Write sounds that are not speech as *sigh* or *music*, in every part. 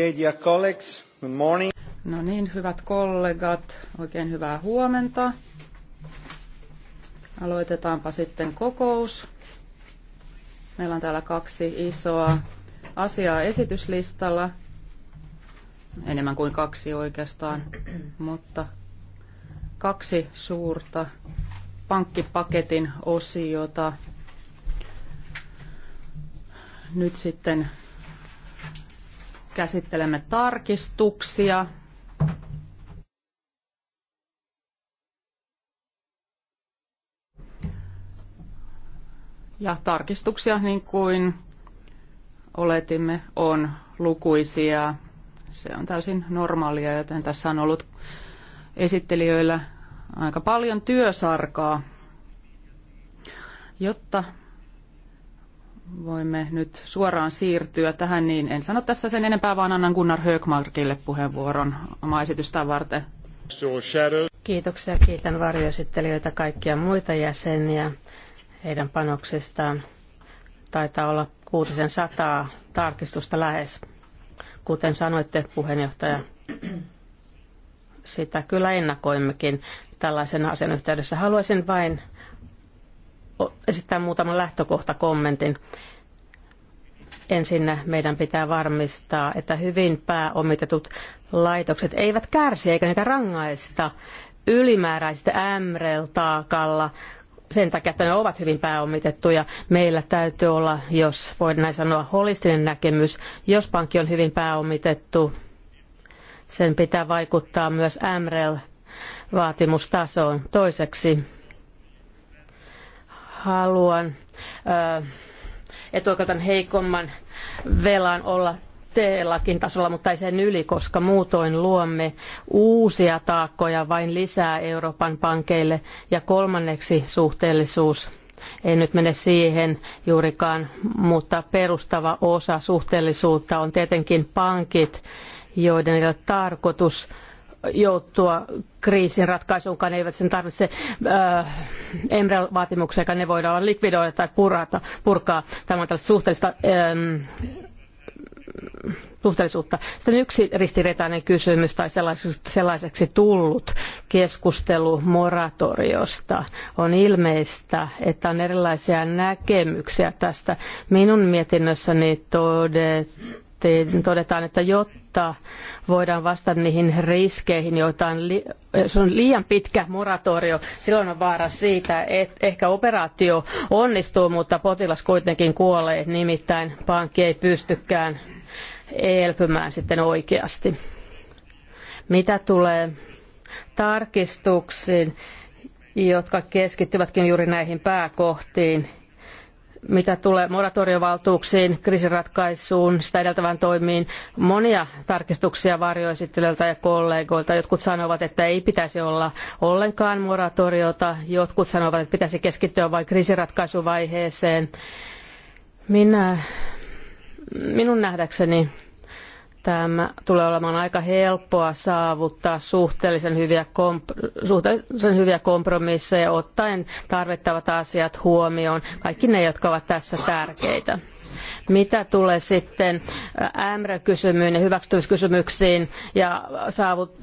Okay, dear colleagues, good morning. No niin, hyvät kollegat, oikein hyvää huomenta. Aloitetaanpa sitten kokous. Meillä on täällä kaksi isoa asiaa esityslistalla. Enemmän kuin kaksi oikeastaan, mutta kaksi suurta pankkipaketin osiota. Nyt sitten käsittelemme tarkistuksia. Ja tarkistuksia, niin kuin oletimme, on lukuisia. Se on täysin normaalia, joten tässä on ollut esittelijöillä aika paljon työsarkaa, jotta voimme nyt suoraan siirtyä tähän, niin en sano tässä sen enempää, vaan annan Gunnar Högmarkille puheenvuoron oma esitystään varten. Kiitoksia, kiitän varjoesittelijöitä kaikkia muita jäseniä heidän panoksestaan. Taitaa olla kuutisen sataa tarkistusta lähes. Kuten sanoitte, puheenjohtaja, sitä kyllä ennakoimmekin tällaisen asian yhteydessä. Haluaisin vain esittää muutaman lähtökohtakommentin. Ensinnä meidän pitää varmistaa, että hyvin pääomitetut laitokset eivät kärsi eikä niitä rangaista ylimääräisistä MREL-taakalla sen takia, että ne ovat hyvin pääomitettuja. Meillä täytyy olla, jos voin näin sanoa, holistinen näkemys. Jos pankki on hyvin pääomitettu, sen pitää vaikuttaa myös MREL-vaatimustasoon. Toiseksi haluan etuoikeutan heikomman velan olla teellakin tasolla, mutta ei sen yli, koska muutoin luomme uusia taakkoja vain lisää Euroopan pankeille. Ja kolmanneksi suhteellisuus. Ei nyt mene siihen juurikaan, mutta perustava osa suhteellisuutta on tietenkin pankit, joiden ei ole tarkoitus joutua kriisin ratkaisuunkaan, ne eivät sen tarvitse äh, Emrel-vaatimuksiakaan, ne voidaan likvidoida tai purata, purkaa. Tämä on tällaista suhteellista ähm, suhteellisuutta. Sitten yksi ristiriitainen kysymys tai sellaiseksi, sellaiseksi tullut keskustelu moratoriosta on ilmeistä, että on erilaisia näkemyksiä tästä. Minun mietinnössäni todetaan, raporttiin todetaan, että jotta voidaan vastata niihin riskeihin, joita on, li- jos on liian pitkä moratorio, silloin on vaara siitä, että ehkä operaatio onnistuu, mutta potilas kuitenkin kuolee, nimittäin pankki ei pystykään elpymään sitten oikeasti. Mitä tulee tarkistuksiin, jotka keskittyvätkin juuri näihin pääkohtiin, mitä tulee moratoriovaltuuksiin, kriisiratkaisuun, sitä edeltävään toimiin, monia tarkistuksia varjoesittelijöiltä ja kollegoilta. Jotkut sanovat, että ei pitäisi olla ollenkaan moratoriota, jotkut sanovat, että pitäisi keskittyä vain kriisiratkaisuvaiheeseen. Minä, minun nähdäkseni Tämä tulee olemaan aika helppoa saavuttaa suhteellisen hyviä, komp- suhteellisen hyviä kompromisseja ottaen tarvittavat asiat huomioon, kaikki ne, jotka ovat tässä tärkeitä. Mitä tulee sitten äh, MR-kysymyyn ja hyväksytyskysymyksiin ja saavut, äh,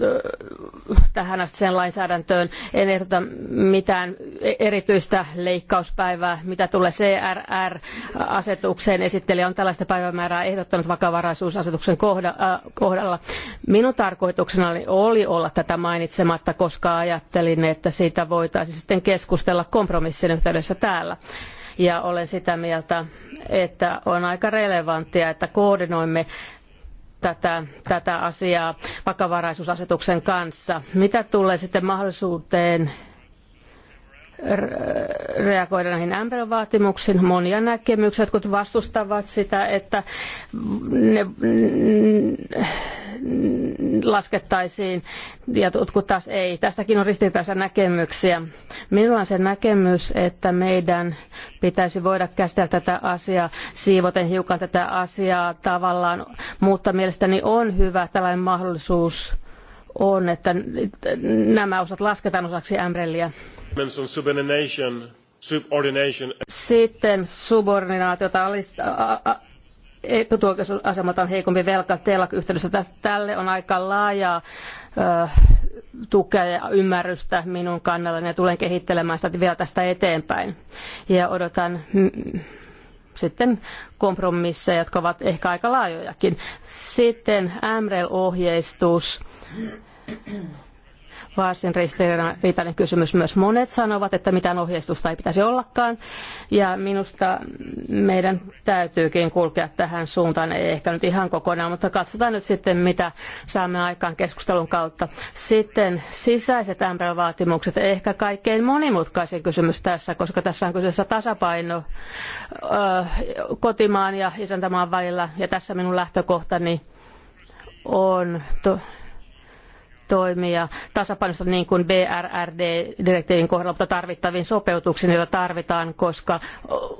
tähän asti sen lainsäädäntöön, en ehdota mitään e-, erityistä leikkauspäivää. Mitä tulee CRR-asetukseen, esittelijä on tällaista päivämäärää ehdottanut vakavaraisuusasetuksen äh, kohdalla. Minun tarkoituksena oli olla tätä mainitsematta, koska ajattelin, että siitä voitaisiin sitten keskustella kompromissin yhteydessä täällä ja olen sitä mieltä, että on aika relevanttia, että koordinoimme tätä, tätä asiaa vakavaraisuusasetuksen kanssa. Mitä tulee sitten mahdollisuuteen reagoida näihin ämpärövaatimuksiin. Monia näkemyksiä, jotkut vastustavat sitä, että ne laskettaisiin ja jotkut taas ei. Tässäkin on ristiriitaisia näkemyksiä. Minulla on se näkemys, että meidän pitäisi voida käsitellä tätä asiaa, siivoten hiukan tätä asiaa tavallaan, mutta mielestäni on hyvä tällainen mahdollisuus on, että nämä osat lasketaan osaksi MRELiä. Sitten subordinaatiota etuoikeusasemalta on heikompi velka telak-yhteydessä. Tälle on aika laajaa ö, tukea ja ymmärrystä minun kannallani ja tulen kehittelemään sitä vielä tästä eteenpäin. Ja odotan mm, sitten kompromisseja, jotka ovat ehkä aika laajojakin. Sitten MREL-ohjeistus varsin ristiriitainen kysymys myös. Monet sanovat, että mitään ohjeistusta ei pitäisi ollakaan, ja minusta meidän täytyykin kulkea tähän suuntaan, ei ehkä nyt ihan kokonaan, mutta katsotaan nyt sitten, mitä saamme aikaan keskustelun kautta. Sitten sisäiset MRL-vaatimukset, ehkä kaikkein monimutkaisin kysymys tässä, koska tässä on kyseessä tasapaino kotimaan ja isäntämaan välillä, ja tässä minun lähtökohtani on... To- toimia tasapainossa niin kuin BRRD-direktiivin kohdalla, mutta tarvittaviin sopeutuksiin, joita tarvitaan, koska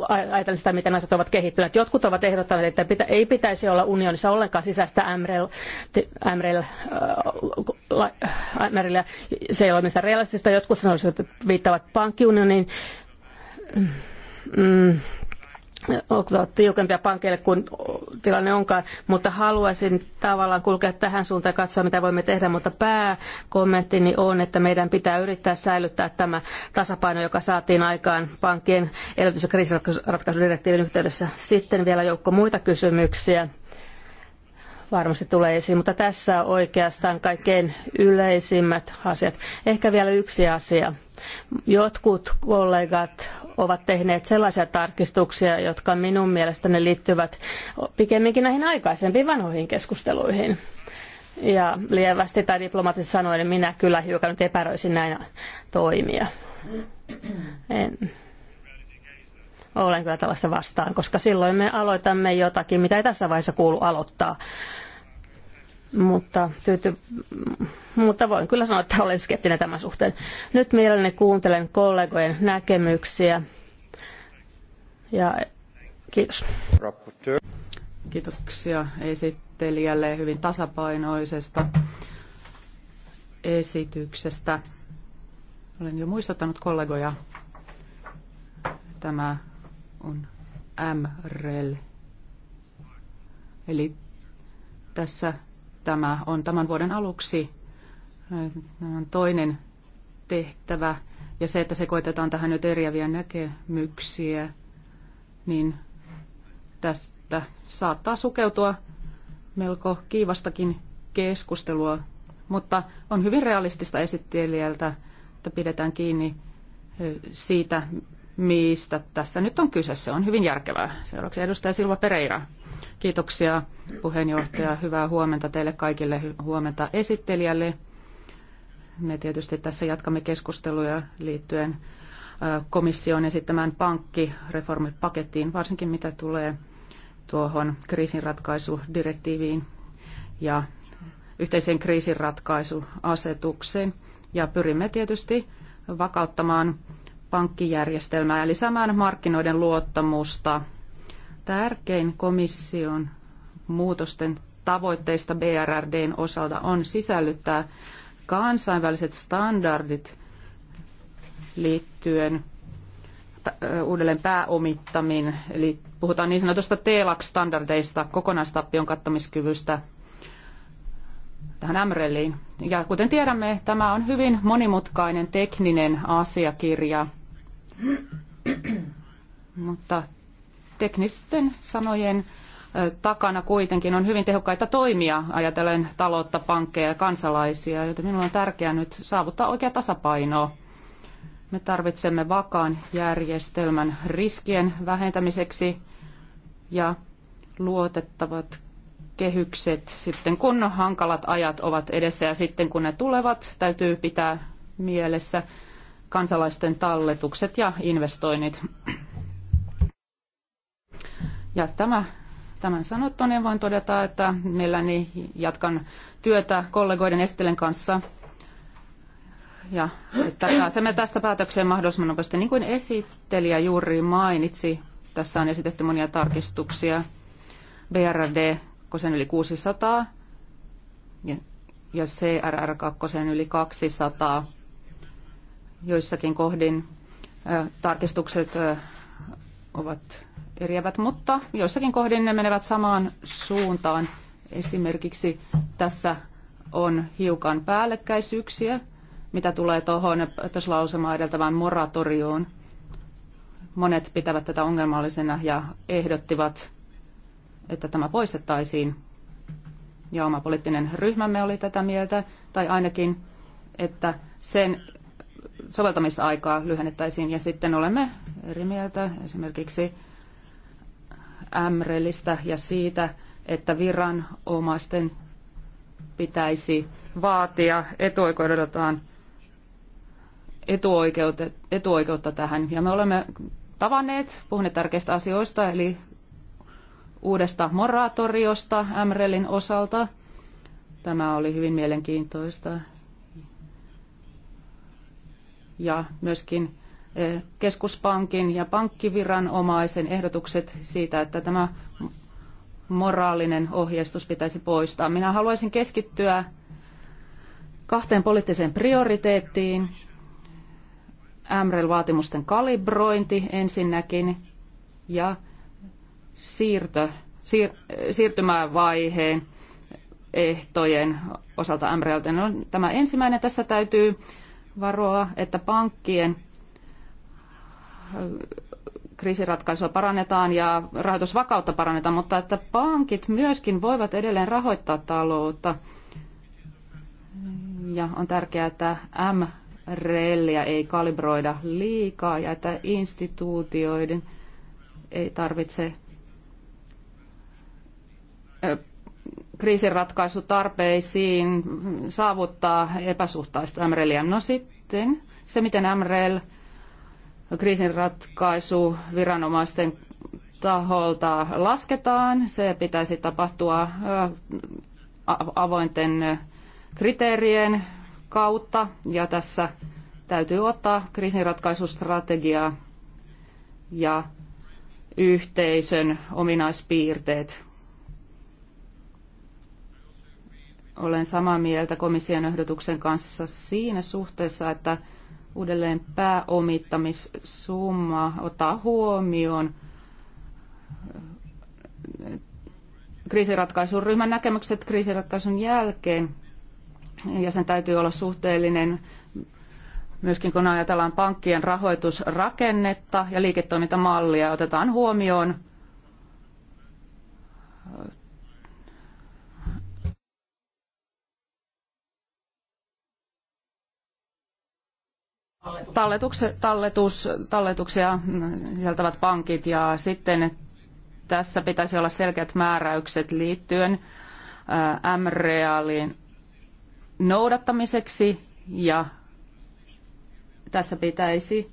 ajatellen sitä, miten asiat ovat kehittyneet. Jotkut ovat ehdottaneet, että ei pitäisi olla unionissa ollenkaan sisäistä MRL, äh, se ei ole mistään realistista. Jotkut sanoisivat, että viittaavat pankkiunioniin. Mm, Olkoon tiukempia pankeille kuin tilanne onkaan, mutta haluaisin tavallaan kulkea tähän suuntaan ja katsoa, mitä voimme tehdä, mutta pääkommenttini on, että meidän pitää yrittää säilyttää tämä tasapaino, joka saatiin aikaan pankkien elvytys- ja kriisiratkaisudirektiivin yhteydessä. Sitten vielä joukko muita kysymyksiä varmasti tulee esiin, mutta tässä oikeastaan kaikkein yleisimmät asiat. Ehkä vielä yksi asia. Jotkut kollegat ovat tehneet sellaisia tarkistuksia, jotka minun mielestäni liittyvät pikemminkin näihin aikaisempiin vanhoihin keskusteluihin. Ja lievästi tai diplomaattisesti sanoen, minä kyllä hiukan nyt epäröisin näin toimia. En olen kyllä tällaista vastaan, koska silloin me aloitamme jotakin, mitä ei tässä vaiheessa kuulu aloittaa. Mutta, tyyty, mutta voin kyllä sanoa, että olen skeptinen tämän suhteen. Nyt mielelläni kuuntelen kollegojen näkemyksiä. Ja kiitos. Kiitoksia esittelijälle hyvin tasapainoisesta esityksestä. Olen jo muistuttanut kollegoja. Tämä on MREL. Eli tässä tämä on tämän vuoden aluksi äh, toinen tehtävä. Ja se, että sekoitetaan tähän nyt eriäviä näkemyksiä, niin tästä saattaa sukeutua melko kiivastakin keskustelua. Mutta on hyvin realistista esittelijältä, että pidetään kiinni äh, siitä, mistä tässä nyt on kyse. Se on hyvin järkevää. Seuraavaksi edustaja Silva Pereira. Kiitoksia puheenjohtaja. Hyvää huomenta teille kaikille. Huomenta esittelijälle. Me tietysti tässä jatkamme keskusteluja liittyen komission esittämään pankkireformipakettiin, varsinkin mitä tulee tuohon kriisinratkaisudirektiiviin ja yhteiseen kriisinratkaisuasetukseen. Ja pyrimme tietysti vakauttamaan pankkijärjestelmää, ja lisäämään markkinoiden luottamusta. Tärkein komission muutosten tavoitteista BRRDn osalta on sisällyttää kansainväliset standardit liittyen uudelleen pääomittaminen, eli puhutaan niin sanotusta TELAX-standardeista, kokonaistappion kattamiskyvystä tähän MRELiin. Ja kuten tiedämme, tämä on hyvin monimutkainen tekninen asiakirja, mutta teknisten sanojen takana kuitenkin on hyvin tehokkaita toimia ajatellen taloutta, pankkeja ja kansalaisia, joten minulla on tärkeää nyt saavuttaa oikea tasapaino. Me tarvitsemme vakaan järjestelmän riskien vähentämiseksi ja luotettavat kehykset sitten kun hankalat ajat ovat edessä ja sitten kun ne tulevat, täytyy pitää mielessä kansalaisten talletukset ja investoinnit. Ja tämä, tämän sanottuneen voin todeta, että mielelläni jatkan työtä kollegoiden Estelen kanssa ja että pääsemme tästä päätökseen mahdollisimman nopeasti. Niin kuin esittelijä juuri mainitsi, tässä on esitetty monia tarkistuksia. BRD, kosen yli 600 ja, ja CRR2 yli 200 joissakin kohdin tarkistukset ovat eriävät, mutta joissakin kohdin ne menevät samaan suuntaan. Esimerkiksi tässä on hiukan päällekkäisyyksiä, mitä tulee tuohon lausemaan edeltävään moratorioon. Monet pitävät tätä ongelmallisena ja ehdottivat, että tämä poistettaisiin. Ja oma poliittinen ryhmämme oli tätä mieltä, tai ainakin, että sen soveltamisaikaa lyhennettäisiin. Ja sitten olemme eri mieltä esimerkiksi MREListä ja siitä, että viranomaisten pitäisi vaatia etuoikeudeltaan etuoikeute, etuoikeutta tähän. Ja me olemme tavanneet, puhuneet tärkeistä asioista, eli uudesta moratoriosta MRELin osalta. Tämä oli hyvin mielenkiintoista ja myöskin eh, keskuspankin ja pankkiviranomaisen ehdotukset siitä, että tämä moraalinen ohjeistus pitäisi poistaa. Minä haluaisin keskittyä kahteen poliittiseen prioriteettiin. MREL-vaatimusten kalibrointi ensinnäkin ja siirtö, siir, siirtymävaiheen ehtojen osalta MRLtä. No, tämä ensimmäinen tässä täytyy varoa, että pankkien äh, kriisiratkaisua parannetaan ja rahoitusvakautta parannetaan, mutta että pankit myöskin voivat edelleen rahoittaa taloutta. Ja on tärkeää, että MRLiä ei kalibroida liikaa ja että instituutioiden ei tarvitse äh, kriisinratkaisutarpeisiin saavuttaa epäsuhtaista MRELiä. No sitten se, miten MREL kriisinratkaisu viranomaisten taholta lasketaan. Se pitäisi tapahtua avointen kriteerien kautta ja tässä täytyy ottaa kriisinratkaisustrategia ja yhteisön ominaispiirteet olen samaa mieltä komission ehdotuksen kanssa siinä suhteessa, että uudelleen pääomittamissumma ottaa huomioon äh, kriisiratkaisun ryhmän näkemykset kriisiratkaisun jälkeen, ja sen täytyy olla suhteellinen myöskin kun ajatellaan pankkien rahoitusrakennetta ja liiketoimintamallia, otetaan huomioon talletus, talletuksia sisältävät pankit ja sitten tässä pitäisi olla selkeät määräykset liittyen MREALin noudattamiseksi ja tässä pitäisi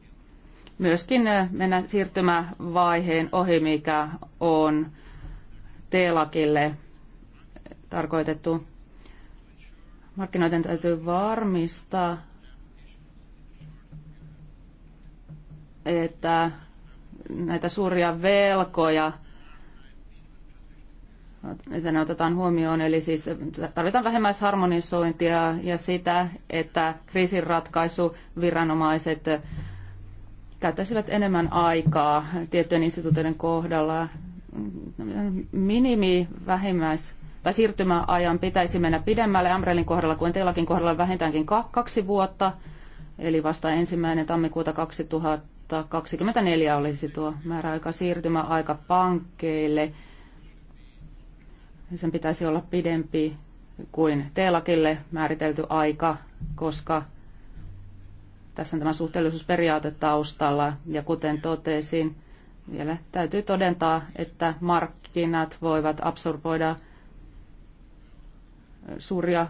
myöskin mennä siirtymävaiheen ohi, mikä on t tarkoitettu. Markkinoiden täytyy varmistaa, että näitä suuria velkoja että ne otetaan huomioon, eli siis tarvitaan vähemmäisharmonisointia ja sitä, että kriisinratkaisuviranomaiset käyttäisivät enemmän aikaa tiettyjen instituutioiden kohdalla. Minimi vähimmäis tai siirtymäajan pitäisi mennä pidemmälle Amrelin kohdalla kuin Teilakin kohdalla vähintäänkin kaksi vuotta, eli vasta ensimmäinen tammikuuta 2000 24 olisi tuo määräaika aika pankkeille. Sen pitäisi olla pidempi kuin telakille määritelty aika, koska tässä on tämä suhteellisuusperiaate taustalla. Ja kuten totesin, vielä täytyy todentaa, että markkinat voivat absorboida suuria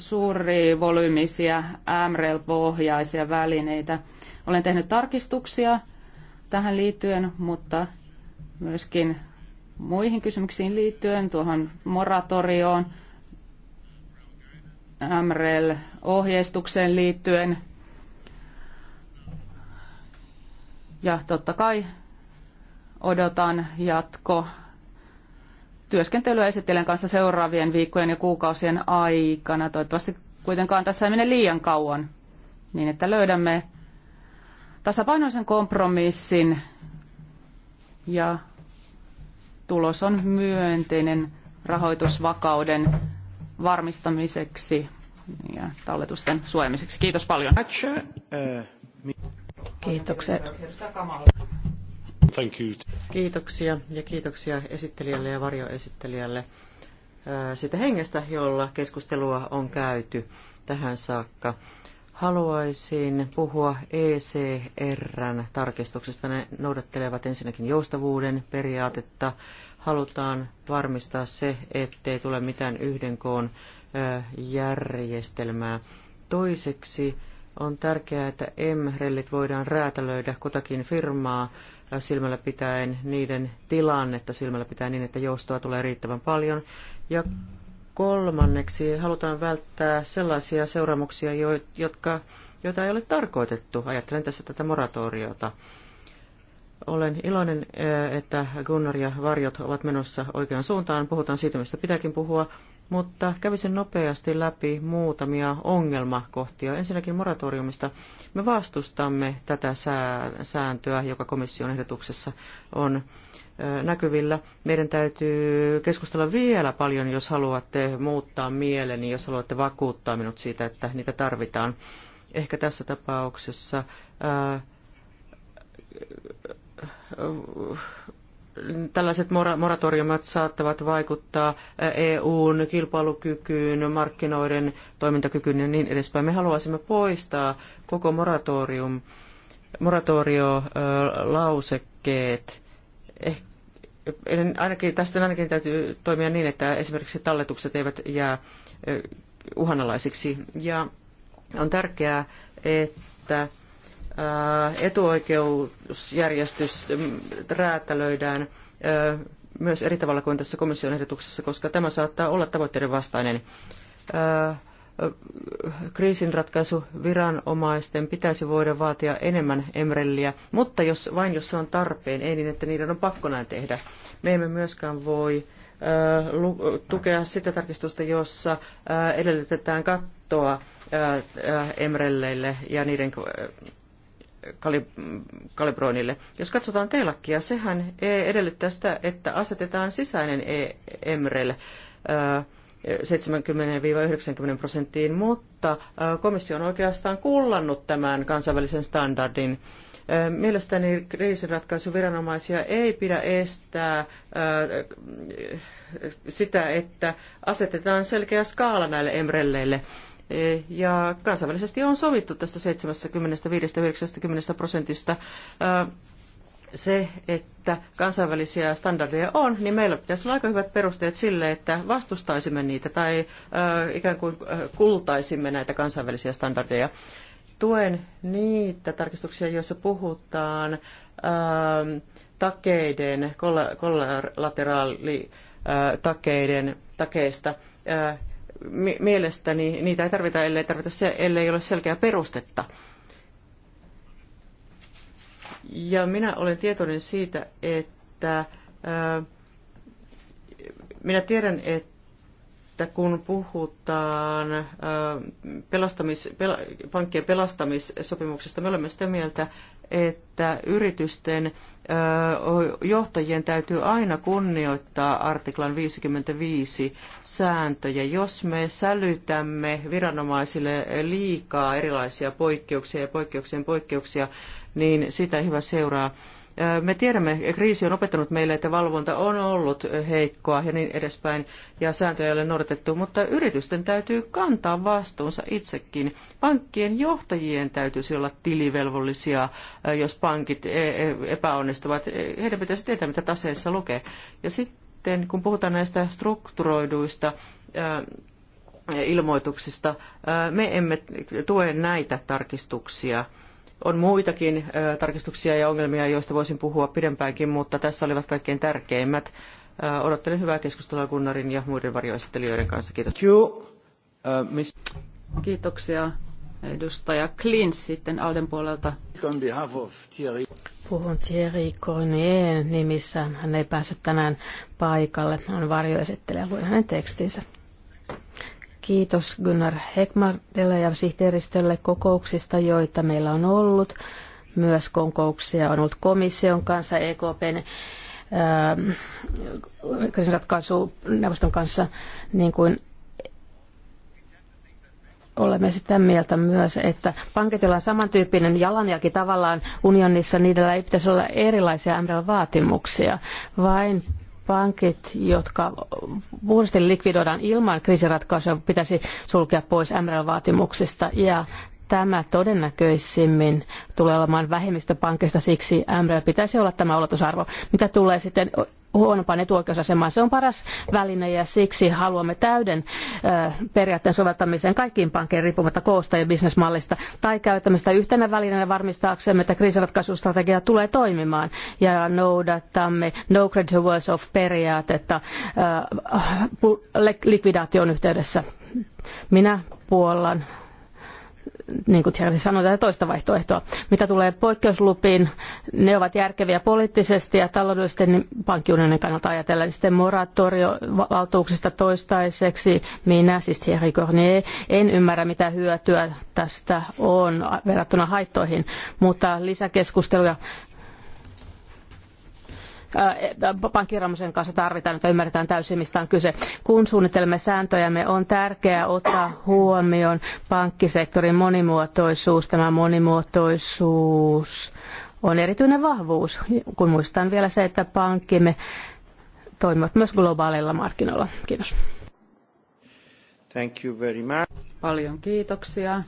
suuri, volyymisia MREL-pohjaisia välineitä. Olen tehnyt tarkistuksia tähän liittyen, mutta myöskin muihin kysymyksiin liittyen, tuohon moratorioon, MREL-ohjeistukseen liittyen. Ja totta kai odotan jatko työskentelyä esittelen kanssa seuraavien viikkojen ja kuukausien aikana. Toivottavasti kuitenkaan tässä ei mene liian kauan, niin että löydämme tasapainoisen kompromissin ja tulos on myönteinen rahoitusvakauden varmistamiseksi ja talletusten suojamiseksi. Kiitos paljon. Kiitokset. Thank you. Kiitoksia ja kiitoksia esittelijälle ja varjoesittelijälle sitä hengestä, jolla keskustelua on käyty tähän saakka. Haluaisin puhua ECRn tarkistuksesta. Ne noudattelevat ensinnäkin joustavuuden periaatetta. Halutaan varmistaa se, ettei tule mitään yhden koon järjestelmää. Toiseksi on tärkeää, että M-rellit voidaan räätälöidä kutakin firmaa silmällä pitäen niiden tilannetta silmällä pitäen niin, että joustoa tulee riittävän paljon. Ja kolmanneksi halutaan välttää sellaisia seuraamuksia, jotka, joita ei ole tarkoitettu. Ajattelen tässä tätä moratoriota. Olen iloinen, eh, että Gunnar ja Varjot ovat menossa oikeaan suuntaan. Puhutaan siitä, mistä pitääkin puhua mutta kävisin nopeasti läpi muutamia ongelmakohtia. Ensinnäkin moratoriumista. Me vastustamme tätä sääntöä, joka komission ehdotuksessa on näkyvillä. Meidän täytyy keskustella vielä paljon, jos haluatte muuttaa mieleni, jos haluatte vakuuttaa minut siitä, että niitä tarvitaan. Ehkä tässä tapauksessa tällaiset moratoriumat saattavat vaikuttaa EUn kilpailukykyyn, markkinoiden toimintakykyyn ja niin edespäin. Me haluaisimme poistaa koko moratorium, moratoriolausekkeet. Eh, ainakin, tästä ainakin täytyy toimia niin, että esimerkiksi talletukset eivät jää uhanalaisiksi. Ja on tärkeää, että etuoikeusjärjestys räätälöidään myös eri tavalla kuin tässä komission ehdotuksessa, koska tämä saattaa olla tavoitteiden vastainen. Kriisinratkaisuviranomaisten pitäisi voida vaatia enemmän emrelliä, mutta jos, vain jos se on tarpeen, ei niin, että niiden on pakko näin tehdä. Me emme myöskään voi tukea sitä tarkistusta, jossa edellytetään kattoa emrelleille ja niiden kalibroinnille. Jos katsotaan telakkia, sehän e-, edellyttää sitä, että asetetaan sisäinen e-, EMREL 70-90 prosenttiin, mutta komissio on oikeastaan kullannut tämän kansainvälisen standardin. Mielestäni kriisinratkaisuviranomaisia ei pidä estää sitä, että asetetaan selkeä skaala näille emrelleille ja kansainvälisesti on sovittu tästä 75-90 prosentista se, että kansainvälisiä standardeja on, niin meillä pitäisi olla aika hyvät perusteet sille, että vastustaisimme niitä tai ikään kuin kultaisimme näitä kansainvälisiä standardeja. Tuen niitä tarkistuksia, joissa puhutaan takeiden, kollateraalitakeiden takeista mielestäni niitä ei tarvita, ellei, tarvita se, ellei ole selkeää perustetta. Ja minä olen tietoinen siitä, että minä tiedän, että kun puhutaan ää, pelastamis, pel, pankkien pelastamissopimuksesta, me olemme sitä mieltä, että yritysten johtajien täytyy aina kunnioittaa artiklan 55 sääntöjä. Jos me sälytämme viranomaisille liikaa erilaisia poikkeuksia ja poikkeuksien poikkeuksia, niin sitä ei hyvä seuraa. Me tiedämme, kriisi on opettanut meille, että valvonta on ollut heikkoa ja niin edespäin, ja sääntöjä ei ole noudatettu, mutta yritysten täytyy kantaa vastuunsa itsekin. Pankkien johtajien täytyisi olla tilivelvollisia, jos pankit e, e, epäonnistuvat. Heidän pitäisi tietää, mitä taseessa lukee. Ja sitten, kun puhutaan näistä strukturoiduista ilmoituksista, me emme tue näitä tarkistuksia – on muitakin tarkistuksia ja ongelmia, joista voisin puhua pidempäänkin, mutta tässä olivat kaikkein tärkeimmät. Odottelen hyvää keskustelua Gunnarin ja muiden varjoesittelijöiden kanssa. Kiitos. Uh, Kiitoksia. Edustaja Klins sitten Alden puolelta. Puhun Thierry Cornier, nimissä. Hän ei päässyt tänään paikalle. Hän on varjoesittelijä. Luin hänen tekstinsä. Kiitos Gunnar Hekmarille ja sihteeristölle kokouksista, joita meillä on ollut. Myös kokouksia on ollut komission kanssa, EKPn ähm, kriisinratkaisuneuvoston kanssa, niin kuin olemme sitä mieltä myös, että pankitilla on samantyyppinen jalanjälki tavallaan unionissa, niillä ei pitäisi olla erilaisia MRL-vaatimuksia, vain pankit, jotka puhdasti likvidoidaan ilman kriisiratkaisua, pitäisi sulkea pois MREL-vaatimuksista ja tämä todennäköisimmin tulee olemaan vähemmistöpankista, siksi MREL pitäisi olla tämä oletusarvo. Mitä tulee sitten huonompaan etuoikeusasemaan. Se on paras väline ja siksi haluamme täyden periaatteen soveltamiseen kaikkiin pankkeihin riippumatta koosta ja bisnesmallista tai käyttämistä yhtenä välineenä varmistaaksemme, että kriisiratkaisustrategia tulee toimimaan ja noudatamme no credit worse of periaatetta likvidaation yhteydessä. Minä puollan niin kuin Thierry sanoi, tätä toista vaihtoehtoa. Mitä tulee poikkeuslupiin, ne ovat järkeviä poliittisesti ja taloudellisesti niin pankkiunionin kannalta ajatellen. Sitten moratoriovaltuuksista toistaiseksi minä, siis Thierry Cornier, en ymmärrä mitä hyötyä tästä on verrattuna haittoihin, mutta lisäkeskusteluja Äh, pankkiramusen kanssa tarvitaan, että ymmärretään täysin, mistä on kyse. Kun suunnittelemme sääntöjämme, on tärkeää ottaa huomioon pankkisektorin monimuotoisuus. Tämä monimuotoisuus on erityinen vahvuus, kun muistan vielä se, että pankkimme toimivat myös globaaleilla markkinoilla. Kiitos. Thank you very much. Paljon kiitoksia.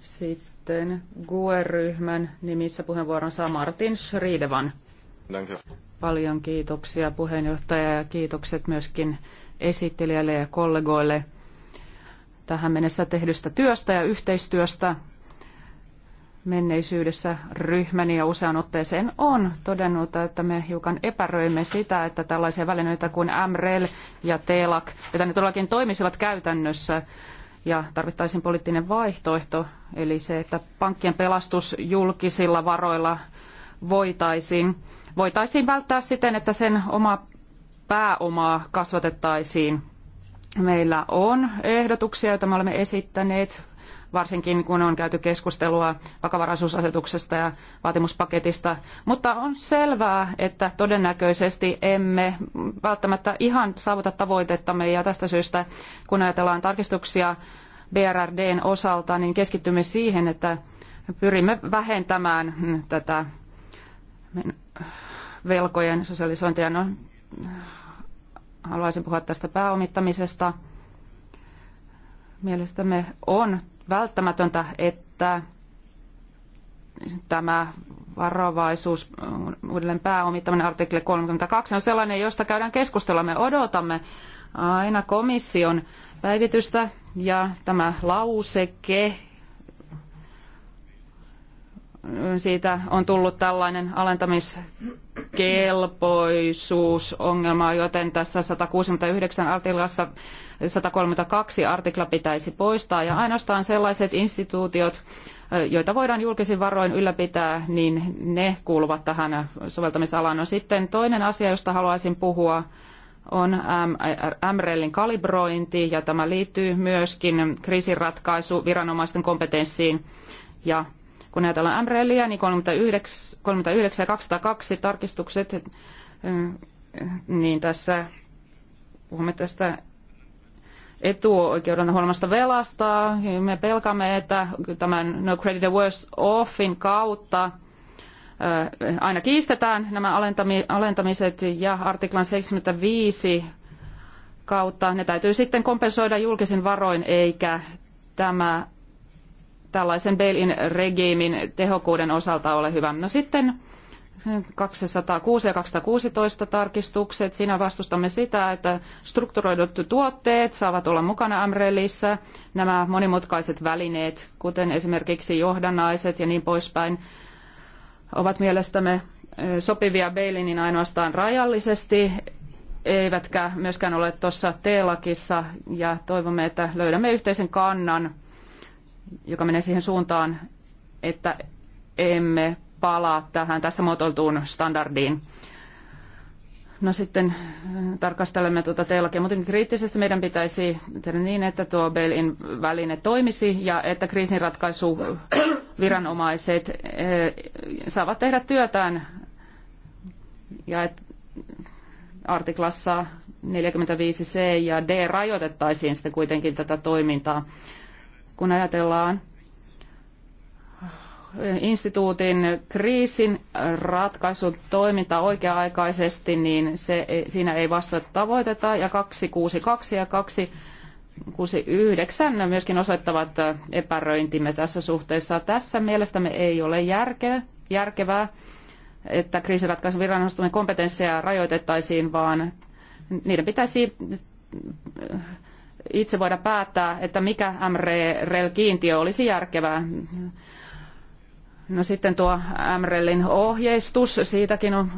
Sitten GUE-ryhmän nimissä puheenvuoron saa Martin Schridevan. Paljon kiitoksia puheenjohtaja ja kiitokset myöskin esittelijälle ja kollegoille tähän mennessä tehdystä työstä ja yhteistyöstä. Menneisyydessä ryhmäni ja usean otteeseen on todennut, että me hiukan epäröimme sitä, että tällaisia välineitä kuin MREL ja TELAC, että ne todellakin toimisivat käytännössä ja tarvittaisiin poliittinen vaihtoehto, eli se, että pankkien pelastus julkisilla varoilla voitaisiin voitaisiin välttää siten, että sen oma pääomaa kasvatettaisiin. Meillä on ehdotuksia, joita me olemme esittäneet, varsinkin kun on käyty keskustelua vakavaraisuusasetuksesta ja vaatimuspaketista. Mutta on selvää, että todennäköisesti emme välttämättä ihan saavuta tavoitettamme ja tästä syystä, kun ajatellaan tarkistuksia BRRDn osalta, niin keskitymme siihen, että pyrimme vähentämään tätä velkojen sosialisointia. No, haluaisin puhua tästä pääomittamisesta. Mielestämme on välttämätöntä, että tämä varovaisuus, uudelleen pääomittaminen artikli 32 on sellainen, josta käydään keskustelua. Me odotamme aina komission päivitystä ja tämä lauseke siitä on tullut tällainen alentamis kelpoisuusongelmaa, joten tässä 169 artiklassa 132 artikla pitäisi poistaa ja ainoastaan sellaiset instituutiot, joita voidaan julkisin varoin ylläpitää, niin ne kuuluvat tähän soveltamisalaan. No sitten toinen asia, josta haluaisin puhua, on MRLin kalibrointi ja tämä liittyy myöskin kriisinratkaisuviranomaisten kompetenssiin ja kun ajatellaan MRLiä, niin 39, 39 ja 202 tarkistukset, eh, niin tässä puhumme tästä etuoikeuden huolimasta velasta. Me pelkaamme, että tämän No Credit the Worst Offin kautta eh, aina kiistetään nämä alentamiset ja artiklan 75 kautta ne täytyy sitten kompensoida julkisin varoin, eikä tämä tällaisen bail-in regiimin tehokkuuden osalta ole hyvä. No sitten 206 ja 216 tarkistukset. Siinä vastustamme sitä, että strukturoidut tuotteet saavat olla mukana MRELissä. Nämä monimutkaiset välineet, kuten esimerkiksi johdannaiset ja niin poispäin, ovat mielestämme sopivia Beilinin ainoastaan rajallisesti, eivätkä myöskään ole tuossa T-lakissa. Ja toivomme, että löydämme yhteisen kannan – joka menee siihen suuntaan, että emme palaa tähän tässä muotoiltuun standardiin. No sitten äh, tarkastelemme tuota teillakin, Mutta kriittisesti meidän pitäisi tehdä niin, että tuo bail väline toimisi ja että kriisinratkaisuviranomaiset äh, saavat tehdä työtään. Ja että artiklassa 45c ja d rajoitettaisiin sitten kuitenkin tätä toimintaa kun ajatellaan instituutin kriisin ratkaisun toiminta oikea-aikaisesti, niin se, siinä ei vastata tavoiteta. Ja 262 ja 269 myöskin osoittavat epäröintimme tässä suhteessa. Tässä mielestämme ei ole järkeä, järkevää, että kriisiratkaisuviranostomme kompetensseja rajoitettaisiin, vaan niiden pitäisi itse voida päättää, että mikä MREL-kiintiö olisi järkevää. No sitten tuo MRELin ohjeistus, siitäkin on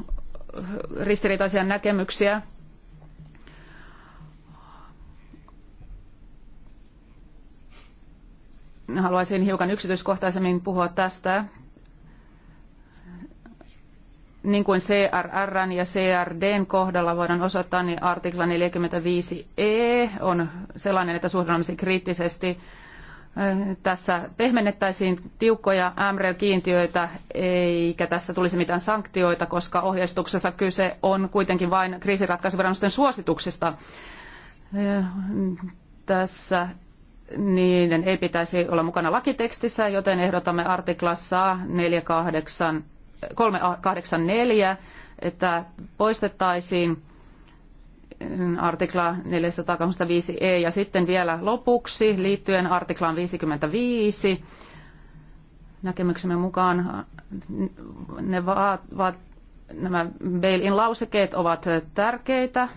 ristiriitaisia näkemyksiä. Haluaisin hiukan yksityiskohtaisemmin puhua tästä niin kuin CRRn ja CRDn kohdalla voidaan osoittaa, niin artikla 45e on sellainen, että suhdannollisesti kriittisesti eh, tässä pehmennettäisiin tiukkoja MREL-kiintiöitä, eikä tästä tulisi mitään sanktioita, koska ohjeistuksessa kyse on kuitenkin vain kriisiratkaisuviranosten suosituksista. Eh, tässä niiden ei pitäisi olla mukana lakitekstissä, joten ehdotamme artiklassa 48 384, että poistettaisiin artikla 425e ja sitten vielä lopuksi liittyen artiklaan 55 näkemyksemme mukaan ne vaat, nämä bail-in lausekkeet ovat tärkeitä.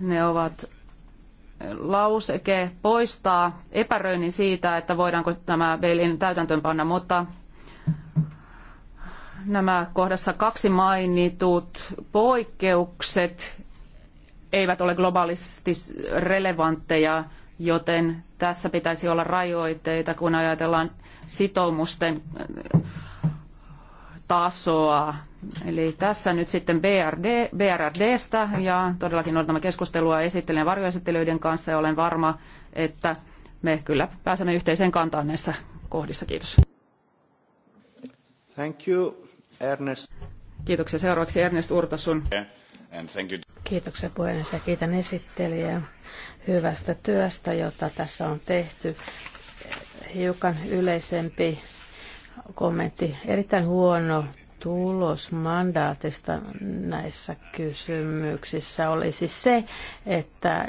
Ne ovat lauseke poistaa epäröinnin siitä, että voidaanko tämä bail-in täytäntöönpanna, mutta nämä kohdassa kaksi mainitut poikkeukset eivät ole globaalisti relevantteja, joten tässä pitäisi olla rajoitteita, kun ajatellaan sitoumusten äh, tasoa. Eli tässä nyt sitten BRD, BRDstä ja todellakin odotamme keskustelua esittelijän varjoesittelyiden kanssa ja olen varma, että me kyllä pääsemme yhteiseen kantaan näissä kohdissa. Kiitos. Thank you. Ernest. Kiitoksia. Seuraavaksi Ernest Urtasun. Kiitoksia puheenjohtaja. Kiitän esittelijää hyvästä työstä, jota tässä on tehty. Hiukan yleisempi kommentti. Erittäin huono tulos mandaatista näissä kysymyksissä olisi se, että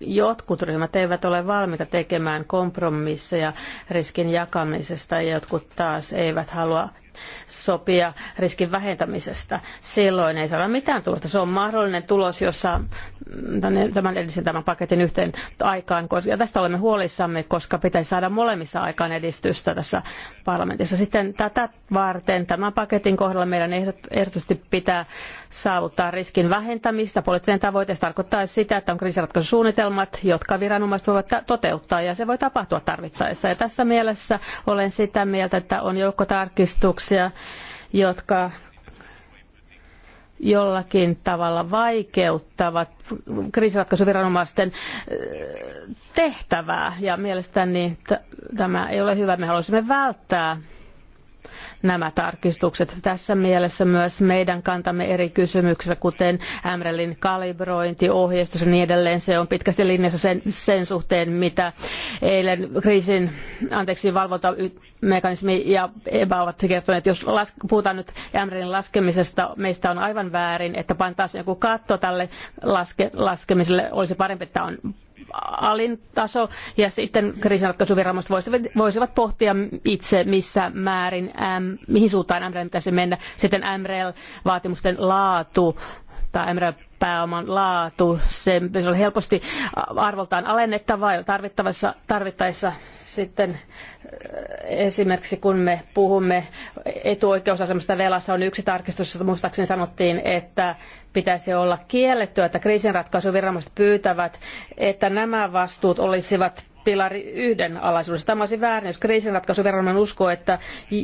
jotkut ryhmät eivät ole valmiita tekemään kompromisseja riskin jakamisesta ja jotkut taas eivät halua sopia riskin vähentämisestä. Silloin ei saada mitään tulosta. Se on mahdollinen tulos, jossa tämän edellisen tämän paketin yhteen aikaan. Ja tästä olemme huolissamme, koska pitäisi saada molemmissa aikaan edistystä tässä parlamentissa. Sitten tätä varten tämän paketin kohdalla meidän ehdottomasti pitää saavuttaa riskin vähentämistä. Poliittinen tavoite tarkoittaa sitä, että on kriisiratkaisusuunnitelmat, jotka viranomaiset voivat toteuttaa ja se voi tapahtua tarvittaessa. Ja tässä mielessä olen sitä mieltä, että on joukko tarkistuksia vaikutuksia, jotka jollakin tavalla vaikeuttavat kriisiratkaisuviranomaisten eh, tehtävää. Ja mielestäni tämä ei ole hyvä. Me haluaisimme välttää nämä tarkistukset. Tässä mielessä myös meidän kantamme eri kysymyksissä, kuten MRLin kalibrointi, ohjeistus ja niin edelleen, se on pitkästi linjassa sen, sen suhteen, mitä eilen kriisin, anteeksi, valvontamekanismi ja EBA ovat kertoneet, jos las, puhutaan nyt MRLin laskemisesta, meistä on aivan väärin, että pantaisiin joku katto tälle laske, laskemiselle, olisi parempi, että on alin taso, ja sitten kriisinratkaisuviranomaiset voisivat, voisivat pohtia itse, missä määrin, äm, mihin suuntaan MRL pitäisi mennä. Sitten MRL-vaatimusten laatu tai MRL-pääoman laatu, se on helposti arvoltaan alennettavaa ja tarvittaessa, tarvittaessa sitten Esimerkiksi kun me puhumme etuoikeusasemasta velassa, on yksi tarkistus, jossa muistaakseni sanottiin, että pitäisi olla kiellettyä, että kriisinratkaisuviranomaiset pyytävät, että nämä vastuut olisivat pilari yhden alaisuudessa. Tämä olisi väärin, jos kriisinratkaisuviranomainen uskoo, että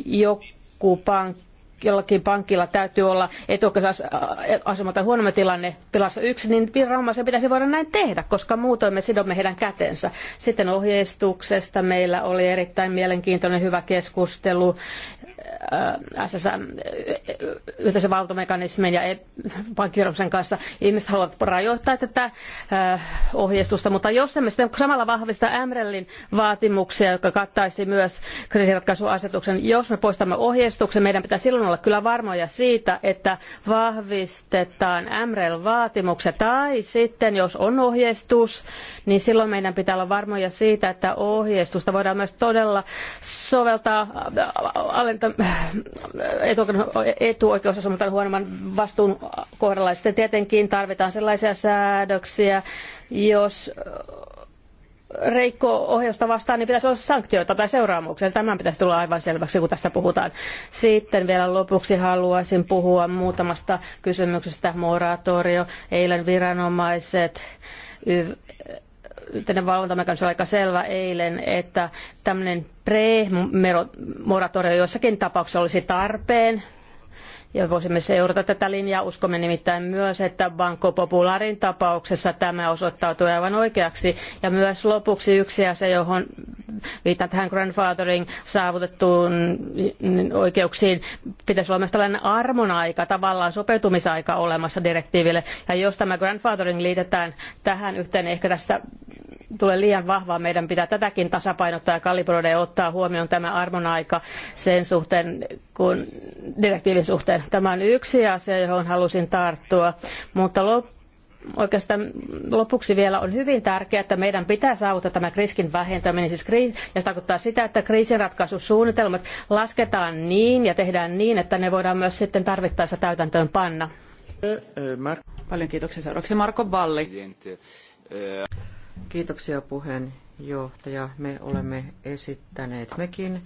joku pankki jollakin pankilla täytyy olla etuoikeusasema äh, tai huonommin tilanne tilassa yksi, niin viranomaisen pitäisi voida näin tehdä, koska muutoin me sidomme heidän kätensä. Sitten ohjeistuksesta meillä oli erittäin mielenkiintoinen hyvä keskustelu Äh, SSM äh, yhteisen valtomekanismin ja pankkirjoituksen kanssa. Ihmiset haluavat rajoittaa tätä äh, ohjeistusta, mutta jos emme sitten samalla vahvista MRELin vaatimuksia, jotka kattaisi myös kriisiratkaisuasetuksen, jos me poistamme ohjeistuksen, meidän pitää silloin olla kyllä varmoja siitä, että vahvistetaan MREL-vaatimukset tai sitten jos on ohjeistus, niin silloin meidän pitää olla varmoja siitä, että ohjeistusta voidaan myös todella soveltaa alenta, Äh, etuoikeusasemaltaan huonomman vastuun kohdalla. Ja sitten tietenkin tarvitaan sellaisia säädöksiä, jos äh, reikko ohjausta vastaan, niin pitäisi olla sanktioita tai seuraamuksia. Tämän pitäisi tulla aivan selväksi, kun tästä puhutaan. Sitten vielä lopuksi haluaisin puhua muutamasta kysymyksestä. Moratorio, eilen viranomaiset, yhteinen valvontamekanismi oli aika selvä eilen, että tämmöinen pre-moratorio jossakin tapauksessa olisi tarpeen ja voisimme seurata tätä linjaa. Uskomme nimittäin myös, että Banco Popularin tapauksessa tämä osoittautui aivan oikeaksi. Ja myös lopuksi yksi asia, johon viitan tähän grandfathering saavutettuun oikeuksiin, pitäisi olla myös tällainen aika, tavallaan sopeutumisaika olemassa direktiiville. Ja jos tämä grandfathering liitetään tähän yhteen, niin ehkä tästä tule liian vahvaa. Meidän pitää tätäkin tasapainottaa ja kalibroida ja ottaa huomioon tämä armon aika sen suhteen, kun direktiivin suhteen. Tämä on yksi asia, johon halusin tarttua, mutta lop- oikeastaan lopuksi vielä on hyvin tärkeää, että meidän pitää saavuttaa tämä riskin vähentäminen. Siis kriis, ja se tarkoittaa sitä, että kriisinratkaisusuunnitelmat lasketaan niin ja tehdään niin, että ne voidaan myös sitten tarvittaessa täytäntöön panna. Eh, eh, Paljon kiitoksia. Seuraavaksi Marko Valli. Kiitoksia puheenjohtaja. Me olemme esittäneet mekin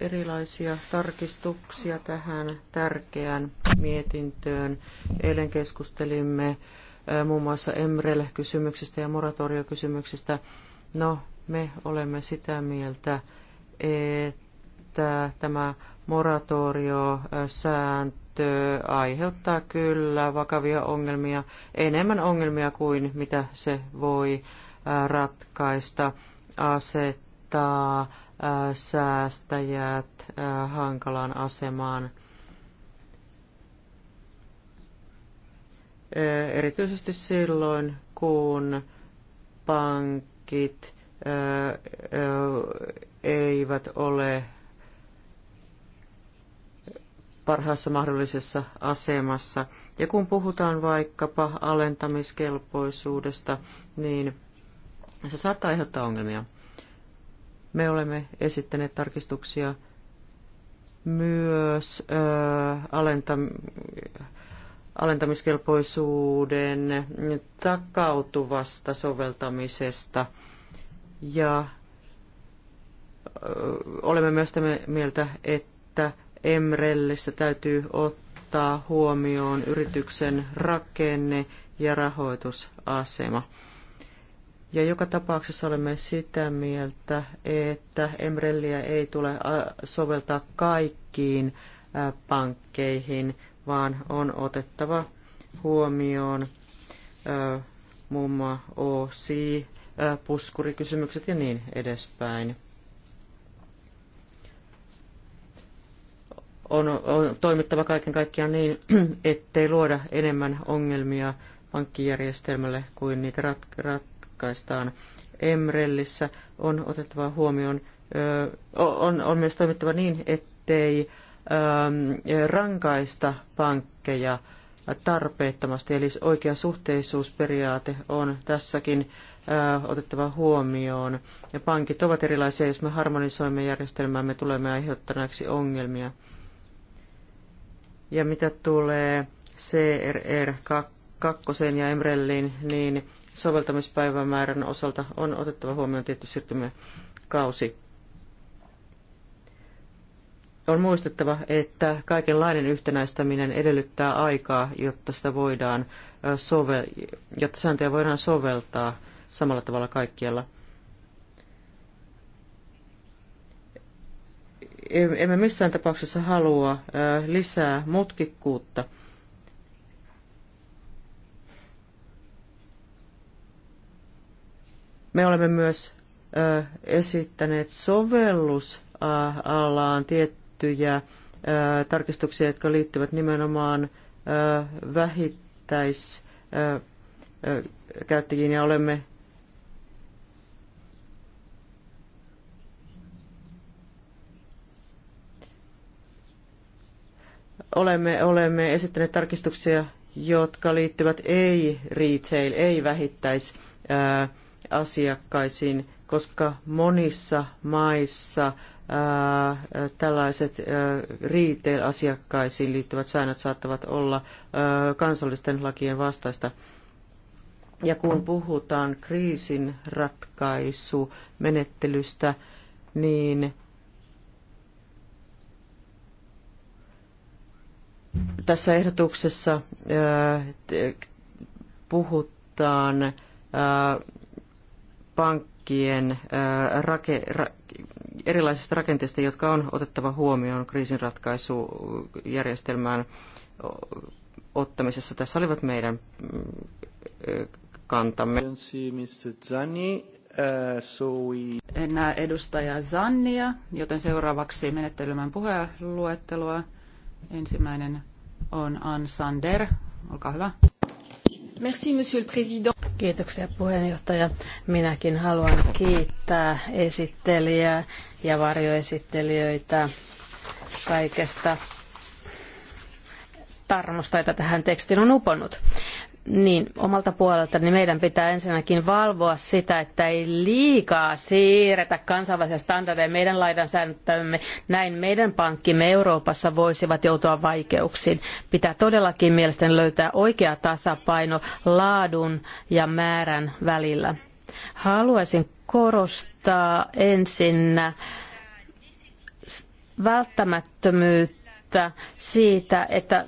erilaisia tarkistuksia tähän tärkeään mietintöön. Eilen keskustelimme muun muassa Emrel-kysymyksistä ja moratoriokysymyksistä. No, me olemme sitä mieltä, että tämä moratoriosääntö aiheuttaa kyllä vakavia ongelmia, enemmän ongelmia kuin mitä se voi ratkaista, asettaa äh, säästäjät äh, hankalaan asemaan. Äh, erityisesti silloin, kun pankit eivät ole parhaassa mahdollisessa asemassa. Ja kun puhutaan vaikkapa alentamiskelpoisuudesta, niin se saattaa aiheuttaa ongelmia. Me olemme esittäneet tarkistuksia myös ö, alentam, alentamiskelpoisuuden takautuvasta soveltamisesta. Ja ö, olemme myös tämän mieltä, että Emrellissä täytyy ottaa huomioon yrityksen rakenne ja rahoitusasema. Ja joka tapauksessa olemme sitä mieltä, että Emrelliä ei tule äh, soveltaa kaikkiin äh, pankkeihin, vaan on otettava huomioon äh, muun muassa OC, puskurikysymykset ja niin edespäin. On, on toimittava kaiken kaikkiaan niin, *clears throat* ettei luoda enemmän ongelmia pankkijärjestelmälle kuin niitä rat, rat, ratkaistaan Emrellissä, on otettava huomioon, on, on myös toimittava niin, ettei rankaista pankkeja tarpeettomasti, eli oikea suhteisuusperiaate on tässäkin otettava huomioon. Ja pankit ovat erilaisia, jos me harmonisoimme järjestelmää, me tulemme aiheuttaneeksi ongelmia. Ja mitä tulee CRR2 ja Emrelliin, niin soveltamispäivämäärän osalta on otettava huomioon tietty siirtymäkausi. On muistettava, että kaikenlainen yhtenäistäminen edellyttää aikaa, jotta, sitä voidaan sove- jotta sääntöjä voidaan soveltaa samalla tavalla kaikkialla. Emme missään tapauksessa halua lisää mutkikkuutta – Me olemme myös esittäneet sovellusalaan tiettyjä tarkistuksia, jotka liittyvät nimenomaan vähittäiskäyttäjiin ja olemme olemme, olemme esittäneet tarkistuksia, jotka liittyvät ei-retail, ei-vähittäis ää, asiakkaisiin, koska monissa maissa ää, tällaiset retail-asiakkaisiin liittyvät säännöt saattavat olla ää, kansallisten lakien vastaista. Ja kun puhutaan kriisin ratkaisumenettelystä, niin tässä ehdotuksessa puhutaan pankkien rake, ra, erilaisista rakenteista, jotka on otettava huomioon kriisinratkaisujärjestelmään ottamisessa. Tässä olivat meidän mm, kantamme. En näe edustaja Zannia, joten seuraavaksi menettelymän puheenluettelua. Ensimmäinen on Ann Sander. Olkaa hyvä. Merci, monsieur le président. Kiitoksia puheenjohtaja. Minäkin haluan kiittää esittelijää ja varjoesittelijöitä kaikesta tarmosta, jota tähän tekstiin on uponnut. Niin, omalta puolelta niin meidän pitää ensinnäkin valvoa sitä, että ei liikaa siirretä kansainvälisiä standardeja meidän lainsäädäntömme. Näin meidän pankkimme Euroopassa voisivat joutua vaikeuksiin. Pitää todellakin mielestäni löytää oikea tasapaino laadun ja määrän välillä. Haluaisin korostaa ensinnä välttämättömyyttä näyttää siitä, että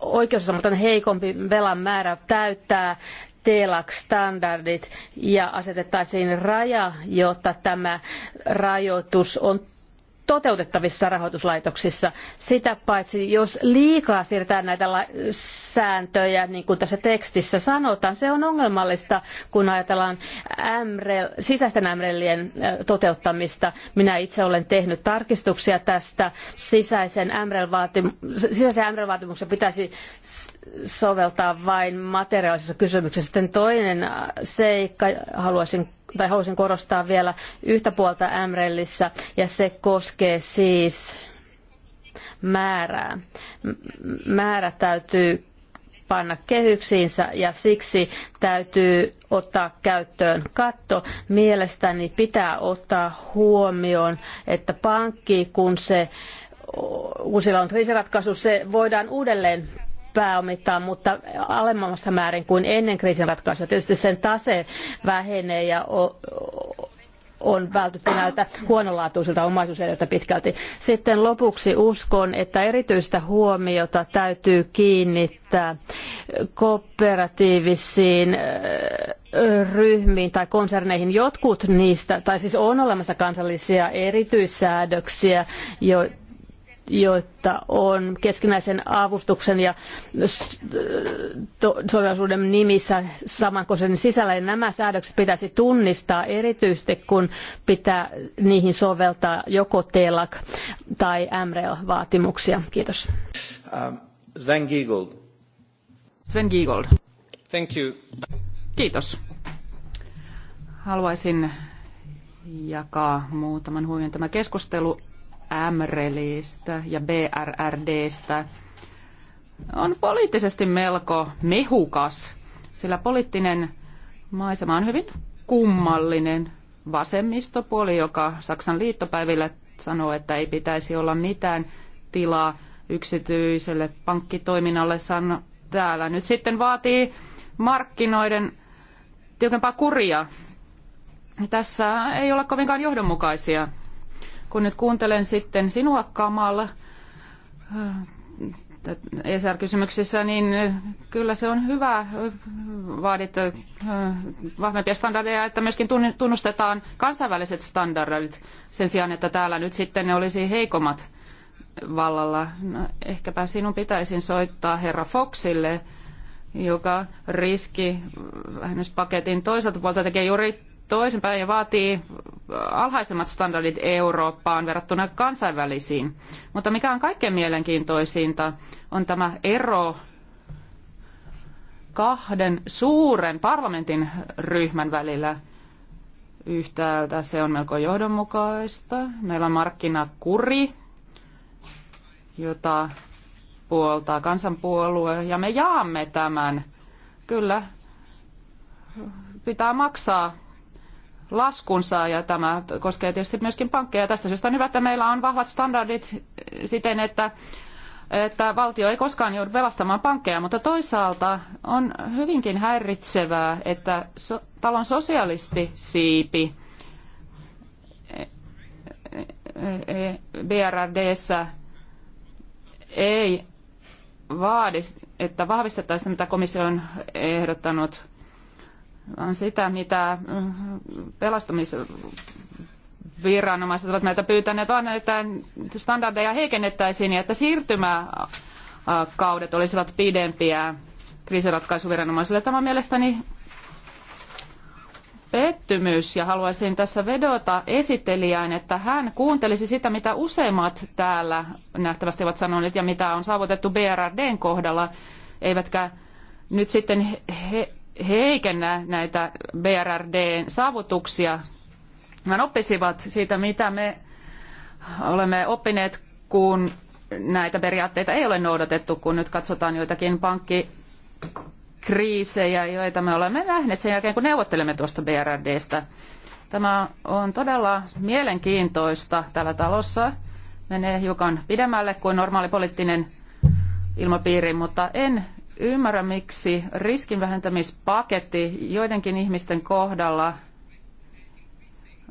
oikeusasematan heikompi velan määrä täyttää TELAC-standardit ja asetettaisiin raja, jotta tämä rajoitus on toteutettavissa rahoituslaitoksissa. Sitä paitsi, jos liikaa siirretään näitä sääntöjä, niin kuin tässä tekstissä sanotaan, se on ongelmallista, kun ajatellaan MREL, sisäisten MRELien toteuttamista. Minä itse olen tehnyt tarkistuksia tästä. Sisäisen MREL-vaatimuksen, sisäisen mrel pitäisi soveltaa vain materiaalisissa kysymyksissä. Sitten toinen seikka, haluaisin tai haluaisin korostaa vielä yhtä puolta MRLissä, ja se koskee siis määrää. Määrä täytyy panna kehyksiinsä ja siksi täytyy ottaa käyttöön katto. Mielestäni pitää ottaa huomioon, että pankki, kun se kun sillä on kriisiratkaisu, se voidaan uudelleen pääomittaa, mutta alemmassa määrin kuin ennen kriisin ratkaisua. Tietysti sen tase vähenee ja on vältytty näiltä huonolaatuisilta omaisuuseriltä pitkälti. Sitten lopuksi uskon, että erityistä huomiota täytyy kiinnittää kooperatiivisiin ryhmiin tai konserneihin. Jotkut niistä, tai siis on olemassa kansallisia erityissäädöksiä, joita joita on keskinäisen avustuksen ja solidaisuuden nimissä saman konsernin sisällä. Ja nämä säädökset pitäisi tunnistaa erityisesti, kun pitää niihin soveltaa joko TELAC tai MREL-vaatimuksia. Kiitos. Ähm, Sven Giegold. Sven Giegold. Thank you. Kiitos. Haluaisin jakaa muutaman huomion. Tämä keskustelu MREListä ja BRRDstä on poliittisesti melko mehukas, sillä poliittinen maisema on hyvin kummallinen. Vasemmistopuoli, joka Saksan liittopäivillä sanoo, että ei pitäisi olla mitään tilaa yksityiselle pankkitoiminnalle, sanoo täällä nyt sitten vaatii markkinoiden tiukempaa kuria. Tässä ei olla kovinkaan johdonmukaisia. Kun nyt kuuntelen sitten sinua, Kamala, äh, ESR-kysymyksissä, niin äh, kyllä se on hyvä. Äh, vaadit vahvempia standardeja, että myöskin tunnustetaan kansainväliset standardit sen sijaan, että täällä nyt sitten ne olisi heikommat vallalla. No, ehkäpä sinun pitäisi soittaa herra Foxille, joka riski vähennyspaketin toiselta puolta tekee juuri toisinpäin ja vaatii alhaisemmat standardit Eurooppaan verrattuna kansainvälisiin. Mutta mikä on kaikkein mielenkiintoisinta, on tämä ero kahden suuren parlamentin ryhmän välillä. Yhtäältä se on melko johdonmukaista. Meillä on markkinakuri, jota puoltaa kansanpuolue, ja me jaamme tämän. Kyllä, pitää maksaa laskunsa ja tämä koskee tietysti myöskin pankkeja. Tästä syystä on hyvä, että meillä on vahvat standardit siten, että että valtio ei koskaan joudu pelastamaan pankkeja, mutta toisaalta on hyvinkin häiritsevää, että so- talon sosialisti-siipi BRRDssä ei vaadi, että vahvistettaisiin, mitä komissio on ehdottanut – on sitä, mitä mm, pelastamisviranomaiset ovat näitä pyytäneet, vaan että standardeja heikennettäisiin ja niin, että siirtymäkaudet olisivat pidempiä kriisiratkaisuviranomaisille. Tämä on mielestäni pettymys ja haluaisin tässä vedota esittelijään, että hän kuuntelisi sitä, mitä useimmat täällä nähtävästi ovat sanoneet ja mitä on saavutettu BRDn kohdalla, eivätkä nyt sitten he, heikennä näitä BRRDn saavutuksia, vaan oppisivat siitä, mitä me olemme oppineet, kun näitä periaatteita ei ole noudatettu, kun nyt katsotaan joitakin pankkikriisejä, joita me olemme nähneet sen jälkeen, kun neuvottelemme tuosta BRDstä. Tämä on todella mielenkiintoista tällä talossa. Menee hiukan pidemmälle kuin normaali poliittinen ilmapiiri, mutta en ymmärrä, miksi riskinvähentämispaketti joidenkin ihmisten kohdalla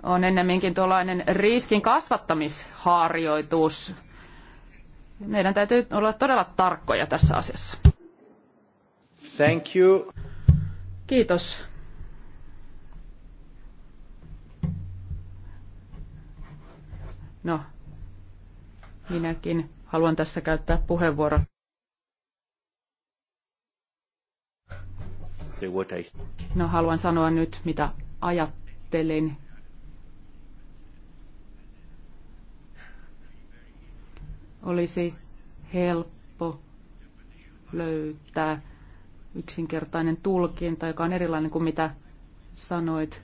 on ennemminkin tuollainen riskin kasvattamisharjoitus. Meidän täytyy olla todella tarkkoja tässä asiassa. Thank you. Kiitos. No, minäkin haluan tässä käyttää puheenvuoron. No haluan sanoa nyt, mitä ajattelin. Olisi helppo löytää yksinkertainen tulkinta, joka on erilainen kuin mitä sanoit.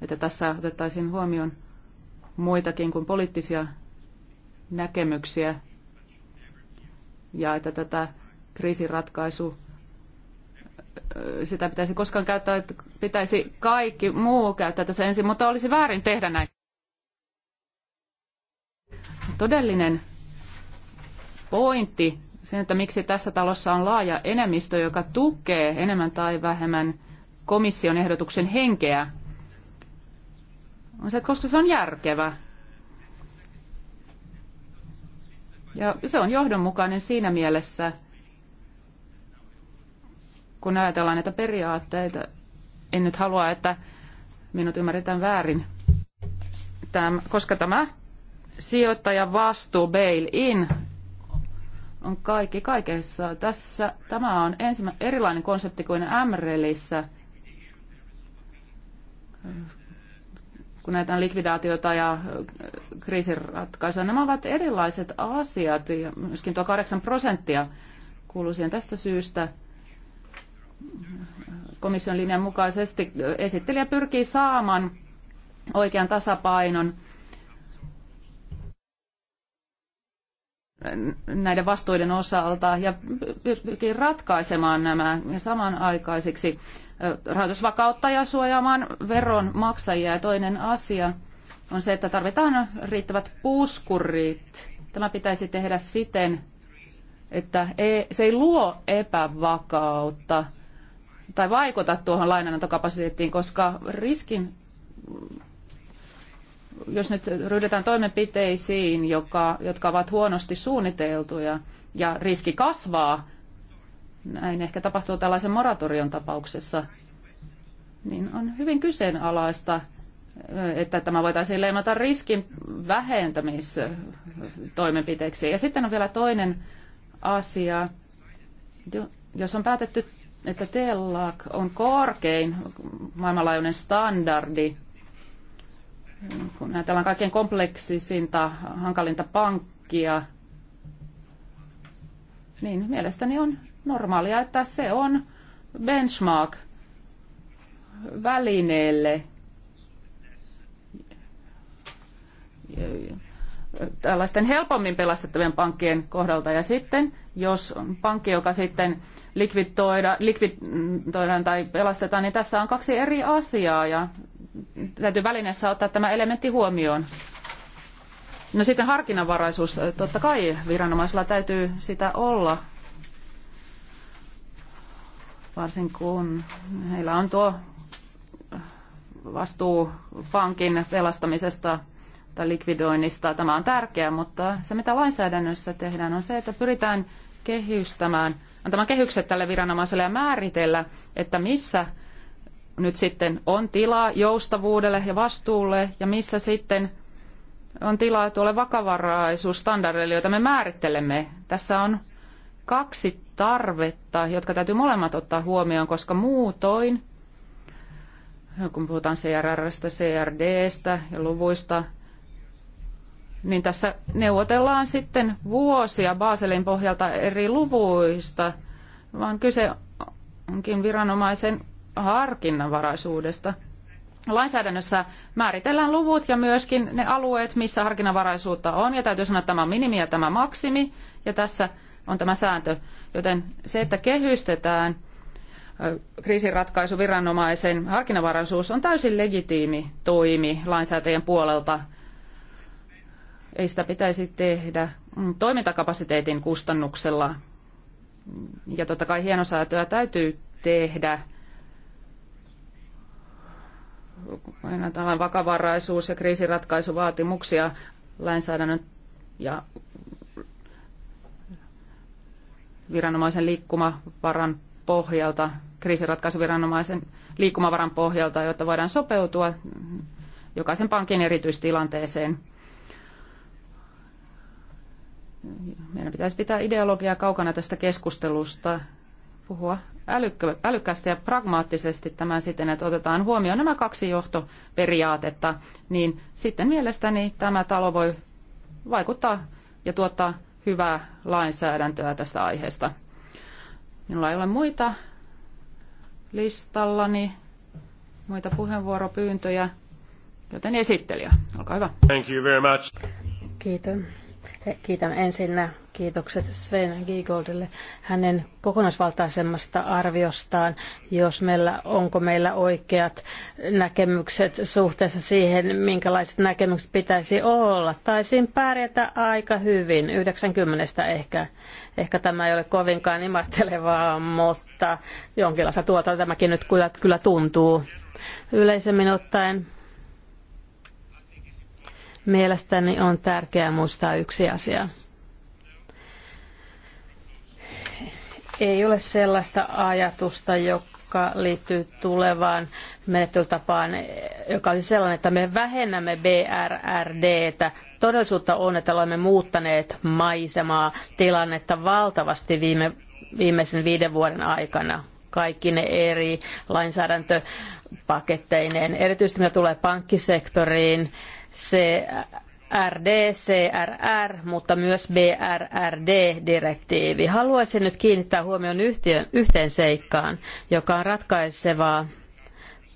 Että tässä otettaisiin huomioon muitakin kuin poliittisia näkemyksiä ja että tätä kriisinratkaisu äh, sitä pitäisi koskaan käyttää, että pitäisi kaikki muu käyttää tässä ensin, mutta olisi väärin tehdä näin. Todellinen pointti sen, että miksi tässä talossa on laaja enemmistö, joka tukee enemmän tai vähemmän komission ehdotuksen henkeä, on se, että koska se on järkevä Ja se on johdonmukainen siinä mielessä, kun ajatellaan näitä periaatteita. En nyt halua, että minut ymmärretään väärin, tämä, koska tämä sijoittajan vastuu bail-in on kaikki kaikessa. Tässä, tämä on ensimmä, erilainen konsepti kuin MRELissä kun näitä likvidaatiota ja kriisiratkaisuja, nämä ovat erilaiset asiat, ja myöskin tuo 8 prosenttia kuuluu siihen tästä syystä. Komission linjan mukaisesti esittelijä pyrkii saamaan oikean tasapainon näiden vastuiden osalta ja pyrkii ratkaisemaan nämä samanaikaisiksi rahoitusvakautta ja suojaamaan veronmaksajia. Ja toinen asia on se, että tarvitaan riittävät puskurit. Tämä pitäisi tehdä siten, että ei, se ei luo epävakautta tai vaikuta tuohon lainanantokapasiteettiin, koska riskin jos nyt ryhdytään toimenpiteisiin, joka, jotka ovat huonosti suunniteltuja ja riski kasvaa, näin ehkä tapahtuu tällaisen moratorion tapauksessa, niin on hyvin kyseenalaista, että tämä voitaisiin leimata riskin vähentämistoimenpiteeksi. Ja sitten on vielä toinen asia. Jos on päätetty, että TELAC on korkein maailmanlaajuinen standardi, kun ajatellaan kaikkein kompleksisinta, hankalinta pankkia, niin mielestäni on normaalia, että se on benchmark välineelle. tällaisten helpommin pelastettavien pankkien kohdalta. Ja sitten, jos pankki, joka sitten likvidoida, likvidoidaan tai pelastetaan, niin tässä on kaksi eri asiaa ja täytyy välineessä ottaa tämä elementti huomioon. No sitten harkinnanvaraisuus, totta kai viranomaisilla täytyy sitä olla, varsin kun heillä on tuo vastuu pankin pelastamisesta tai likvidoinnista. Tämä on tärkeää, mutta se mitä lainsäädännössä tehdään on se, että pyritään kehystämään – antamaan kehykset tälle viranomaiselle ja määritellä, että missä nyt sitten on tilaa joustavuudelle ja vastuulle ja missä sitten on tilaa tuolle vakavaraisuusstandardille, joita me määrittelemme. Tässä on kaksi tarvetta, jotka täytyy molemmat ottaa huomioon, koska muutoin, kun puhutaan CRRstä, CRDstä ja luvuista, niin tässä neuvotellaan sitten vuosia Baselin pohjalta eri luvuista, vaan kyse onkin viranomaisen harkinnanvaraisuudesta. Lainsäädännössä määritellään luvut ja myöskin ne alueet, missä harkinnanvaraisuutta on. Ja täytyy sanoa, että tämä on minimi ja tämä maksimi. Ja tässä on tämä sääntö. Joten se, että kehystetään kriisinratkaisuviranomaisen harkinnanvaraisuus on täysin legitiimi toimi lainsäätäjien puolelta ei sitä pitäisi tehdä toimintakapasiteetin kustannuksella. Ja totta kai hienosäätöä täytyy tehdä. Tällainen vakavaraisuus- ja kriisiratkaisuvaatimuksia lainsäädännön ja viranomaisen liikkumavaran pohjalta, kriisiratkaisuviranomaisen liikkumavaran pohjalta, jotta voidaan sopeutua jokaisen pankin erityistilanteeseen meidän pitäisi pitää ideologiaa kaukana tästä keskustelusta, puhua älykkö, älykkästi ja pragmaattisesti tämän siten, että otetaan huomioon nämä kaksi johtoperiaatetta, niin sitten mielestäni tämä talo voi vaikuttaa ja tuottaa hyvää lainsäädäntöä tästä aiheesta. Minulla ei ole muita listallani, muita puheenvuoropyyntöjä, joten esittelijä, olkaa hyvä. Thank you very much. Kiitos. Kiitän ensinnä kiitokset Sven Giegoldille hänen kokonaisvaltaisemmasta arviostaan, jos meillä, onko meillä oikeat näkemykset suhteessa siihen, minkälaiset näkemykset pitäisi olla. Taisin pärjätä aika hyvin, 90 ehkä. Ehkä tämä ei ole kovinkaan imartelevaa, mutta jonkinlaista tuota tämäkin nyt kyllä, kyllä tuntuu yleisemmin ottaen Mielestäni on tärkeää muistaa yksi asia. Ei ole sellaista ajatusta, joka liittyy tulevaan menettelytapaan, joka olisi sellainen, että me vähennämme BRRDtä. Todellisuutta on, että olemme muuttaneet maisemaa tilannetta valtavasti viime, viimeisen viiden vuoden aikana kaikki ne eri lainsäädäntöpaketteineen. Erityisesti mitä tulee pankkisektoriin, CRD, CRR, mutta myös BRRD-direktiivi. Haluaisin nyt kiinnittää huomion yhtiön, yhteen seikkaan, joka on ratkaisevaa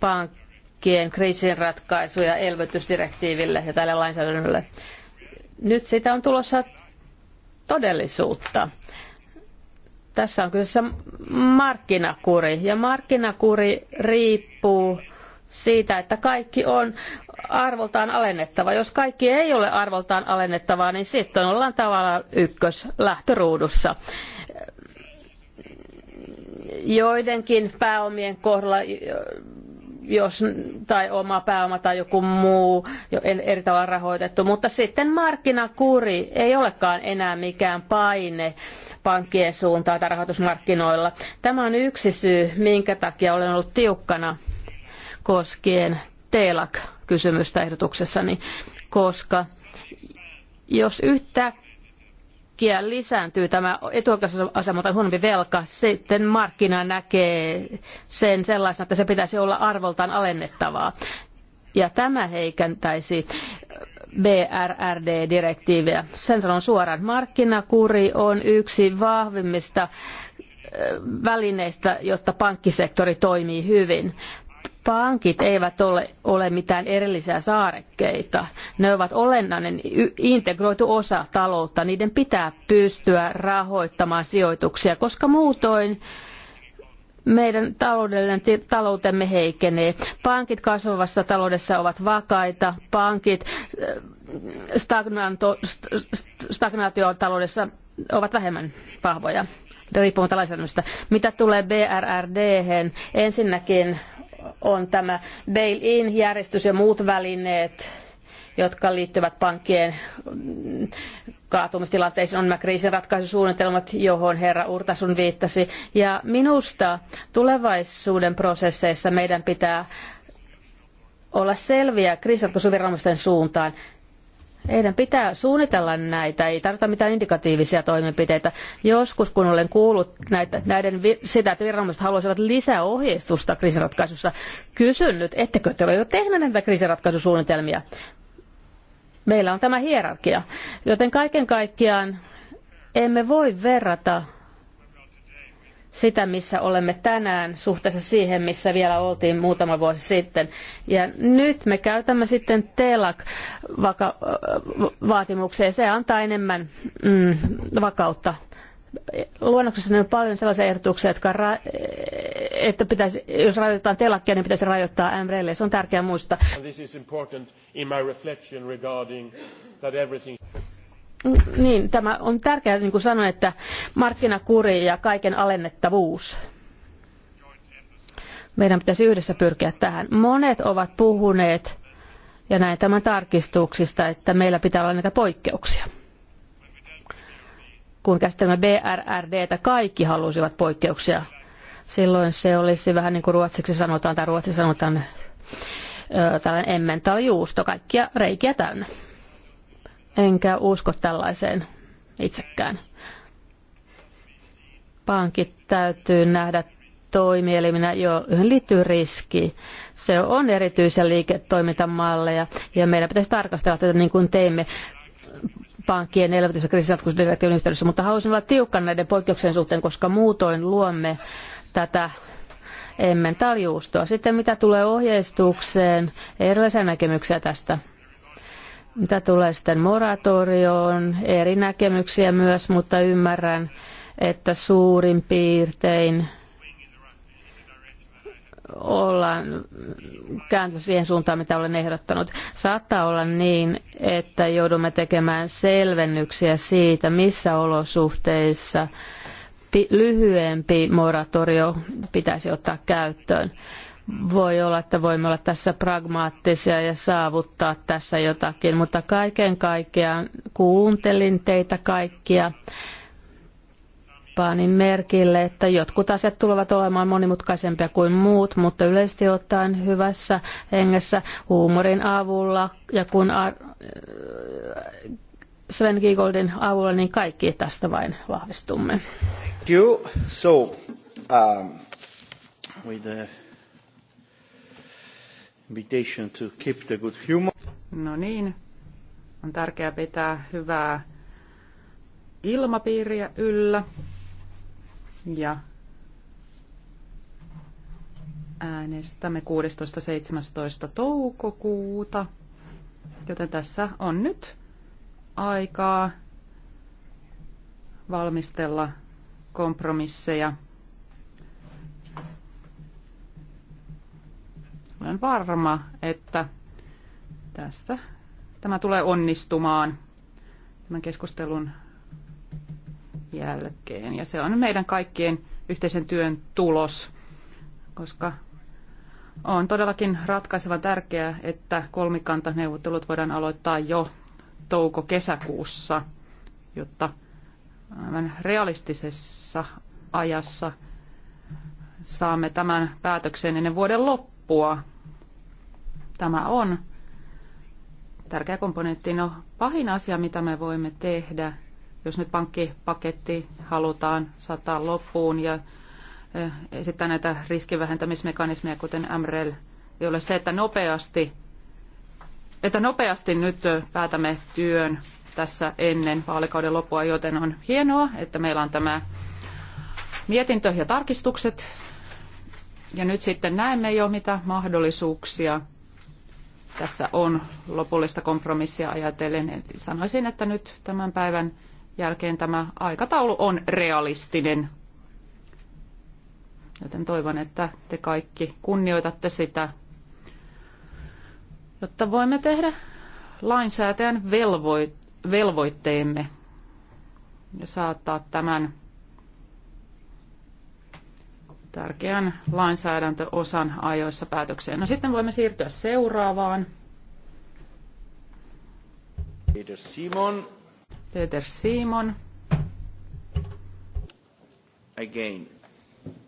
pankkien kriisinratkaisu- ja elvytysdirektiiville ja tälle lainsäädännölle. Nyt siitä on tulossa todellisuutta. Tässä on kyseessä markkinakuri ja markkinakuri riippuu siitä, että kaikki on arvoltaan alennettava. Jos kaikki ei ole arvoltaan alennettavaa, niin sitten ollaan tavallaan ykkös lähtöruudussa joidenkin pääomien kohdalla, jos, tai oma pääoma tai joku muu eri tavalla rahoitettu, mutta sitten markkinakuri ei olekaan enää mikään paine pankkien suuntaan tai rahoitusmarkkinoilla. Tämä on yksi syy, minkä takia olen ollut tiukkana koskien TELAK-kysymystä ehdotuksessani, koska jos yhtäkkiä lisääntyy tämä tai huonompi velka, sitten markkina näkee sen sellaisena, että se pitäisi olla arvoltaan alennettavaa. Ja tämä heikentäisi BRRD-direktiiviä. Sen sanon suoraan, markkinakuri on yksi vahvimmista välineistä, jotta pankkisektori toimii hyvin pankit eivät ole, ole mitään erillisiä saarekkeita. Ne ovat olennainen integroitu osa taloutta. Niiden pitää pystyä rahoittamaan sijoituksia, koska muutoin meidän taloudellinen taloutemme heikenee. Pankit kasvavassa taloudessa ovat vakaita, pankit äh, stagnaatiotaloudessa ovat vähemmän vahvoja riippumatta lainsäädännöstä. Mitä tulee BRRD, -hen, ensinnäkin on tämä bail-in, järjestys ja muut välineet, jotka liittyvät pankkien kaatumistilanteisiin, on nämä kriisinratkaisusuunnitelmat, johon herra Urtasun viittasi. Ja minusta tulevaisuuden prosesseissa meidän pitää olla selviä kriisinratkaisuviranomaisten suuntaan. Meidän pitää suunnitella näitä, ei tarvita mitään indikatiivisia toimenpiteitä. Joskus, kun olen kuullut näitä, näiden, sitä, että viranomaiset haluaisivat lisää ohjeistusta kriisiratkaisussa, kysyn nyt, ettekö te ole jo tehneet näitä kriisiratkaisusuunnitelmia? Meillä on tämä hierarkia, joten kaiken kaikkiaan emme voi verrata sitä, missä olemme tänään suhteessa siihen, missä vielä oltiin muutama vuosi sitten. Ja nyt me käytämme sitten TELAC-vaatimukseen. Se antaa enemmän mm, vakautta luonnoksessa on paljon sellaisia ehdotuksia, jotka että pitäisi, jos rajoitetaan telakkia, niin pitäisi rajoittaa MRL. Se on tärkeää muistaa. Niin, tämä on tärkeää, niin kuin sanoin, että markkinakuri ja kaiken alennettavuus. Meidän pitäisi yhdessä pyrkiä tähän. Monet ovat puhuneet, ja näin tämän tarkistuksista, että meillä pitää olla näitä poikkeuksia. Kun käsittelemme BRRDtä, kaikki halusivat poikkeuksia. Silloin se olisi vähän niin kuin ruotsiksi sanotaan, tai ruotsi sanotaan tällainen emmentaljuusto, kaikkia reikiä täynnä enkä usko tällaiseen itsekään. Pankit täytyy nähdä toimieliminä, joihin liittyy riski. Se on erityisiä liiketoimintamalleja ja meidän pitäisi tarkastella tätä niin kuin teimme pankkien elvytys- ja kriisinratkaisudirektiivin yhteydessä, mutta haluaisin olla tiukka näiden poikkeuksien suhteen, koska muutoin luomme tätä emmentaljuustoa. Sitten mitä tulee ohjeistukseen, erilaisia näkemyksiä tästä. Mitä tulee sitten moratorioon, eri näkemyksiä myös, mutta ymmärrän, että suurin piirtein ollaan kääntynyt siihen suuntaan, mitä olen ehdottanut. Saattaa olla niin, että joudumme tekemään selvennyksiä siitä, missä olosuhteissa lyhyempi moratorio pitäisi ottaa käyttöön. Voi olla, että voimme olla tässä pragmaattisia ja saavuttaa tässä jotakin, mutta kaiken kaikkiaan kuuntelin teitä kaikkia. Panin merkille, että jotkut asiat tulevat olemaan monimutkaisempia kuin muut, mutta yleisesti ottaen hyvässä hengessä huumorin avulla ja kun ar- Sven Giegoldin avulla, niin kaikki tästä vain vahvistumme. Thank you. So, um, with the invitation to keep the good humor. No niin, on tärkeää pitää hyvää ilmapiiriä yllä ja äänestämme 16.17. toukokuuta, joten tässä on nyt aikaa valmistella kompromisseja – Olen varma, että tästä tämä tulee onnistumaan tämän keskustelun jälkeen. Ja se on meidän kaikkien yhteisen työn tulos, koska on todellakin ratkaisevan tärkeää, että kolmikantaneuvottelut voidaan aloittaa jo touko-kesäkuussa, jotta aivan realistisessa ajassa saamme tämän päätöksen ennen vuoden loppua. Tämä on tärkeä komponentti. No, pahin asia, mitä me voimme tehdä, jos nyt pankkipaketti halutaan saattaa loppuun ja eh, esittää näitä riskivähentämismekanismeja, kuten MREL, ei ole se, että nopeasti, että nopeasti nyt eh, päätämme työn tässä ennen vaalikauden loppua, joten on hienoa, että meillä on tämä mietintö ja tarkistukset. Ja nyt sitten näemme jo, mitä mahdollisuuksia tässä on lopullista kompromissia ajatellen. sanoisin, että nyt tämän päivän jälkeen tämä aikataulu on realistinen. Joten toivon, että te kaikki kunnioitatte sitä, jotta voimme tehdä lainsäätäjän velvoitteemme ja saattaa tämän tärkeän lainsäädäntöosan ajoissa päätökseen. No sitten voimme siirtyä seuraavaan. Peter Simon. Peter Simon. Again,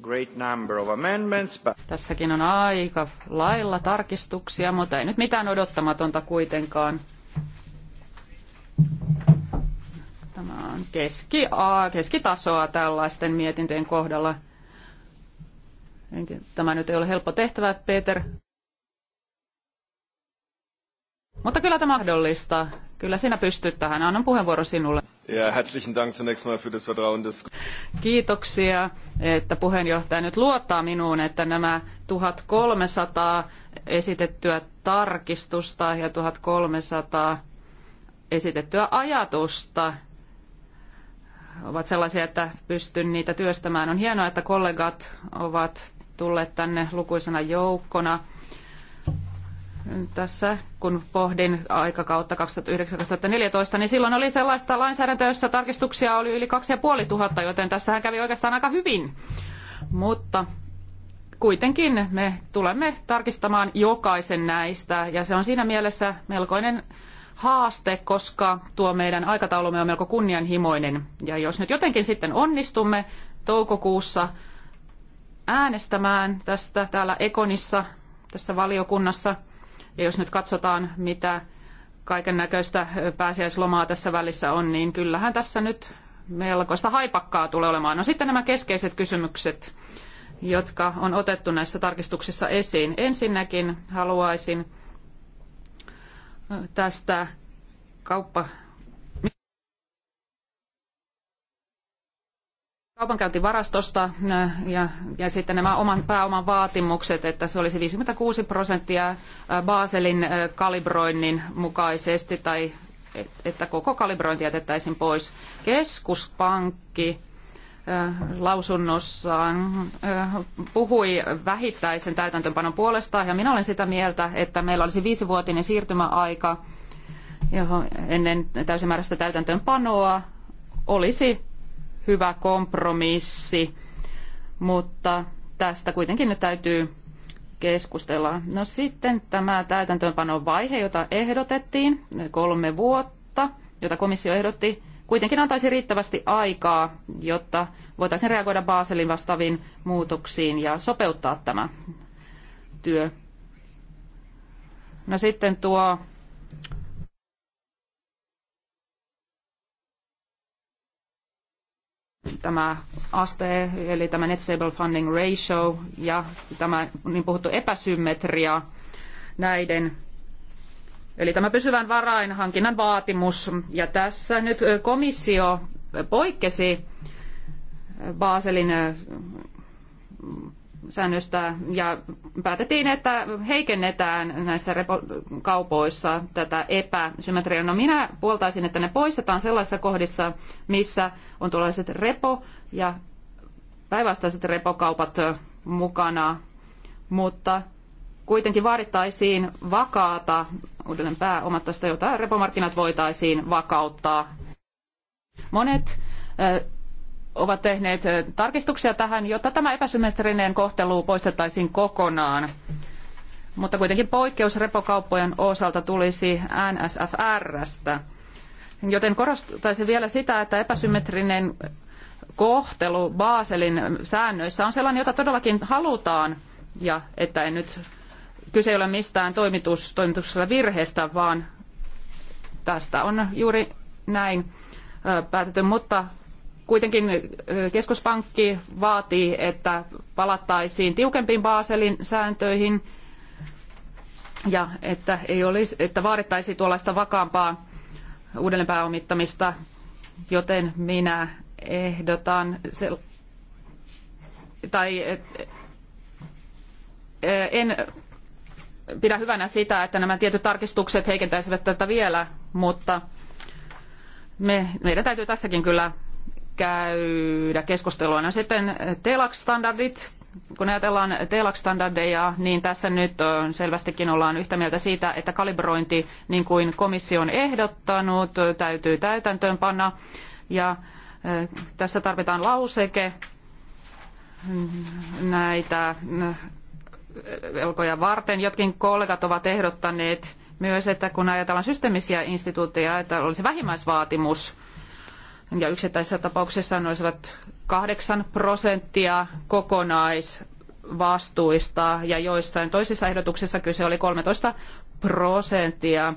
great number of amendments, but... Tässäkin on aika lailla tarkistuksia, mutta ei nyt mitään odottamatonta kuitenkaan. Tämä on keski, keskitasoa tällaisten mietintöjen kohdalla – Tämä nyt ei ole helppo tehtävä, Peter. Mutta kyllä tämä mahdollista. Kyllä sinä pystyt tähän. Annan puheenvuoro sinulle. Ja, herzlichen Dank zunächst mal für das Vertrauen des... Kiitoksia, että puheenjohtaja nyt luottaa minuun, että nämä 1300 esitettyä tarkistusta ja 1300 esitettyä ajatusta ovat sellaisia, että pystyn niitä työstämään. On hienoa, että kollegat ovat tulleet tänne lukuisena joukkona. Tässä kun pohdin aikakautta 2009-2014, niin silloin oli sellaista lainsäädäntöä, jossa tarkistuksia oli yli 2500, joten tässähän kävi oikeastaan aika hyvin. Mutta kuitenkin me tulemme tarkistamaan jokaisen näistä ja se on siinä mielessä melkoinen haaste, koska tuo meidän aikataulumme on melko kunnianhimoinen. Ja jos nyt jotenkin sitten onnistumme toukokuussa äänestämään tästä täällä Ekonissa, tässä valiokunnassa. Ja jos nyt katsotaan, mitä kaiken näköistä pääsiäislomaa tässä välissä on, niin kyllähän tässä nyt melkoista haipakkaa tulee olemaan. No sitten nämä keskeiset kysymykset, jotka on otettu näissä tarkistuksissa esiin. Ensinnäkin haluaisin tästä kauppa kaupankäyntivarastosta äh, ja, ja sitten nämä oman pääoman vaatimukset, että se olisi 56 prosenttia äh, Baselin äh, kalibroinnin mukaisesti tai että koko kalibrointi jätettäisiin pois. Keskuspankki lausunnossaan puhui vähittäisen täytäntöönpanon puolesta ja minä olen sitä mieltä, että meillä olisi viisivuotinen siirtymäaika, johon ennen täysimääräistä täytäntöönpanoa olisi hyvä kompromissi, mutta tästä kuitenkin nyt täytyy keskustella. No sitten tämä täytäntöönpanon vaihe, jota ehdotettiin, kolme vuotta, jota komissio ehdotti, kuitenkin antaisi riittävästi aikaa, jotta voitaisiin reagoida Baselin vastaaviin muutoksiin ja sopeuttaa tämä työ. No sitten tuo tämä aste, eli tämä net stable funding ratio ja tämä niin puhuttu epäsymmetria näiden Eli tämä pysyvän varainhankinnan vaatimus. Ja tässä nyt komissio poikkesi Baselin säännöstä ja päätettiin, että heikennetään näissä kaupoissa tätä epäsymmetriaa. No minä puoltaisin, että ne poistetaan sellaisissa kohdissa, missä on tuollaiset repo- ja päinvastaiset repokaupat mukana, mutta kuitenkin vaadittaisiin vakaata uudelleen pääomattaista, jota repomarkkinat voitaisiin vakauttaa. Monet ovat tehneet tarkistuksia tähän, jotta tämä epäsymmetrinen kohtelu poistettaisiin kokonaan. Mutta kuitenkin poikkeus repokauppojen osalta tulisi NSFRstä. Joten korostaisin vielä sitä, että epäsymmetrinen kohtelu Baselin säännöissä on sellainen, jota todellakin halutaan, ja että nyt kyse ei ole mistään toimitus, toimituksella virheestä, vaan tästä on juuri näin päätetty, mutta Kuitenkin keskuspankki vaatii, että palattaisiin tiukempiin Baselin sääntöihin ja että, ei olisi, että vaadittaisiin tuollaista vakaampaa uudelleenpääomittamista, joten minä ehdotan se, tai et, en pidä hyvänä sitä, että nämä tietyt tarkistukset heikentäisivät tätä vielä, mutta me, meidän täytyy tästäkin kyllä käydä keskustelua. No sitten TELAX-standardit, kun ajatellaan TELAX-standardeja, niin tässä nyt selvästikin ollaan yhtä mieltä siitä, että kalibrointi, niin kuin komissio on ehdottanut, täytyy täytäntöönpanna. Ja eh, tässä tarvitaan lauseke näitä velkoja eh, varten. Jotkin kollegat ovat ehdottaneet myös, että kun ajatellaan systeemisiä instituutteja, että olisi vähimmäisvaatimus ja yksittäisissä tapauksissa ne olisivat 8 prosenttia kokonaisvastuista ja joissain toisissa ehdotuksissa kyse oli 13 prosenttia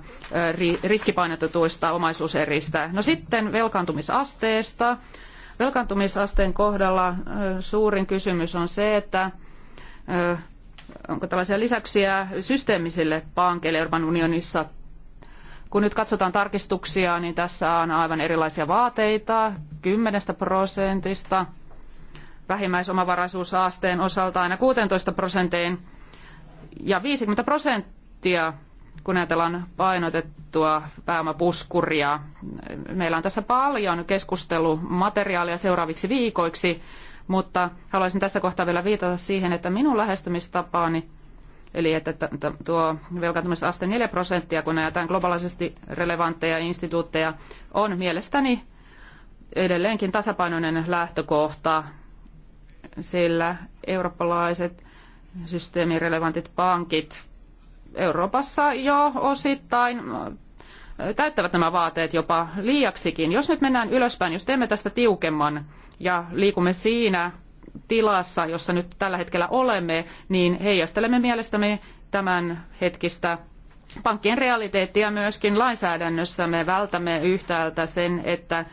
riskipainotetuista omaisuuseristä. No sitten velkaantumisasteesta. Velkaantumisasteen kohdalla suurin kysymys on se, että onko tällaisia lisäyksiä systeemisille pankeille Euroopan unionissa kun nyt katsotaan tarkistuksia, niin tässä on aivan erilaisia vaateita 10 prosentista vähimmäisomavaraisuusasteen osalta aina 16 prosenttiin ja 50 prosenttia, kun ajatellaan painotettua pääomapuskuria. Meillä on tässä paljon keskustelumateriaalia seuraaviksi viikoiksi, mutta haluaisin tässä kohtaa vielä viitata siihen, että minun lähestymistapaani Eli että tuo velkaantumisaste 4 prosenttia, kun näitä globaalisesti relevantteja instituutteja, on mielestäni edelleenkin tasapainoinen lähtökohta, sillä eurooppalaiset systeemirelevantit pankit Euroopassa jo osittain äh, täyttävät nämä vaateet jopa liiaksikin. Jos nyt mennään ylöspäin, jos teemme tästä tiukemman ja liikumme siinä tilassa, jossa nyt tällä hetkellä olemme, niin heijastelemme mielestämme tämän hetkistä pankkien realiteettia myöskin lainsäädännössä. Me vältämme yhtäältä sen, että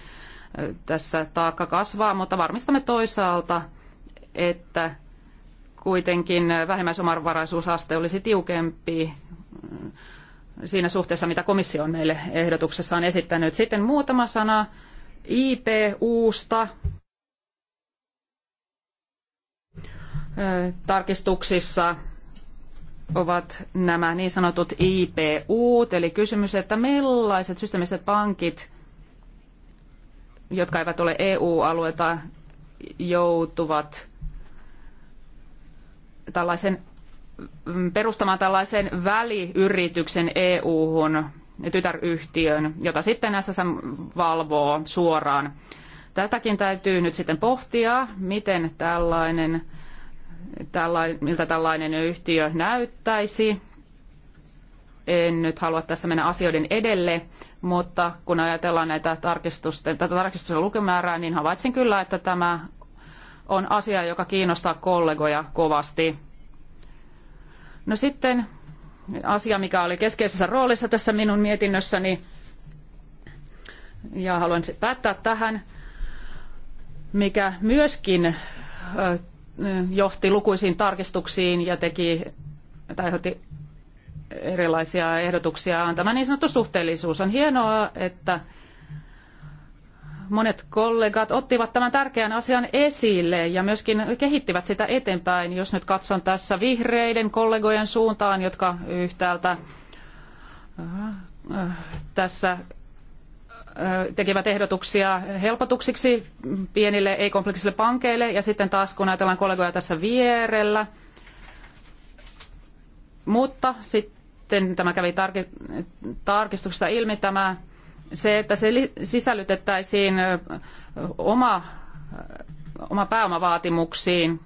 tässä taakka kasvaa, mutta varmistamme toisaalta, että kuitenkin vähimmäisomavaraisuusaste olisi tiukempi siinä suhteessa, mitä komissio on meille ehdotuksessaan esittänyt. Sitten muutama sana IPUsta, tarkistuksissa ovat nämä niin sanotut IPU, eli kysymys, että millaiset systeemiset pankit, jotka eivät ole EU-alueita, joutuvat tällaisen, perustamaan tällaisen väliyrityksen EU-hun, tytäryhtiön, jota sitten SSM valvoo suoraan. Tätäkin täytyy nyt sitten pohtia, miten tällainen miltä tällainen yhtiö näyttäisi. En nyt halua tässä mennä asioiden edelle, mutta kun ajatellaan näitä tarkistusten, tätä tarkistusten lukemäärää, niin havaitsin kyllä, että tämä on asia, joka kiinnostaa kollegoja kovasti. No sitten asia, mikä oli keskeisessä roolissa tässä minun mietinnössäni, ja haluan päättää tähän, mikä myöskin johti lukuisiin tarkistuksiin ja teki tai aiheutti erilaisia ehdotuksia. Tämä niin sanottu suhteellisuus on hienoa, että monet kollegat ottivat tämän tärkeän asian esille ja myöskin kehittivät sitä eteenpäin. Jos nyt katson tässä vihreiden kollegojen suuntaan, jotka yhtäältä äh, äh, tässä tekivät ehdotuksia helpotuksiksi pienille ei-kompleksisille pankeille ja sitten taas kun ajatellaan kollegoja tässä vierellä. Mutta sitten tämä kävi tarki- tarkistuksesta ilmi tämä se, että se sisällytettäisiin oma, oma pääomavaatimuksiin,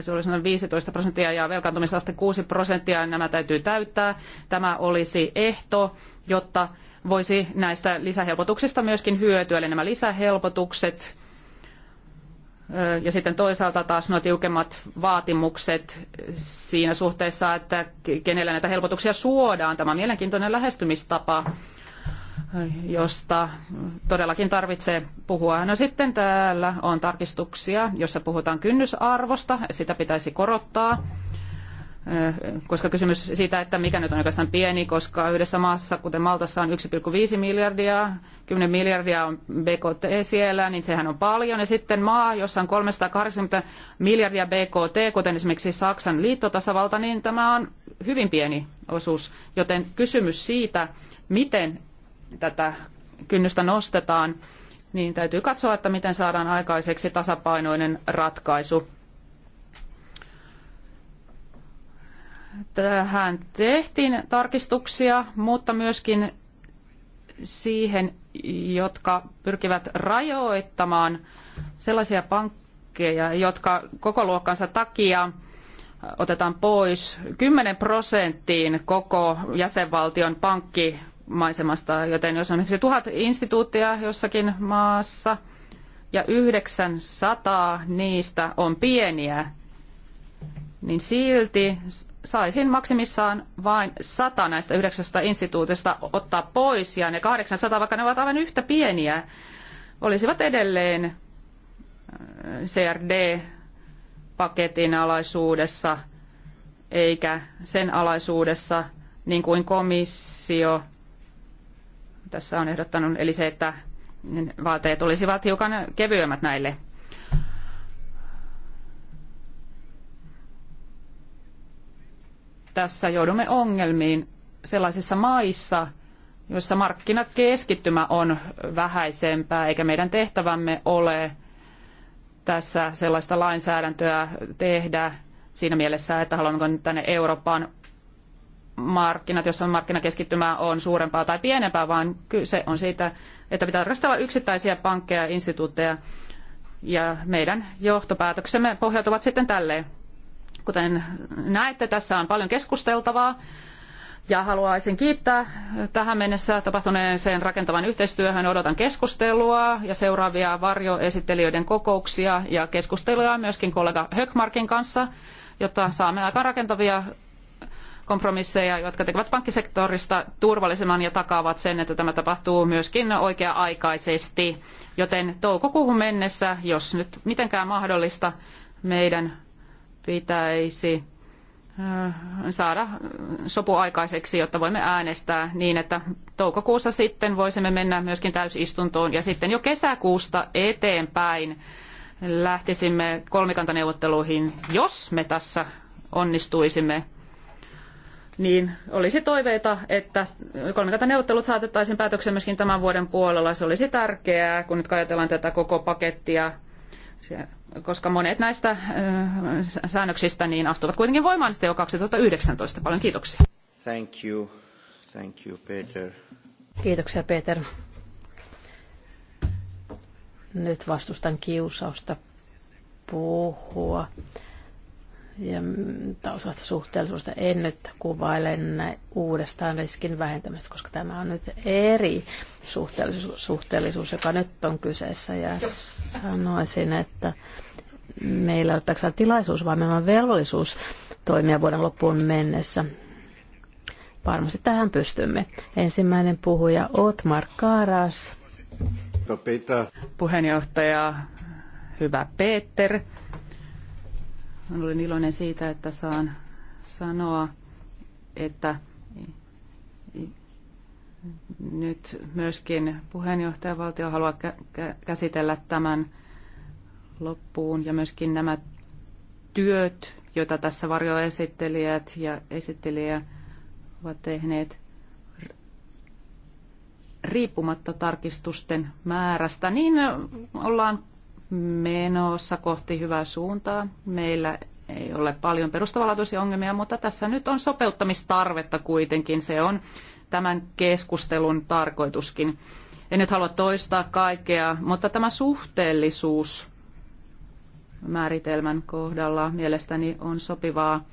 se olisi noin 15 prosenttia ja velkaantumisaste 6 prosenttia, nämä täytyy täyttää. Tämä olisi ehto, jotta voisi näistä lisähelpotuksista myöskin hyötyä, eli nämä lisähelpotukset ja sitten toisaalta taas nuo tiukemmat vaatimukset siinä suhteessa, että kenellä näitä helpotuksia suodaan. Tämä on mielenkiintoinen lähestymistapa, josta todellakin tarvitsee puhua. No sitten täällä on tarkistuksia, jossa puhutaan kynnysarvosta, sitä pitäisi korottaa koska kysymys siitä, että mikä nyt on oikeastaan pieni, koska yhdessä maassa, kuten Maltassa on 1,5 miljardia, 10 miljardia on BKT siellä, niin sehän on paljon. Ja sitten maa, jossa on 380 miljardia BKT, kuten esimerkiksi Saksan liittotasavalta, niin tämä on hyvin pieni osuus. Joten kysymys siitä, miten tätä kynnystä nostetaan, niin täytyy katsoa, että miten saadaan aikaiseksi tasapainoinen ratkaisu Tähän tehtiin tarkistuksia, mutta myöskin siihen, jotka pyrkivät rajoittamaan sellaisia pankkeja, jotka koko luokkansa takia otetaan pois 10 prosenttiin koko jäsenvaltion pankkimaisemasta, joten jos on esimerkiksi tuhat instituuttia jossakin maassa ja 900 niistä on pieniä, niin silti saisin maksimissaan vain sata näistä yhdeksästä instituutista ottaa pois ja ne 800, vaikka ne ovat aivan yhtä pieniä, olisivat edelleen äh, CRD-paketin alaisuudessa eikä sen alaisuudessa, niin kuin komissio tässä on ehdottanut, eli se, että vaateet olisivat hiukan kevyemmät näille tässä joudumme ongelmiin sellaisissa maissa, joissa markkinakeskittymä on vähäisempää, eikä meidän tehtävämme ole tässä sellaista lainsäädäntöä tehdä siinä mielessä, että haluammeko nyt tänne Euroopan markkinat, jossa markkinakeskittymä on suurempaa tai pienempää, vaan kyse on siitä, että pitää tarkastella yksittäisiä pankkeja ja instituutteja. Ja meidän johtopäätöksemme pohjautuvat sitten tälleen. Kuten näette, tässä on paljon keskusteltavaa ja haluaisin kiittää tähän mennessä tapahtuneeseen rakentavan yhteistyöhön. Odotan keskustelua ja seuraavia varjoesittelijöiden kokouksia ja keskusteluja myöskin kollega Höckmarkin kanssa, jotta saamme aika rakentavia kompromisseja, jotka tekevät pankkisektorista turvallisemman ja takaavat sen, että tämä tapahtuu myöskin oikea-aikaisesti. Joten toukokuuhun mennessä, jos nyt mitenkään mahdollista, meidän pitäisi äh, saada sopu aikaiseksi, jotta voimme äänestää niin, että toukokuussa sitten voisimme mennä myöskin täysistuntoon ja sitten jo kesäkuusta eteenpäin lähtisimme kolmikantaneuvotteluihin, jos me tässä onnistuisimme niin olisi toiveita, että kolmikantaneuvottelut saatettaisiin päätökseen myöskin tämän vuoden puolella. Se olisi tärkeää, kun nyt ajatellaan tätä koko pakettia koska monet näistä säännöksistä niin astuvat kuitenkin voimaan sitten jo 2019. Paljon kiitoksia. Thank you. Thank you, Peter. Kiitoksia, Peter. Nyt vastustan kiusausta puhua ja mm, taustasta suhteellisuudesta en nyt kuvaile uudestaan riskin vähentämistä, koska tämä on nyt eri suhteellisuus, suhteellisuus joka nyt on kyseessä. Ja sanoisin, että meillä on pelkästään tilaisuus, vaan meillä on velvollisuus toimia vuoden loppuun mennessä. Varmasti tähän pystymme. Ensimmäinen puhuja Otmar Karas. Puheenjohtaja, hyvä Peter. Olen iloinen siitä, että saan sanoa, että nyt myöskin puheenjohtajavaltio haluaa käsitellä tämän loppuun ja myöskin nämä työt, joita tässä varjoesittelijät ja esittelijä ovat tehneet riippumatta tarkistusten määrästä, niin ollaan menossa kohti hyvää suuntaa. Meillä ei ole paljon perustavanlaatuisia ongelmia, mutta tässä nyt on sopeuttamistarvetta kuitenkin. Se on tämän keskustelun tarkoituskin. En nyt halua toistaa kaikkea, mutta tämä suhteellisuus määritelmän kohdalla mielestäni on sopivaa,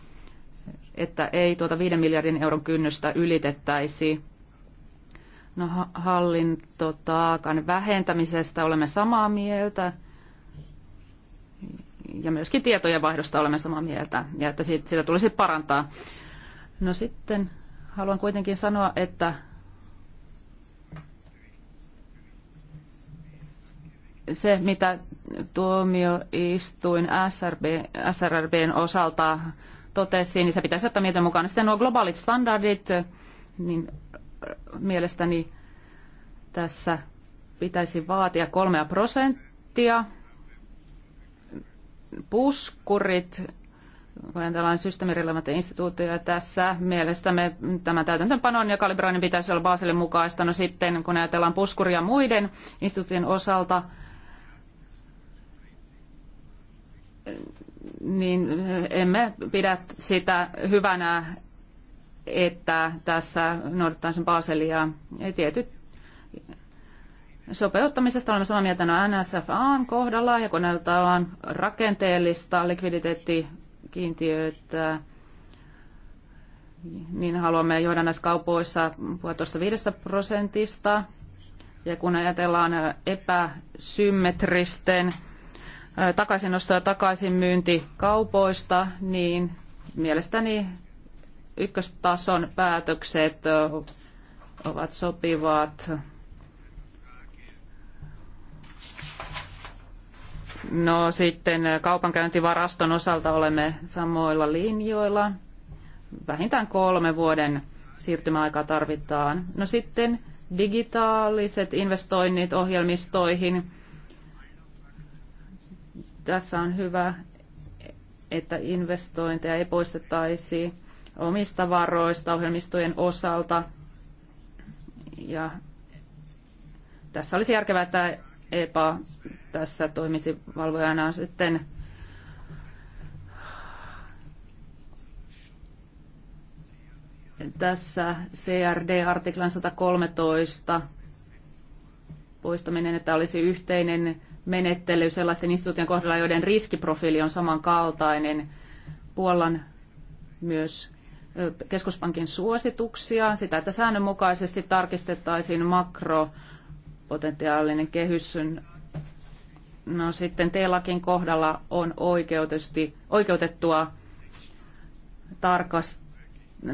että ei tuota 5 miljardin euron kynnystä ylitettäisi. No, hallintotaakan vähentämisestä olemme samaa mieltä ja myöskin tietojen vaihdosta olemme samaa mieltä ja että siitä, sitä tulisi parantaa. No sitten haluan kuitenkin sanoa, että se, mitä tuomioistuin SRB, SRRBn osalta totesi, niin se pitäisi ottaa mieltä mukaan. Sitten nuo globaalit standardit, niin mielestäni tässä pitäisi vaatia kolmea prosenttia puskurit, kun ajatellaan systeemirelevantteja instituutioja tässä mielestämme tämä täytäntöönpanon ja kalibroinnin pitäisi olla Baselin mukaista. No sitten, kun ajatellaan puskuria muiden instituutin osalta, niin emme pidä sitä hyvänä, että tässä noudatetaan sen Baselia. Tietyt sopeuttamisesta olemme samaa mieltä NSFAn kohdalla ja kun on rakenteellista likviditeettikiintiöitä, niin haluamme johdannaiskaupoissa kaupoissa tuosta 5 prosentista. Ja kun ajatellaan epäsymmetristen takaisinosto- ja takaisinmyyntikaupoista, niin mielestäni ykköstason päätökset ovat sopivat No sitten kaupankäyntivaraston osalta olemme samoilla linjoilla. Vähintään kolme vuoden siirtymäaikaa tarvitaan. No sitten digitaaliset investoinnit ohjelmistoihin. Tässä on hyvä, että investointeja ei poistettaisi omista varoista ohjelmistojen osalta. Ja tässä olisi järkevää, että EPA tässä toimisi valvojana on sitten tässä CRD-artiklan 113 poistaminen, että olisi yhteinen menettely sellaisten instituutien kohdalla, joiden riskiprofiili on samankaltainen. Puolan myös keskuspankin suosituksia, sitä, että säännönmukaisesti tarkistettaisiin makro- potentiaalinen kehys. No sitten teelakin kohdalla on oikeutettua tarkast,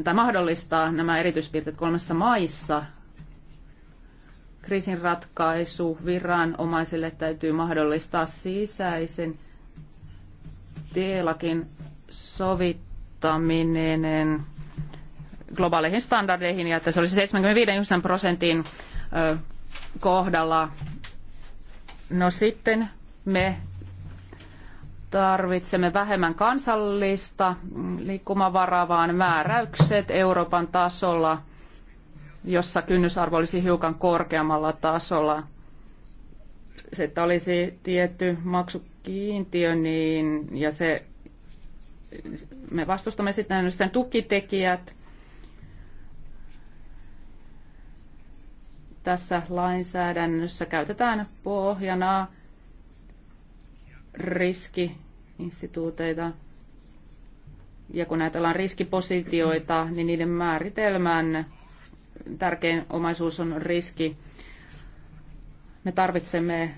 tai mahdollistaa nämä erityispiirteet kolmessa maissa. Kriisin ratkaisu viranomaisille täytyy mahdollistaa sisäisen teelakin sovittaminen globaaleihin standardeihin ja että se olisi 75 prosentin kohdalla. No sitten me tarvitsemme vähemmän kansallista liikkumavaraa, vaan määräykset Euroopan tasolla, jossa kynnysarvo olisi hiukan korkeammalla tasolla. Se, että olisi tietty maksukiintiö, niin, ja se, me vastustamme sitten, tukitekijät, tässä lainsäädännössä käytetään pohjana riskiinstituuteita. Ja kun ajatellaan riskipositioita, niin niiden määritelmän tärkein omaisuus on riski. Me tarvitsemme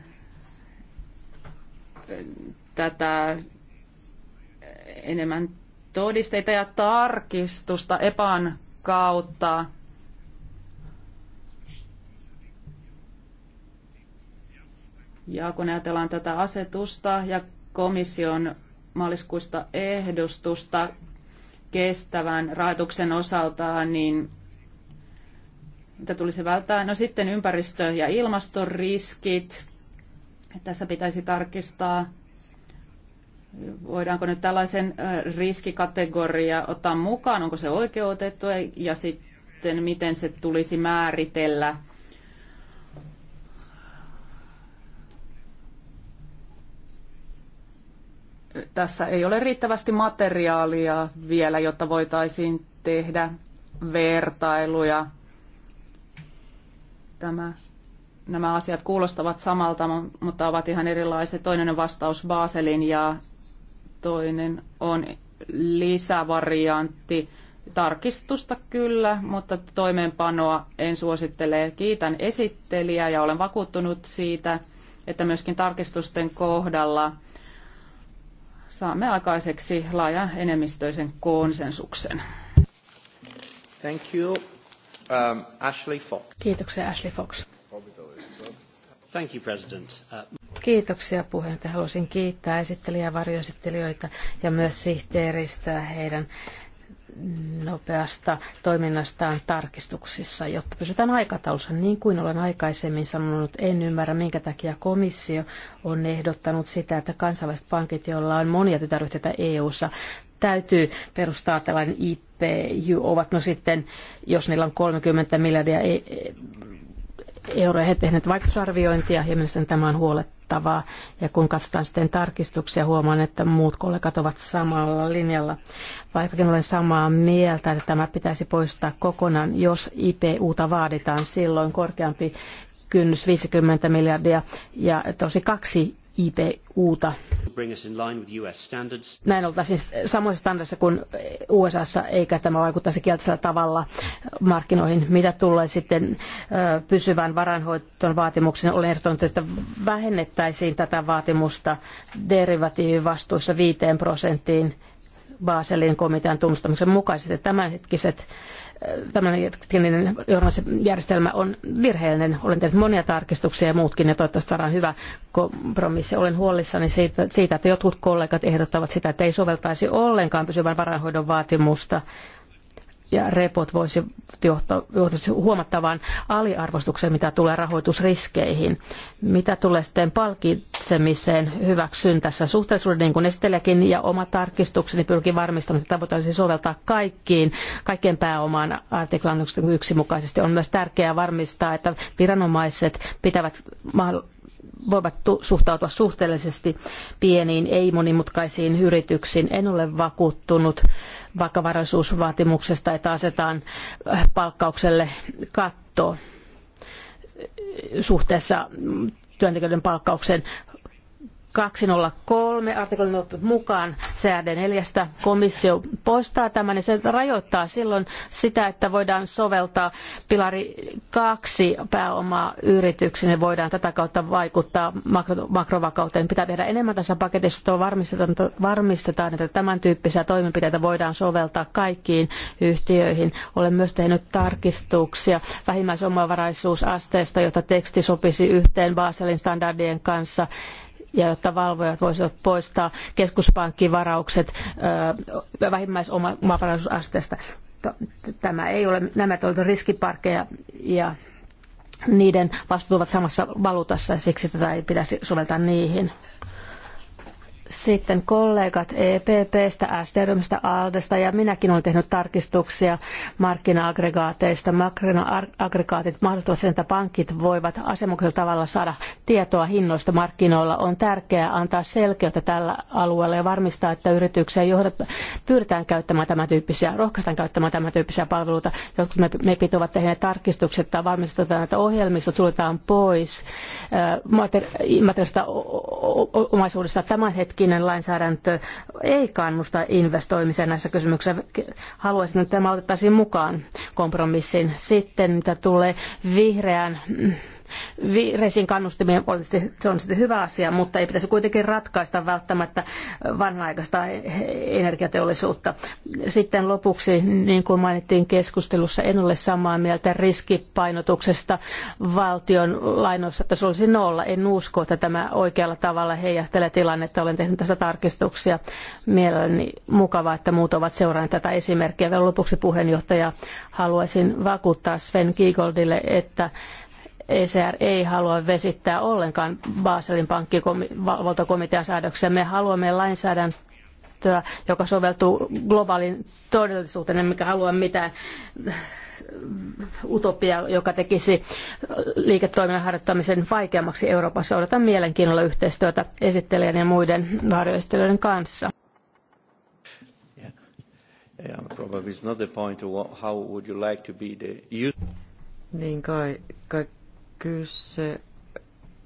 tätä enemmän todisteita ja tarkistusta EPAN kautta Ja kun ajatellaan tätä asetusta ja komission maaliskuista ehdostusta kestävän rahoituksen osalta, niin mitä tulisi välttää? No sitten ympäristö- ja ilmastoriskit. Tässä pitäisi tarkistaa, voidaanko nyt tällaisen riskikategoria ottaa mukaan, onko se oikeutettu ja sitten miten se tulisi määritellä – tässä ei ole riittävästi materiaalia vielä, jotta voitaisiin tehdä vertailuja. Tämä, nämä asiat kuulostavat samalta, mutta ovat ihan erilaiset. Toinen on vastaus Baselin ja toinen on lisävariantti. Tarkistusta kyllä, mutta toimeenpanoa en suosittele. Kiitän esittelijää ja olen vakuuttunut siitä, että myöskin tarkistusten kohdalla – saamme aikaiseksi laajan enemmistöisen konsensuksen. Thank you. Um, Ashley Fox. Kiitoksia Ashley Fox. Thank you, President. Uh, Kiitoksia puheenjohtaja. Haluaisin kiittää esittelijä- ja varjoesittelijöitä ja myös sihteeristöä heidän nopeasta toiminnastaan tarkistuksissa, jotta pysytään aikataulussa. Niin kuin olen aikaisemmin sanonut, en ymmärrä, minkä takia komissio on ehdottanut sitä, että kansainväliset pankit, joilla on monia tytäryhtiöitä EU-ssa, täytyy perustaa tällainen IPU, ovat no sitten, jos niillä on 30 miljardia e- euroja, he tehneet vaikutusarviointia, ja mielestäni tämä on huolet, kattavaa. Ja kun katsotaan sitten tarkistuksia, huomaan, että muut kollegat ovat samalla linjalla. Vaikkakin olen samaa mieltä, että tämä pitäisi poistaa kokonaan, jos IPUta vaaditaan silloin korkeampi kynnys 50 miljardia ja tosi kaksi IPUta. Näin oltaisiin samoissa standardissa kuin USAssa, eikä tämä vaikuttaisi kielteisellä tavalla markkinoihin. Mitä tulee sitten pysyvän varanhoiton vaatimuksen, olen ehdottanut, että vähennettäisiin tätä vaatimusta derivatiivivastuissa 5 prosenttiin Baselin komitean tunnustamisen mukaisesti. Tämänhetkiset tämän järjestelmä on virheellinen. Olen tehnyt monia tarkistuksia ja muutkin, ja toivottavasti saadaan hyvä kompromissi. Olen huolissani siitä, että jotkut kollegat ehdottavat sitä, että ei soveltaisi ollenkaan pysyvän varainhoidon vaatimusta ja repot voisi johtaa, huomattavaan aliarvostukseen, mitä tulee rahoitusriskeihin. Mitä tulee sitten palkitsemiseen, hyväksyn tässä suhteellisuuden, niin kuin esittelijäkin, ja oma tarkistukseni pyrkii varmistamaan, että voitaisiin soveltaa kaikkiin, kaikkien pääomaan artiklan 1 mukaisesti. On myös tärkeää varmistaa, että viranomaiset pitävät voivat suhtautua suhteellisesti pieniin, ei-monimutkaisiin yrityksiin. En ole vakuuttunut vakavaraisuusvaatimuksesta, että asetaan äh, palkkaukselle katto suhteessa työntekijöiden palkkaukseen 203 artiklin mukaan säädön neljästä komissio poistaa tämän ja se rajoittaa silloin sitä, että voidaan soveltaa pilari kaksi pääomaa yrityksiin ja voidaan tätä kautta vaikuttaa makro, makrovakauteen. Pitää tehdä enemmän tässä paketissa, että varmistetaan, varmistetaan, että tämän tyyppisiä toimenpiteitä voidaan soveltaa kaikkiin yhtiöihin. Olen myös tehnyt tarkistuksia vähimmäisomavaraisuusasteesta, jotta teksti sopisi yhteen Baselin standardien kanssa ja jotta valvojat voisivat poistaa keskuspankkivaraukset vähimmäisomavaraisuusasteesta. Tämä ei ole, nämä ovat riskiparkkeja ja niiden vastuut ovat samassa valuutassa ja siksi tätä ei pitäisi soveltaa niihin. Sitten kollegat EPPstä, SDRMstä, ALDesta ja minäkin olen tehnyt tarkistuksia markkina-aggregaateista. Markkina-aggregaatit mahdollistavat sen, että pankit voivat asemuksella tavalla saada tietoa hinnoista markkinoilla. On tärkeää antaa selkeyttä tällä alueella ja varmistaa, että yrityksiä johdat, pyritään käyttämään tämän tyyppisiä, rohkaistaan käyttämään tämän tyyppisiä palveluita. Jotkut me, me ovat tehneet tarkistukset, että varmistetaan, että ohjelmistot suljetaan pois materiaalista omaisuudesta tämän hetken tämänhetkinen lainsäädäntö ei kannusta investoimiseen näissä kysymyksissä. Haluaisin, että tämä otettaisiin mukaan kompromissin. Sitten mitä tulee vihreään vihreisiin kannustimien se on sitten hyvä asia, mutta ei pitäisi kuitenkin ratkaista välttämättä vanha-aikaista energiateollisuutta. Sitten lopuksi, niin kuin mainittiin keskustelussa, en ole samaa mieltä riskipainotuksesta valtion lainoissa, että se olisi nolla. En usko, että tämä oikealla tavalla heijastelee tilannetta. Olen tehnyt tässä tarkistuksia. Mielelläni mukavaa, että muut ovat seuranneet tätä esimerkkiä. Vielä lopuksi puheenjohtaja haluaisin vakuuttaa Sven Giegoldille, että ECR ei halua vesittää ollenkaan Baselin pankkivalvontakomitean säädöksiä. Me haluamme lainsäädäntöä, joka soveltuu globaalin todellisuuteen, emmekä halua mitään utopia, joka tekisi liiketoiminnan harjoittamisen vaikeammaksi Euroopassa. Odotan mielenkiinnolla yhteistyötä esittelijän ja muiden varjoistelijoiden kanssa. Niin kai, kai Kyse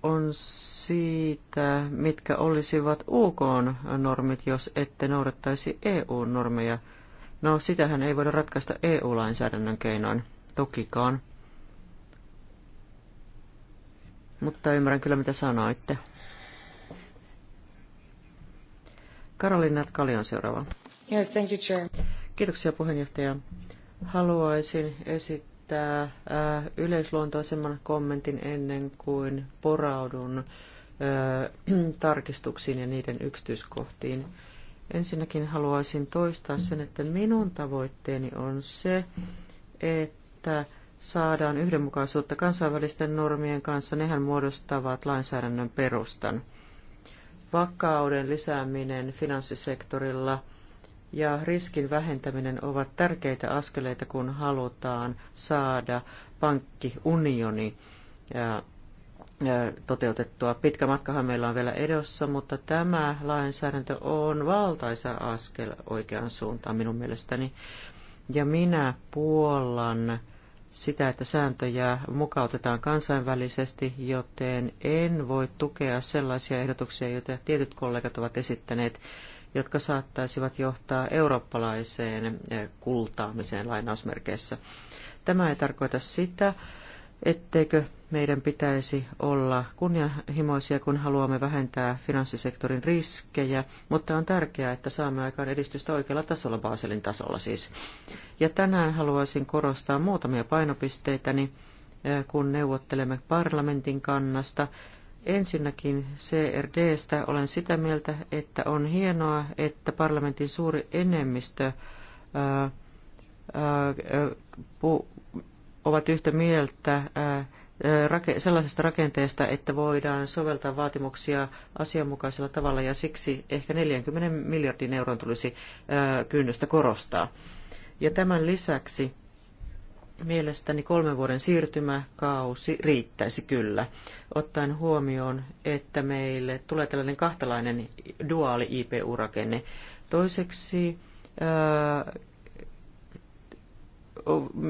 on siitä, mitkä olisivat UK-normit, jos ette noudattaisi EU-normeja. No, sitähän ei voida ratkaista EU-lainsäädännön keinoin, tokikaan. Mutta ymmärrän kyllä, mitä sanoitte. Karolina Kallion seuraava. Yes, thank you, Chair. Kiitoksia puheenjohtaja. Haluaisin esittää esittää äh, yleisluontoisemman kommentin ennen kuin poraudun äh, *clears throat* tarkistuksiin ja niiden yksityiskohtiin. Ensinnäkin haluaisin toistaa sen, että minun tavoitteeni on se, että saadaan yhdenmukaisuutta kansainvälisten normien kanssa. Nehän muodostavat lainsäädännön perustan. Vakauden lisääminen finanssisektorilla – ja riskin vähentäminen ovat tärkeitä askeleita, kun halutaan saada pankkiunioni toteutettua. Pitkä matkahan meillä on vielä edossa, mutta tämä lainsäädäntö on valtaisa askel oikeaan suuntaan minun mielestäni. Ja minä puollan sitä, että sääntöjä mukautetaan kansainvälisesti, joten en voi tukea sellaisia ehdotuksia, joita tietyt kollegat ovat esittäneet jotka saattaisivat johtaa eurooppalaiseen eh, kultaamiseen lainausmerkeissä. Tämä ei tarkoita sitä, etteikö meidän pitäisi olla kunnianhimoisia, kun haluamme vähentää finanssisektorin riskejä, mutta on tärkeää, että saamme aikaan edistystä oikealla tasolla, Baselin tasolla siis. Ja tänään haluaisin korostaa muutamia painopisteitäni, eh, kun neuvottelemme parlamentin kannasta Ensinnäkin CRDstä olen sitä mieltä, että on hienoa, että parlamentin suuri enemmistö ää, ää, pu, ovat yhtä mieltä ää, rake, sellaisesta rakenteesta, että voidaan soveltaa vaatimuksia asianmukaisella tavalla ja siksi ehkä 40 miljardin euron tulisi ää, kynnystä korostaa. Ja tämän lisäksi Mielestäni kolmen vuoden siirtymäkausi riittäisi kyllä, ottaen huomioon, että meille tulee tällainen kahtalainen duaali IPU-rakenne. Toiseksi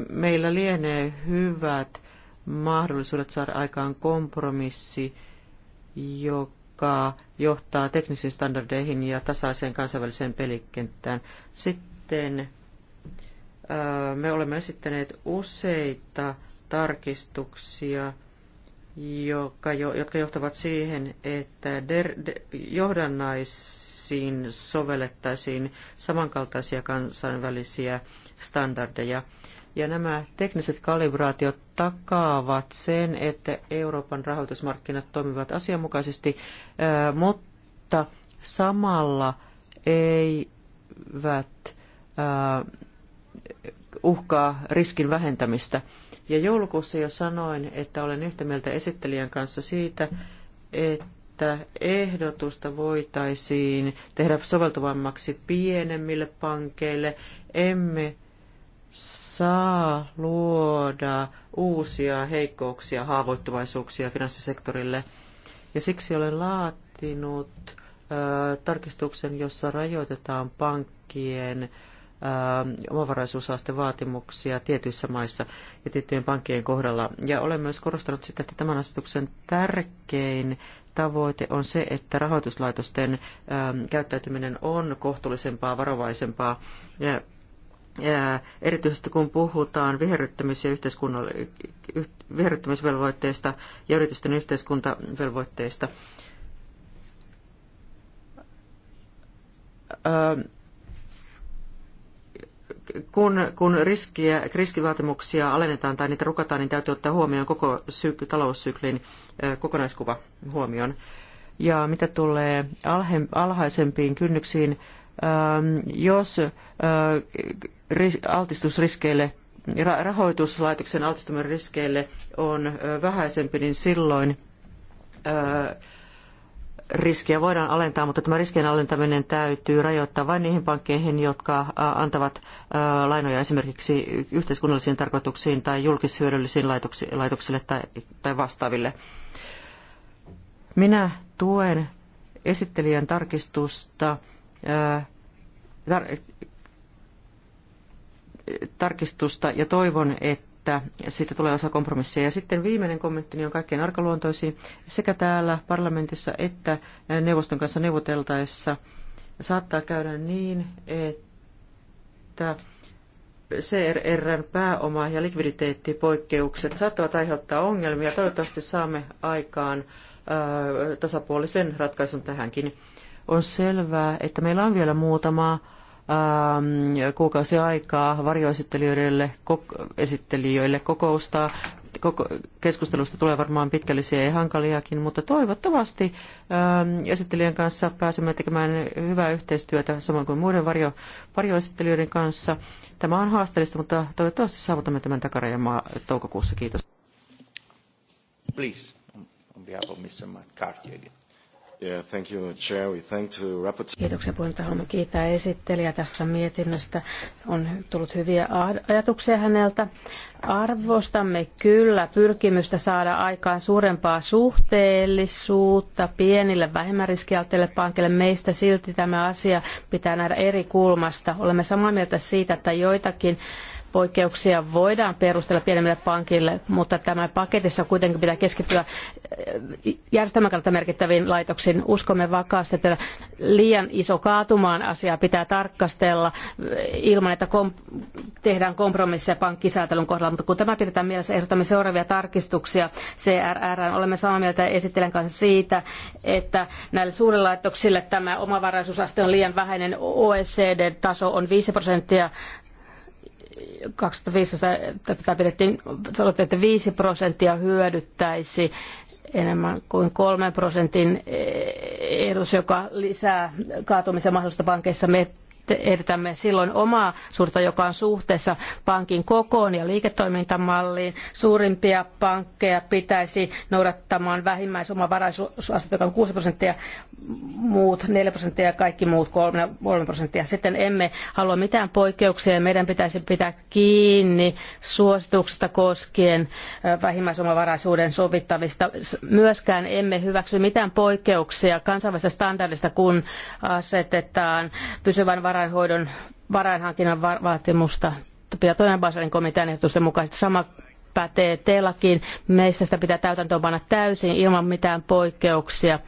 meillä lienee hyvät mahdollisuudet saada aikaan kompromissi, joka johtaa teknisiin standardeihin ja tasaiseen kansainväliseen pelikenttään. Sitten me olemme esittäneet useita tarkistuksia, jotka johtavat siihen, että johdannaisiin sovellettaisiin samankaltaisia kansainvälisiä standardeja. Ja nämä tekniset kalibraatiot takaavat sen, että Euroopan rahoitusmarkkinat toimivat asianmukaisesti, mutta samalla eivät uhkaa riskin vähentämistä. Ja joulukuussa jo sanoin, että olen yhtä mieltä esittelijän kanssa siitä, että ehdotusta voitaisiin tehdä soveltuvammaksi pienemmille pankeille. Emme saa luoda uusia heikkouksia, haavoittuvaisuuksia finanssisektorille. Ja siksi olen laatinut ö, tarkistuksen, jossa rajoitetaan pankkien ö, omavaraisuusastevaatimuksia tietyissä maissa ja tiettyjen pankkien kohdalla. Ja olen myös korostanut sitä, että tämän asetuksen tärkein tavoite on se, että rahoituslaitosten käyttäytyminen on kohtuullisempaa, varovaisempaa. Ja erityisesti kun puhutaan viherryttämis- ja viherryttämisvelvoitteista ja yritysten yhteiskuntavelvoitteista kun, kun riskiä, riskivaatimuksia alennetaan tai niitä rukataan, niin täytyy ottaa huomioon koko syk- taloussyklin kokonaiskuva huomioon. Ja mitä tulee alhe, alhaisempiin kynnyksiin, ähm, jos altistusriskeille rahoituslaitoksen altistumisen riskeille on vähäisempi, niin silloin riskiä voidaan alentaa, mutta tämä riskien alentaminen täytyy rajoittaa vain niihin pankkeihin, jotka antavat lainoja esimerkiksi yhteiskunnallisiin tarkoituksiin tai julkishyödyllisiin laitoksille tai vastaaville. Minä tuen esittelijän tarkistusta tarkistusta ja toivon, että että siitä tulee osa kompromissia. Ja sitten viimeinen kommentti on kaikkein arkaluontoisin. Sekä täällä parlamentissa että neuvoston kanssa neuvoteltaessa saattaa käydä niin, että CRRn pääoma- ja likviditeettipoikkeukset saattavat aiheuttaa ongelmia. Toivottavasti saamme aikaan tasapuolisen ratkaisun tähänkin. On selvää, että meillä on vielä muutama Ähm, kuukausi aikaa varjoesittelijöille, kok- esittelijöille kokousta Koko, keskustelusta tulee varmaan pitkällisiä ja hankaliakin, mutta toivottavasti ähm, esittelijän kanssa pääsemme tekemään hyvää yhteistyötä samoin kuin muiden varjo, varjoesittelijöiden kanssa. Tämä on haasteellista, mutta toivottavasti saavutamme tämän takarajan toukokuussa. Kiitos. Please, on behalf of Mr. McCarthy again. Yeah, thank you, Chair. We thank rapporteur. Haluamme kiittää esittelijä tästä mietinnöstä. On tullut hyviä ajatuksia häneltä. Arvostamme kyllä pyrkimystä saada aikaan suurempaa suhteellisuutta pienille vähemmän riskialtteille pankeille. Meistä silti tämä asia pitää nähdä eri kulmasta. Olemme samaa mieltä siitä, että joitakin Poikkeuksia voidaan perustella pienemmille pankille, mutta tämä paketissa kuitenkin pitää keskittyä eh, järjestelmän kannalta merkittäviin laitoksiin. Uskomme vakaasti, että liian iso kaatumaan asia pitää tarkastella eh, ilman, että kom- tehdään kompromisseja pankkisäätelyn kohdalla. Mutta kun tämä pidetään mielessä, ehdotamme seuraavia tarkistuksia CRR. Olemme samaa mieltä esittelen kanssa siitä, että näille suurille laitoksille tämä omavaraisuusaste on liian vähäinen. OECD-taso on 5 prosenttia 2015 tätä pidettiin, sanottiin, että 5 prosenttia hyödyttäisi enemmän kuin 3 prosentin ehdotus, e- joka lisää kaatumisen mahdollisuutta pankeissa. Me ehdotamme silloin omaa suurta, joka on suhteessa pankin kokoon ja liiketoimintamalliin. Suurimpia pankkeja pitäisi noudattamaan vähimmäisomavaraisuusastetta, joka on 6 prosenttia, muut 4 prosenttia ja kaikki muut 3 prosenttia. Sitten emme halua mitään poikkeuksia ja meidän pitäisi pitää kiinni suosituksista koskien vähimmäisomavaraisuuden sovittavista. Myöskään emme hyväksy mitään poikkeuksia kansainvälisestä standardista, kun asetetaan pysyvän varaisuuden sairaanhoidon varainhankinnan vaatimusta pitää toinen Baselin komitean ehdotusten mukaisesti. Sama pätee telakiin. Meistä sitä pitää täytäntöönpanna täysin ilman mitään poikkeuksia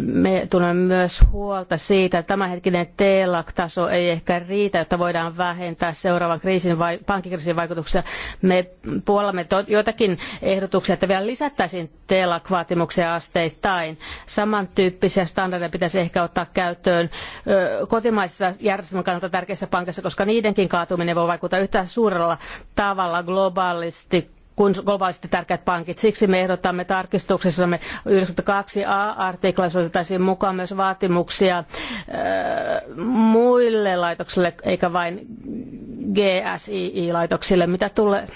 me tunnemme myös huolta siitä, että tämänhetkinen TELAK-taso ei ehkä riitä, että voidaan vähentää seuraavan kriisin vai, pankkikriisin vaikutuksia. Me puolamme to- joitakin ehdotuksia, että vielä lisättäisiin TELAK-vaatimuksia asteittain. Samantyyppisiä standardeja pitäisi ehkä ottaa käyttöön ö, kotimaisissa järjestelmän kannalta tärkeissä pankissa, koska niidenkin kaatuminen voi vaikuttaa yhtä suurella tavalla globaalisti kuin globaalisti tärkeät pankit. Siksi me ehdotamme tarkistuksessamme 92 a artiklassa jossa otettaisiin mukaan myös vaatimuksia äh, muille laitoksille, eikä vain GSII-laitoksille, mitä tulee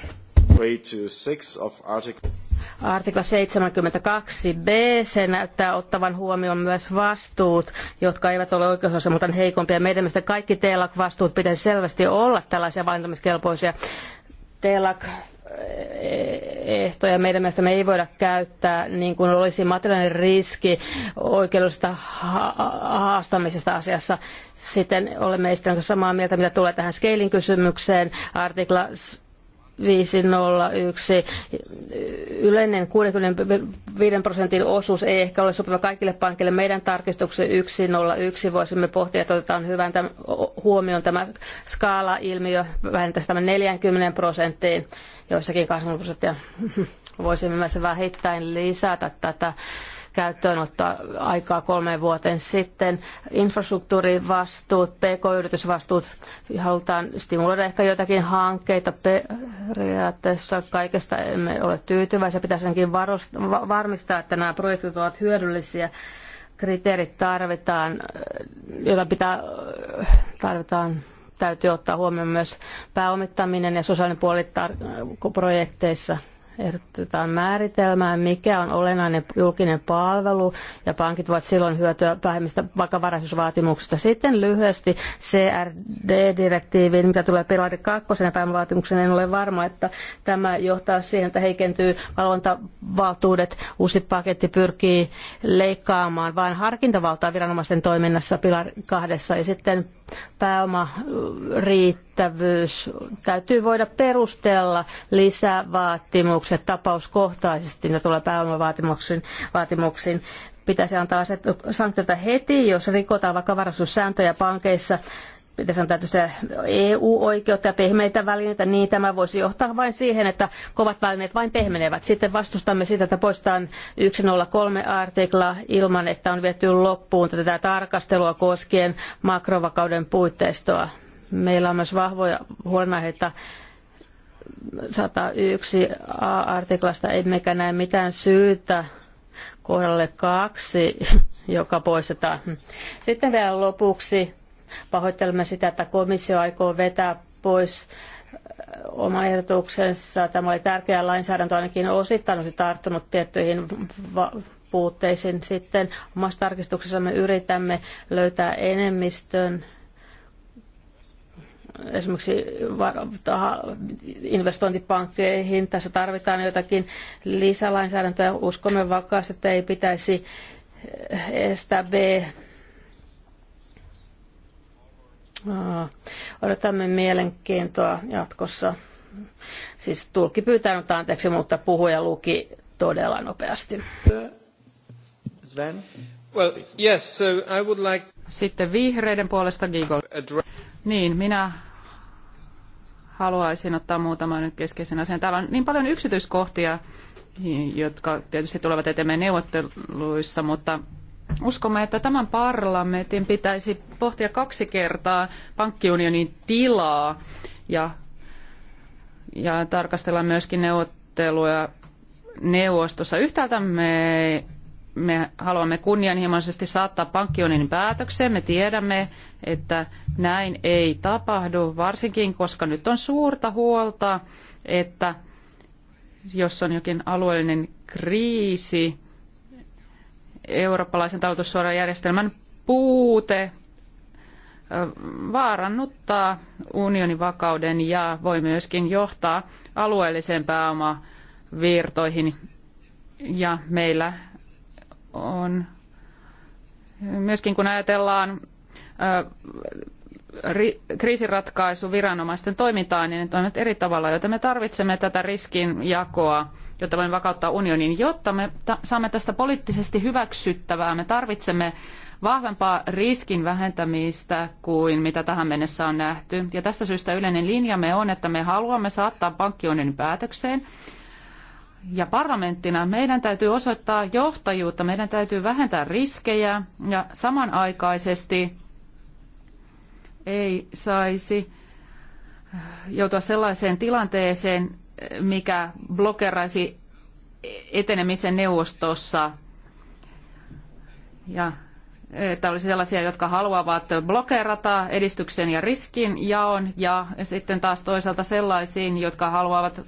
Artikla 72b, se näyttää ottavan huomioon myös vastuut, jotka eivät ole oikeusosassa, mutta heikompia. Meidän mielestä kaikki TELAK-vastuut pitäisi selvästi olla tällaisia valintamiskelpoisia. TELAK ehtoja meidän mielestämme ei voida käyttää niin kuin olisi materiaalinen riski oikeudellisesta haastamisesta asiassa. Sitten olemme esittäneet samaa mieltä, mitä tulee tähän scaling kysymykseen. Artikla 501. Yleinen 65 prosentin osuus ei ehkä ole sopiva kaikille pankille. Meidän tarkistuksen 101 voisimme pohtia, että otetaan hyvän tämän, huomioon tämä skaala-ilmiö, vähentäisi tämän 40 prosenttiin, joissakin 80 prosenttia *laughs* voisimme myös vähittäin lisätä tätä käyttöön ottaa aikaa kolmeen vuoteen sitten. Infrastruktuurivastuut, pk-yritysvastuut, halutaan stimuloida ehkä jotakin hankkeita. Periaatteessa kaikesta emme ole tyytyväisiä. Pitäisi ainakin varmistaa, että nämä projektit ovat hyödyllisiä kriteerit tarvitaan, joita pitää, tarvitaan, täytyy ottaa huomioon myös pääomittaminen ja sosiaalinen puoli projekteissa ehdotetaan määritelmään, mikä on olennainen julkinen palvelu, ja pankit voivat silloin hyötyä vähemmistä vakavaraisuusvaatimuksista. Sitten lyhyesti CRD-direktiiviin, mitä tulee pilari kakkosen pääomavaatimuksen, en ole varma, että tämä johtaa siihen, että heikentyy valvontavaltuudet. Uusi paketti pyrkii leikkaamaan vain harkintavaltaa viranomaisten toiminnassa pilari kahdessa, ja sitten riittävyys täytyy voida perustella lisävaatimuksia vaatimukset tapauskohtaisesti, ne tulee pääomavaatimuksiin. Vaatimuksiin. Pitäisi antaa sanktioita heti, jos rikotaan vaikka varallisuussääntöjä pankeissa, pitäisi antaa tietysti EU-oikeutta ja pehmeitä välineitä, niin tämä voisi johtaa vain siihen, että kovat välineet vain pehmenevät. Sitten vastustamme sitä, että poistetaan 103 artikla ilman, että on viety loppuun tätä tarkastelua koskien makrovakauden puitteistoa. Meillä on myös vahvoja huolenaiheita 101 A-artiklasta emmekä näe mitään syytä kohdalle kaksi, joka poistetaan. Sitten vielä lopuksi pahoittelemme sitä, että komissio aikoo vetää pois äh, oman ehdotuksensa. Tämä oli tärkeä lainsäädäntö ainakin osittain, olisi tarttunut tiettyihin puutteisiin. Sitten omassa tarkistuksessa me yritämme löytää enemmistön esimerkiksi investointipankkeihin. Tässä tarvitaan jotakin lisälainsäädäntöä. Uskomme vakaasti, että ei pitäisi estää B Odotamme mielenkiintoa jatkossa. Siis tulkki pyytää nyt anteeksi, mutta puhuja luki todella nopeasti. Sven? Well, yes, so I would like... Sitten vihreiden puolesta Gigol. Niin, minä haluaisin ottaa muutaman nyt keskeisen asian. Täällä on niin paljon yksityiskohtia, jotka tietysti tulevat eteen neuvotteluissa, mutta uskomme, että tämän parlamentin pitäisi pohtia kaksi kertaa pankkiunionin tilaa ja, ja tarkastella myöskin neuvotteluja neuvostossa. Yhtäältä me me haluamme kunnianhimoisesti saattaa pankkionin päätökseen. Me tiedämme, että näin ei tapahdu, varsinkin koska nyt on suurta huolta, että jos on jokin alueellinen kriisi, eurooppalaisen talutussuorajärjestelmän puute vaarannuttaa unionin vakauden ja voi myöskin johtaa alueelliseen pääomavirtoihin. Ja meillä on myöskin kun ajatellaan kriisinratkaisuviranomaisten toimintaa, niin ne toimivat eri tavalla, joten me tarvitsemme tätä riskinjakoa, jotta voimme vakauttaa unionin, jotta me saamme tästä poliittisesti hyväksyttävää. Me tarvitsemme vahvempaa riskin vähentämistä kuin mitä tähän mennessä on nähty. Ja tästä syystä yleinen linjamme on, että me haluamme saattaa pankkiunionin päätökseen ja parlamenttina meidän täytyy osoittaa johtajuutta, meidän täytyy vähentää riskejä ja samanaikaisesti ei saisi eh, joutua sellaiseen tilanteeseen, eh, mikä blokeraisi etenemisen neuvostossa. Ja eh, että olisi sellaisia, jotka haluavat blokerata edistyksen ja riskin jaon, ja sitten taas toisaalta sellaisiin, jotka haluavat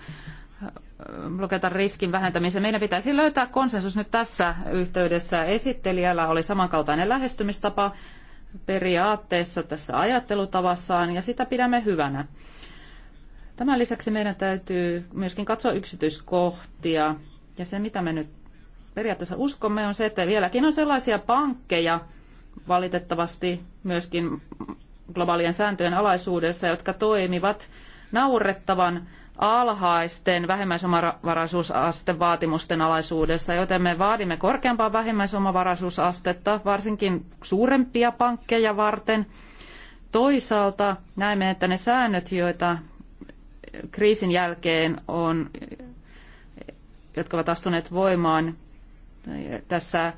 blokata riskin vähentämisen. Meidän pitäisi löytää konsensus nyt tässä yhteydessä. Esittelijällä oli samankaltainen lähestymistapa periaatteessa tässä ajattelutavassaan ja sitä pidämme hyvänä. Tämän lisäksi meidän täytyy myöskin katsoa yksityiskohtia ja se mitä me nyt periaatteessa uskomme on se, että vieläkin on sellaisia pankkeja valitettavasti myöskin globaalien sääntöjen alaisuudessa, jotka toimivat naurettavan alhaisten vähimmäisomavaraisuusastevaatimusten alaisuudessa, joten me vaadimme korkeampaa vähimmäisomavaraisuusastetta, varsinkin suurempia pankkeja varten. Toisaalta näemme, että ne säännöt, joita kriisin jälkeen on, jotka ovat astuneet voimaan tässä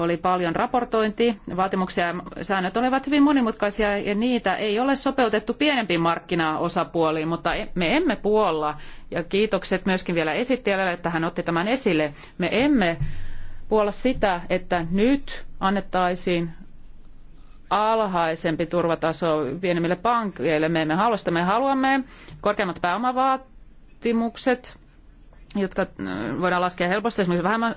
oli paljon raportointia, vaatimuksia ja säännöt olivat hyvin monimutkaisia ja niitä ei ole sopeutettu pienempiin markkinaosapuoliin, mutta e- me emme puolla, ja kiitokset myöskin vielä esittäjälle, että hän otti tämän esille, me emme puolla sitä, että nyt annettaisiin alhaisempi turvataso pienemmille pankeille. Me emme halua sitä, me haluamme korkeammat pääomavaatimukset, jotka äh, voidaan laskea helposti esimerkiksi vähemmän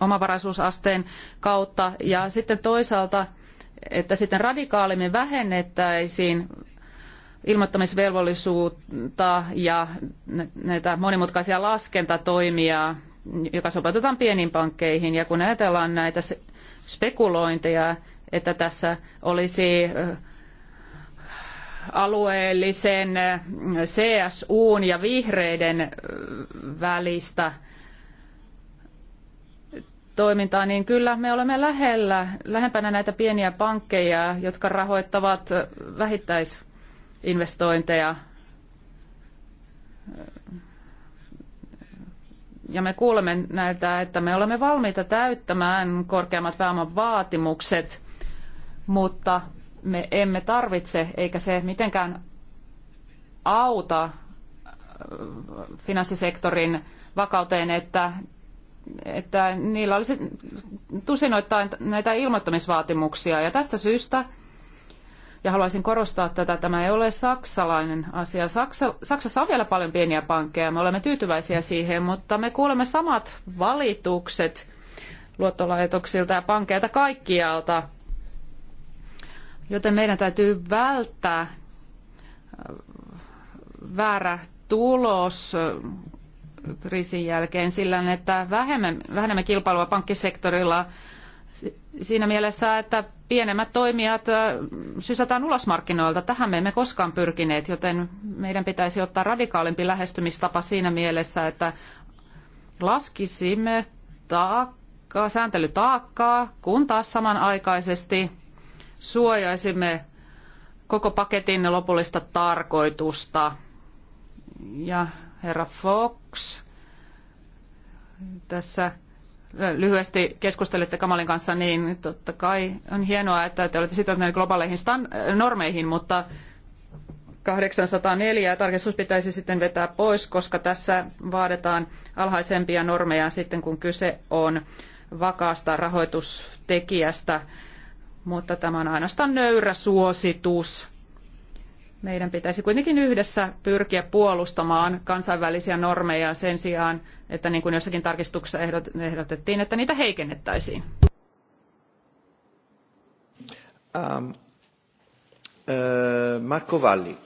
omavaraisuusasteen kautta. Ja sitten toisaalta, että sitten radikaalimmin vähennettäisiin ilmoittamisvelvollisuutta ja näitä monimutkaisia laskentatoimia, joka sopeutetaan pieniin pankkeihin. Ja kun ajatellaan näitä spekulointeja, että tässä olisi äh, alueellisen äh, CSUn ja vihreiden äh, välistä toimintaa, niin kyllä me olemme lähellä, lähempänä näitä pieniä pankkeja, jotka rahoittavat äh, vähittäisinvestointeja. Ja me kuulemme näiltä, että me olemme valmiita täyttämään korkeammat pääoman vaatimukset, mutta me emme tarvitse, eikä se mitenkään auta äh, finanssisektorin vakauteen, että, että niillä olisi tusinoittain näitä ilmoittamisvaatimuksia. Ja tästä syystä, ja haluaisin korostaa tätä, tämä ei ole saksalainen asia. Saksa, Saksassa on vielä paljon pieniä pankkeja, me olemme tyytyväisiä siihen, mutta me kuulemme samat valitukset luottolaitoksilta ja pankeilta kaikkialta – Joten meidän täytyy välttää äh, väärä tulos äh, kriisin jälkeen sillä, että vähemmän, vähennämme kilpailua pankkisektorilla siinä mielessä, että pienemmät toimijat äh, sysätään ulos markkinoilta. Tähän me emme koskaan pyrkineet, joten meidän pitäisi ottaa radikaalimpi lähestymistapa siinä mielessä, että laskisimme taakkaa, sääntelytaakkaa, kun taas samanaikaisesti – suojaisimme koko paketin lopullista tarkoitusta. Ja herra Fox, tässä lyhyesti keskustelitte Kamalin kanssa, niin totta kai on hienoa, että te olette sitoutuneet globaaleihin normeihin, mutta 804 tarkistus pitäisi sitten vetää pois, koska tässä vaaditaan alhaisempia normeja sitten, kun kyse on vakaasta rahoitustekijästä mutta tämä on ainoastaan nöyrä suositus. Meidän pitäisi kuitenkin yhdessä pyrkiä puolustamaan kansainvälisiä normeja sen sijaan, että niin kuin jossakin tarkistuksessa ehdotettiin, että niitä heikennettäisiin. Um, uh, Marco Valli.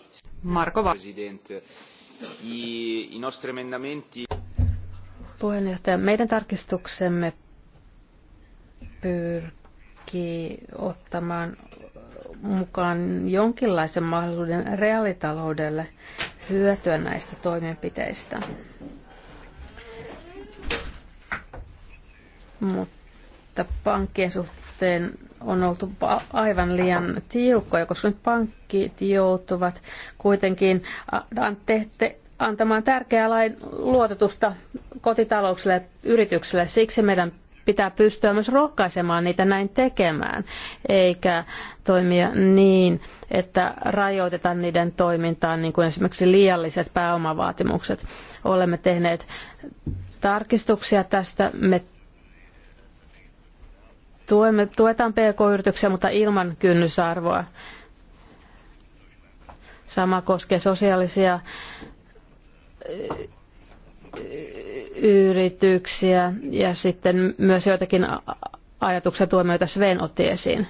Marco Valli. Presidente, i, i nostri emendamenti... Puheenjohtaja, meidän tarkistuksemme pyrkii pyrkii ottamaan mukaan jonkinlaisen mahdollisuuden reaalitaloudelle hyötyä näistä toimenpiteistä. Mutta pankkien suhteen on oltu aivan liian tiukkoja, koska nyt pankkit joutuvat kuitenkin antamaan tärkeää lain luotetusta kotitalouksille ja yrityksille. Siksi meidän pitää pystyä myös rohkaisemaan niitä näin tekemään, eikä toimia niin, että rajoitetaan niiden toimintaa, niin kuin esimerkiksi liialliset pääomavaatimukset. Olemme tehneet tarkistuksia tästä. Me tuemme, tuetaan pk-yrityksiä, mutta ilman kynnysarvoa. Sama koskee sosiaalisia yrityksiä ja sitten myös joitakin ajatuksia tuomme, joita Sven otti esiin.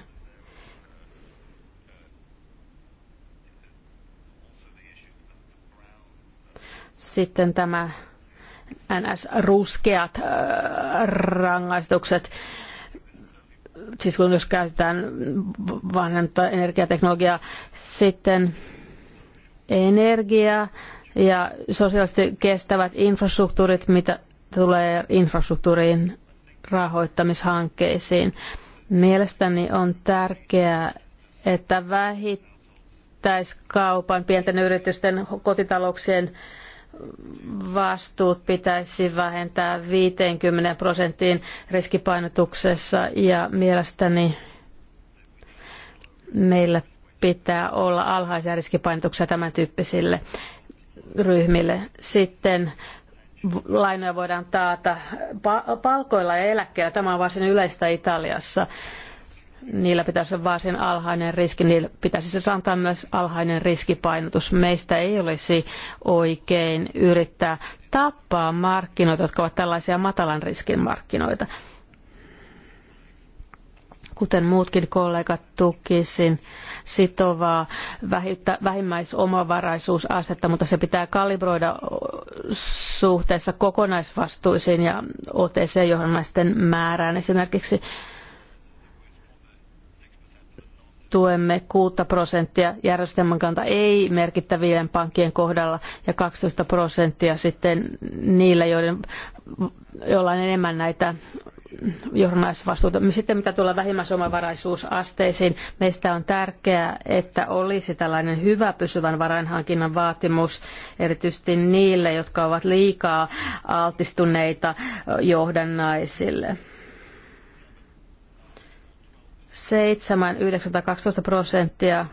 Sitten tämä NS-ruskeat rangaistukset siis kun jos käytetään vanhempaa energiateknologiaa, sitten energia, ja sosiaalisesti kestävät infrastruktuurit, mitä tulee infrastruktuuriin rahoittamishankkeisiin. Mielestäni on tärkeää, että vähittäiskaupan pienten yritysten kotitalouksien vastuut pitäisi vähentää 50 prosenttiin riskipainotuksessa ja mielestäni meillä pitää olla alhaisia riskipainotuksia tämän tyyppisille ryhmille. Sitten lainoja voidaan taata palkoilla ja eläkkeellä. Tämä on varsin yleistä Italiassa. Niillä pitäisi olla varsin alhainen riski, niillä pitäisi siis antaa myös alhainen riskipainotus. Meistä ei olisi oikein yrittää tappaa markkinoita, jotka ovat tällaisia matalan riskin markkinoita kuten muutkin kollegat, tukisin sitovaa vähimmäisomavaraisuusastetta, mutta se pitää kalibroida suhteessa kokonaisvastuisiin ja OTC-johdannaisten määrään esimerkiksi tuemme 6 prosenttia järjestelmän kanta ei merkittävien pankkien kohdalla ja 12 prosenttia sitten niillä, joiden, joilla on enemmän näitä johdannaisvastuuta. Sitten mitä tulee vähimmäisomavaraisuusasteisiin, meistä on tärkeää, että olisi tällainen hyvä pysyvän varainhankinnan vaatimus, erityisesti niille, jotka ovat liikaa altistuneita johdannaisille 7-912 prosenttia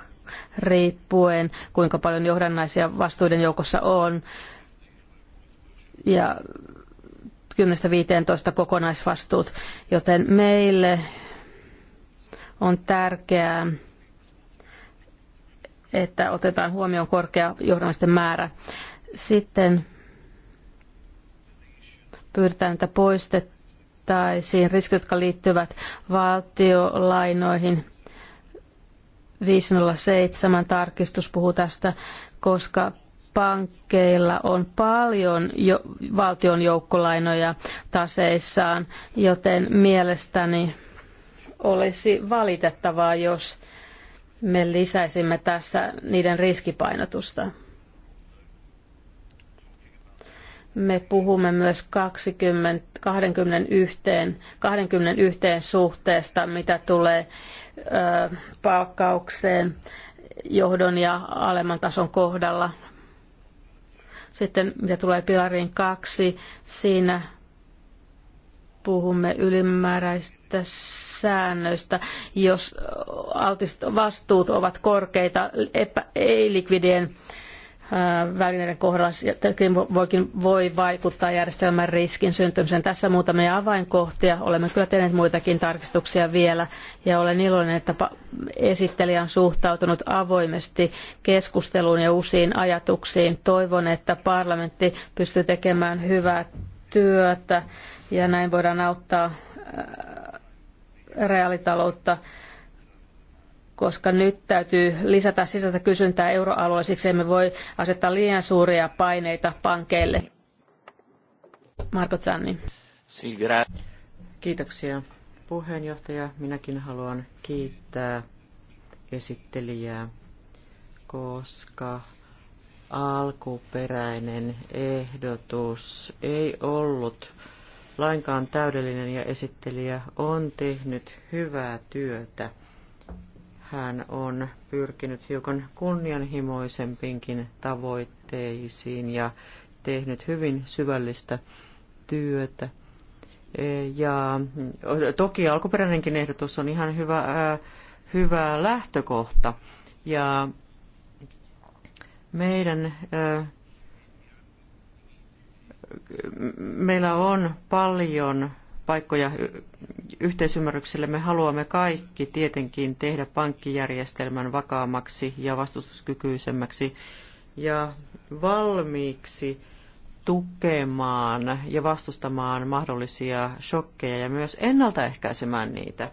riippuen kuinka paljon johdannaisia vastuiden joukossa on ja 10-15 kokonaisvastuut, joten meille on tärkeää, että otetaan huomioon korkea johdannisten määrä. Sitten pyydetään, että poistet, katettaisiin riskit, jotka liittyvät valtiolainoihin. 507 tarkistus puhuu tästä, koska pankkeilla on paljon jo, valtion joukkolainoja taseissaan, joten mielestäni olisi valitettavaa, jos me lisäisimme tässä niiden riskipainotusta me puhumme myös 20, 21, 21 suhteesta, mitä tulee ö, palkkaukseen johdon ja alemman tason kohdalla. Sitten mitä tulee pilariin kaksi, siinä puhumme ylimääräistä säännöistä, jos altist, vastuut ovat korkeita epä, ei-likvidien Äh, välineiden kohdalla voikin, voi vaikuttaa järjestelmän riskin syntymiseen. Tässä muutamia avainkohtia. Olemme kyllä tehneet muitakin tarkistuksia vielä ja olen iloinen, että esittelijä on suhtautunut avoimesti keskusteluun ja uusiin ajatuksiin. Toivon, että parlamentti pystyy tekemään hyvää työtä ja näin voidaan auttaa äh, reaalitaloutta koska nyt täytyy lisätä sisäistä kysyntää euroalueella, siksi emme voi asettaa liian suuria paineita pankeille. Marko Zanni. Kiitoksia puheenjohtaja. Minäkin haluan kiittää esittelijää, koska alkuperäinen ehdotus ei ollut lainkaan täydellinen ja esittelijä on tehnyt hyvää työtä hän on pyrkinyt hiukan kunnianhimoisempinkin tavoitteisiin ja tehnyt hyvin syvällistä työtä. E, ja toki alkuperäinenkin ehdotus on ihan hyvä, hyvä lähtökohta. Ja meidän meillä on paljon paikkoja yhteisymmärrykselle. Me haluamme kaikki tietenkin tehdä pankkijärjestelmän vakaammaksi ja vastustuskykyisemmäksi ja valmiiksi tukemaan ja vastustamaan mahdollisia shokkeja ja myös ennaltaehkäisemään niitä.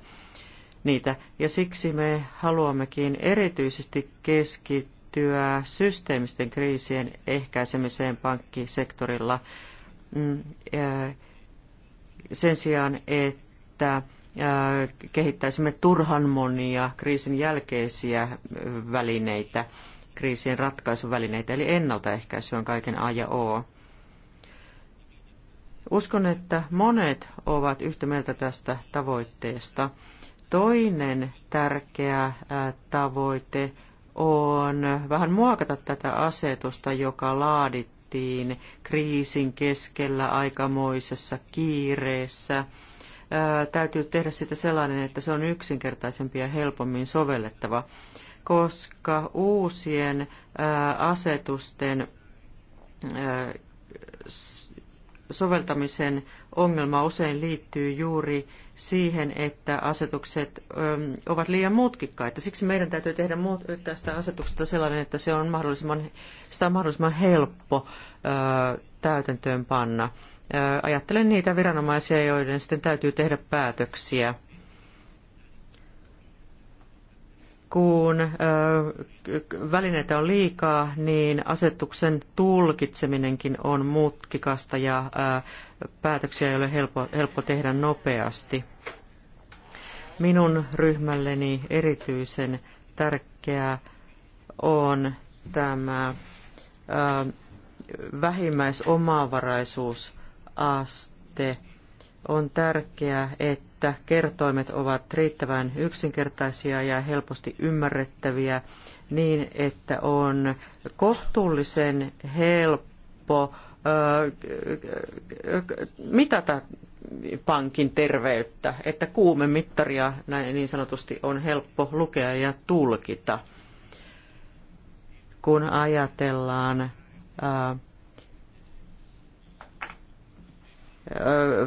niitä. Ja siksi me haluammekin erityisesti keskittyä systeemisten kriisien ehkäisemiseen pankkisektorilla. Mm, äh, sen sijaan, että äh, kehittäisimme turhan monia kriisin jälkeisiä äh, välineitä, kriisien ratkaisuvälineitä, eli ennaltaehkäisy on kaiken A ja O. Uskon, että monet ovat yhtä mieltä tästä tavoitteesta. Toinen tärkeä äh, tavoite on vähän muokata tätä asetusta, joka laadittiin tehtiin kriisin keskellä aikamoisessa kiireessä. Ää, täytyy tehdä sitä sellainen, että se on yksinkertaisempi ja helpommin sovellettava, koska uusien ää, asetusten ää, soveltamisen ongelma usein liittyy juuri siihen, että asetukset ähm, ovat liian mutkikkaita. Siksi meidän täytyy tehdä muut, äh, tästä asetuksesta sellainen, että se on mahdollisimman, sitä on mahdollisimman helppo ö, äh, täytäntöön panna. Äh, ajattelen niitä viranomaisia, joiden sitten täytyy tehdä päätöksiä kun välineitä on liikaa, niin asetuksen tulkitseminenkin on mutkikasta ja päätöksiä ei ole helppo, helppo tehdä nopeasti. Minun ryhmälleni erityisen tärkeää on tämä vähimmäisomavaraisuusaste on tärkeää, että kertoimet ovat riittävän yksinkertaisia ja helposti ymmärrettäviä niin, että on kohtuullisen helppo mitata pankin terveyttä, että kuumemittaria näin niin sanotusti on helppo lukea ja tulkita. Kun ajatellaan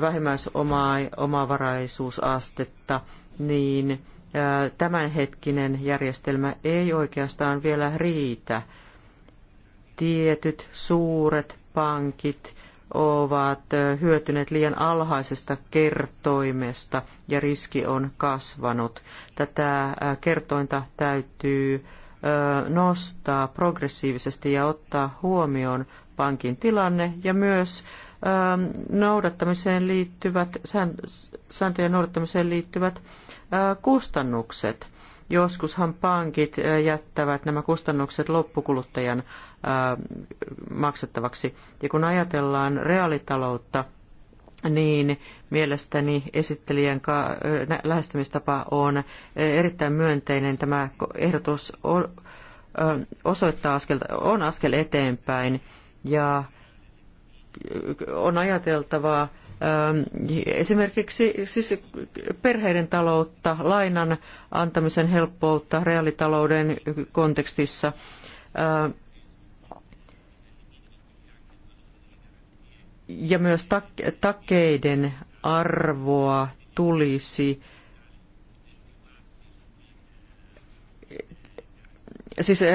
vähimmäisomavaraisuusastetta, niin tämänhetkinen järjestelmä ei oikeastaan vielä riitä. Tietyt suuret pankit ovat hyötyneet liian alhaisesta kertoimesta ja riski on kasvanut. Tätä kertointa täytyy nostaa progressiivisesti ja ottaa huomioon pankin tilanne ja myös Ähm, noudattamiseen liittyvät, sääntöjen noudattamiseen liittyvät äh, kustannukset. Joskushan pankit äh, jättävät nämä kustannukset loppukuluttajan ähm, maksettavaksi. Ja kun ajatellaan reaalitaloutta, niin mielestäni esittelijän lähestymistapa on äh, erittäin myönteinen. Tämä ehdotus osoittaa askel, on askel eteenpäin ja on ajateltavaa ähm, esimerkiksi siis perheiden taloutta, lainan antamisen helppoutta reaalitalouden kontekstissa. Äh, ja myös takeiden arvoa tulisi siis äh,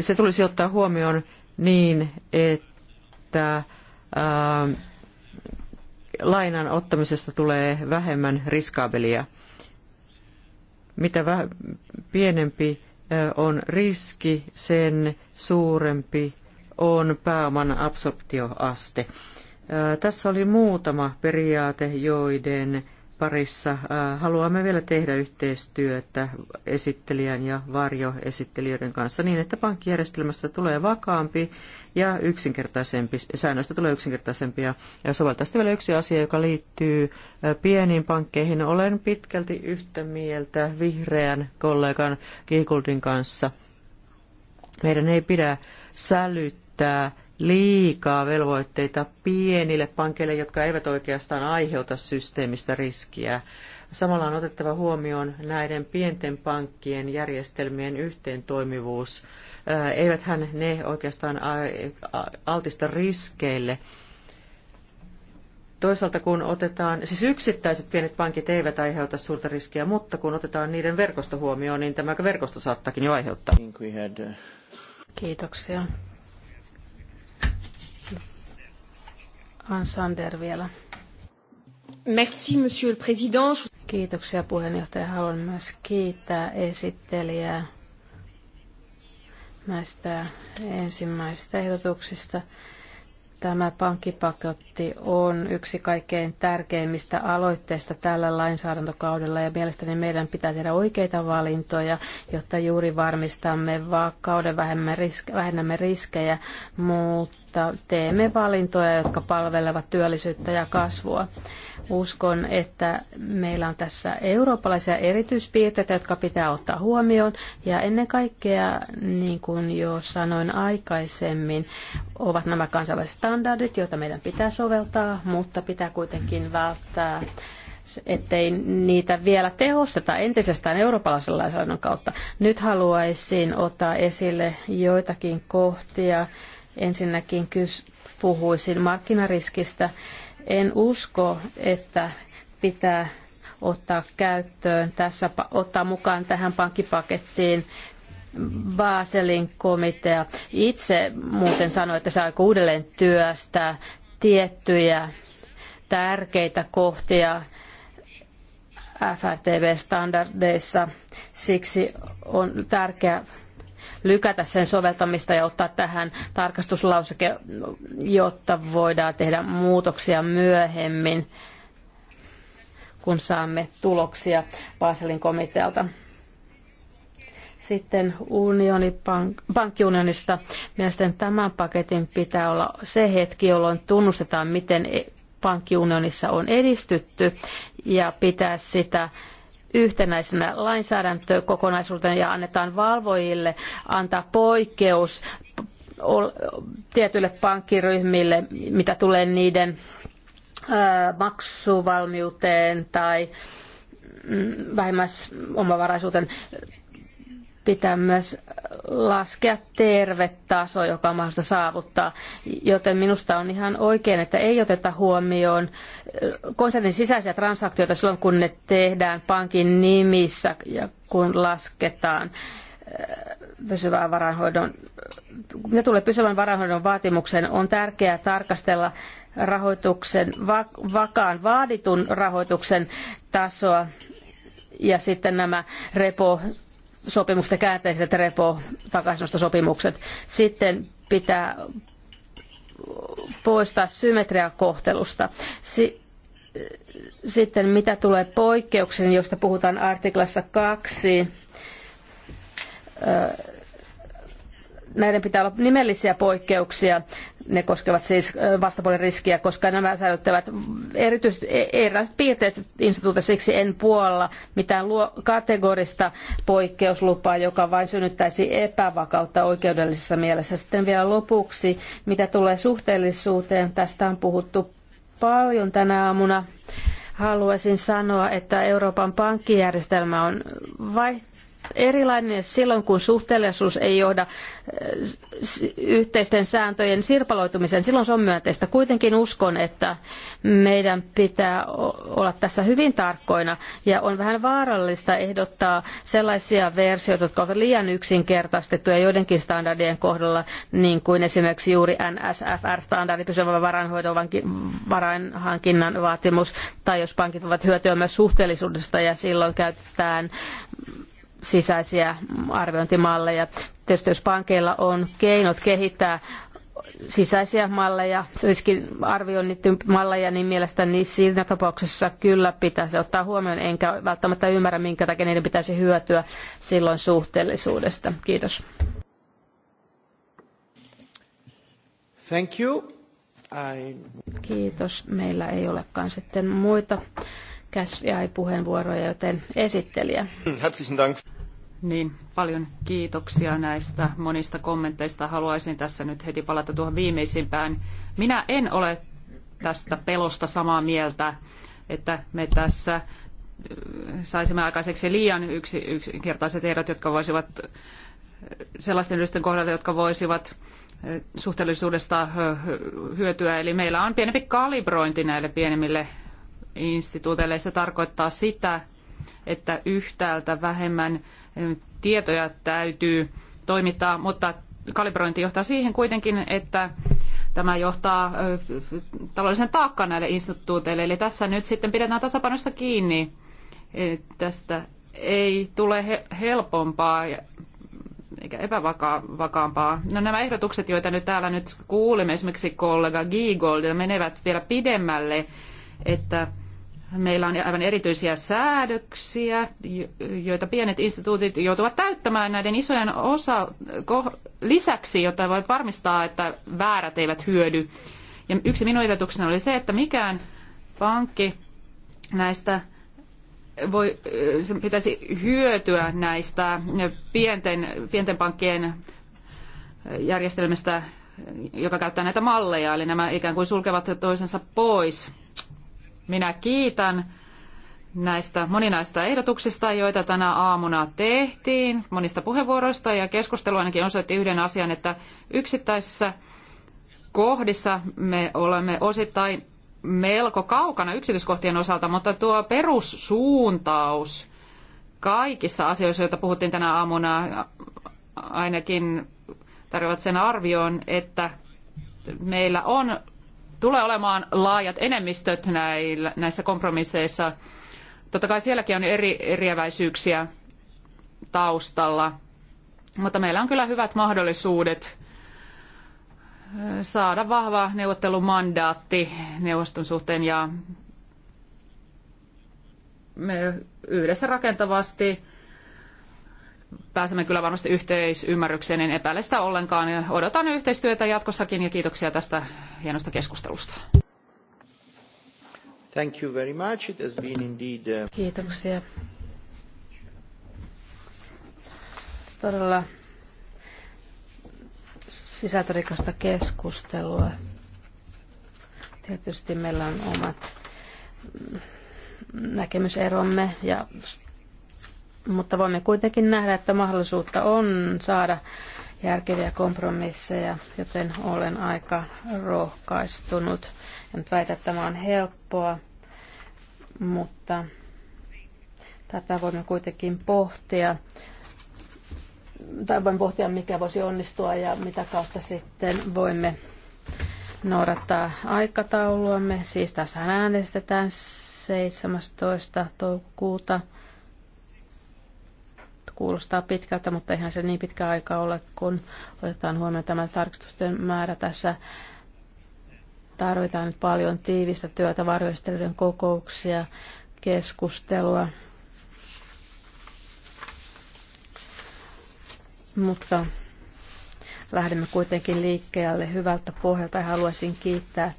se tulisi ottaa huomioon niin, että lainan ottamisesta tulee vähemmän riskaabelia. Mitä pienempi on riski, sen suurempi on pääoman absorptioaste. Tässä oli muutama periaate, joiden parissa. Äh, haluamme vielä tehdä yhteistyötä esittelijän ja varjoesittelijöiden kanssa niin, että pankkijärjestelmästä tulee vakaampi ja yksinkertaisempi, säännöistä tulee yksinkertaisempia. Ja soveltaa sitten vielä yksi asia, joka liittyy äh, pieniin pankkeihin. Olen pitkälti yhtä mieltä vihreän kollegan Kiikuldin kanssa. Meidän ei pidä sälyttää liikaa velvoitteita pienille pankeille, jotka eivät oikeastaan aiheuta systeemistä riskiä. Samalla on otettava huomioon näiden pienten pankkien järjestelmien yhteentoimivuus. Eiväthän ne oikeastaan altista riskeille. Toisaalta kun otetaan, siis yksittäiset pienet pankit eivät aiheuta suurta riskiä, mutta kun otetaan niiden verkosto huomioon, niin tämä verkosto saattaakin jo aiheuttaa. Uh, Kiitoksia. vielä. Merci, monsieur le président. Kiitoksia puheenjohtaja. Haluan myös kiittää esittelijää näistä ensimmäisistä ehdotuksista. Tämä pankkipaketti on yksi kaikkein tärkeimmistä aloitteista tällä lainsäädäntökaudella ja mielestäni meidän pitää tehdä oikeita valintoja, jotta juuri varmistamme vakauden, vähennämme riskejä, mutta teemme valintoja, jotka palvelevat työllisyyttä ja kasvua. Uskon, että meillä on tässä eurooppalaisia erityispiirteitä, jotka pitää ottaa huomioon. Ja ennen kaikkea, niin kuin jo sanoin aikaisemmin, ovat nämä kansainväliset standardit, joita meidän pitää soveltaa, mutta pitää kuitenkin välttää ettei niitä vielä tehosteta entisestään eurooppalaisen lainsäädännön kautta. Nyt haluaisin ottaa esille joitakin kohtia. Ensinnäkin kys, puhuisin markkinariskistä en usko, että pitää ottaa käyttöön tässä, ottaa mukaan tähän pankkipakettiin Baselin komitea. Itse muuten sanoi, että se aikoo uudelleen työstää tiettyjä tärkeitä kohtia FRTV-standardeissa. Siksi on tärkeää lykätä sen soveltamista ja ottaa tähän tarkastuslauseke, jotta voidaan tehdä muutoksia myöhemmin, kun saamme tuloksia Baselin komitealta. Sitten unionipank- pankkiunionista. Mielestäni tämän paketin pitää olla se hetki, jolloin tunnustetaan, miten e- pankkiunionissa on edistytty ja pitää sitä yhtenäisenä lainsäädäntökokonaisuutena ja annetaan valvojille antaa poikkeus tietyille pankkiryhmille, mitä tulee niiden maksuvalmiuteen tai mm, vähimmäisomavaraisuuteen pitää myös laskea terve taso, joka on mahdollista saavuttaa. Joten minusta on ihan oikein, että ei oteta huomioon konsernin sisäisiä transaktioita silloin, kun ne tehdään pankin nimissä ja kun lasketaan eh, pysyvää varainhoidon, mitä tulee pysyvän varainhoidon vaatimukseen, on tärkeää tarkastella rahoituksen, vakaan vaaditun rahoituksen tasoa ja sitten nämä repo sopimukset ja käänteiset repo takaisinostosopimukset. Sitten pitää poistaa symmetria kohtelusta. sitten mitä tulee poikkeuksiin, joista puhutaan artiklassa kaksi, näiden pitää olla nimellisiä poikkeuksia ne koskevat siis vastapuolen riskiä, koska nämä säilyttävät erityisesti erilaiset piirteet instituutissa. Siksi en puolla mitään luo kategorista poikkeuslupaa, joka vain synnyttäisi epävakautta oikeudellisessa mielessä. Sitten vielä lopuksi, mitä tulee suhteellisuuteen, tästä on puhuttu paljon tänä aamuna haluaisin sanoa, että Euroopan pankkijärjestelmä on vaihtoehto erilainen silloin, kun suhteellisuus ei johda äh, yhteisten sääntöjen sirpaloitumiseen. Silloin se on myönteistä. Kuitenkin uskon, että meidän pitää olla tässä hyvin tarkkoina ja on vähän vaarallista ehdottaa sellaisia versioita, jotka ovat liian yksinkertaistettuja joidenkin standardien kohdalla, niin kuin esimerkiksi juuri NSFR-standardi, varainhoidon varainhankinnan vaatimus, tai jos pankit ovat hyötyä myös suhteellisuudesta ja silloin käytetään sisäisiä arviointimalleja. Tietysti jos pankeilla on keinot kehittää sisäisiä malleja, riskin malleja, niin mielestäni siinä tapauksessa kyllä pitäisi ottaa huomioon, enkä välttämättä ymmärrä, minkä takia niiden pitäisi hyötyä silloin suhteellisuudesta. Kiitos. Thank you. I... Kiitos. Meillä ei olekaan sitten muita puheenvuoroja, joten esittelijä. Herzlichen Dank. Niin, paljon kiitoksia näistä monista kommenteista. Haluaisin tässä nyt heti palata tuohon viimeisimpään. Minä en ole tästä pelosta samaa mieltä, että me tässä äh, saisimme aikaiseksi liian yksi, yksinkertaiset ehdot, jotka voisivat äh, sellaisten yritysten kohdalla, jotka voisivat äh, suhteellisuudesta hyötyä. Eli meillä on pienempi kalibrointi näille pienemmille instituuteille. Se tarkoittaa sitä, että yhtäältä vähemmän tietoja täytyy toimittaa, mutta kalibrointi johtaa siihen kuitenkin, että tämä johtaa taloudellisen taakkaan näille instituuteille. Eli tässä nyt sitten pidetään tasapainosta kiinni. E, tästä ei tule helpompaa eikä epävakaampaa. No nämä ehdotukset, joita nyt täällä nyt kuulimme, esimerkiksi kollega Giegold, menevät vielä pidemmälle, että meillä on aivan erityisiä säädöksiä, joita pienet instituutit joutuvat täyttämään näiden isojen osa lisäksi, jotta voit varmistaa, että väärät eivät hyödy. Ja yksi minun ehdotukseni oli se, että mikään pankki näistä voi, sen pitäisi hyötyä näistä pienten, pienten pankkien järjestelmistä, joka käyttää näitä malleja, eli nämä ikään kuin sulkevat toisensa pois minä kiitän näistä moninaista ehdotuksista, joita tänä aamuna tehtiin, monista puheenvuoroista ja keskustelu ainakin osoitti yhden asian, että yksittäisissä kohdissa me olemme osittain melko kaukana yksityiskohtien osalta, mutta tuo perussuuntaus kaikissa asioissa, joita puhuttiin tänä aamuna, ainakin tarjoavat sen arvioon, että meillä on tulee olemaan laajat enemmistöt näillä, näissä kompromisseissa. Totta kai sielläkin on eri eriäväisyyksiä taustalla, mutta meillä on kyllä hyvät mahdollisuudet eh, saada vahva neuvottelumandaatti neuvoston suhteen ja me yhdessä rakentavasti pääsemme kyllä varmasti yhteisymmärrykseen, en niin epäile sitä ollenkaan. Odotan yhteistyötä jatkossakin ja kiitoksia tästä hienosta keskustelusta. Thank you very much. It has been indeed, uh, Kiitoksia. Todella sisältörikasta keskustelua. Tietysti meillä on omat näkemyseromme ja mutta voimme kuitenkin nähdä, että mahdollisuutta on saada järkeviä kompromisseja, joten olen aika rohkaistunut. En nyt väitä, että tämä on helppoa, mutta tätä voimme kuitenkin pohtia. Tai voin pohtia, mikä voisi onnistua ja mitä kautta sitten voimme noudattaa aikatauluamme. Siis tässä äänestetään 17. toukokuuta kuulostaa pitkältä, mutta eihän se niin pitkä aika ole, kun otetaan huomioon tämä tarkistusten määrä tässä. Tarvitaan nyt paljon tiivistä työtä, varjoistelijoiden kokouksia, keskustelua. Mutta lähdemme kuitenkin liikkeelle hyvältä pohjalta ja haluaisin kiittää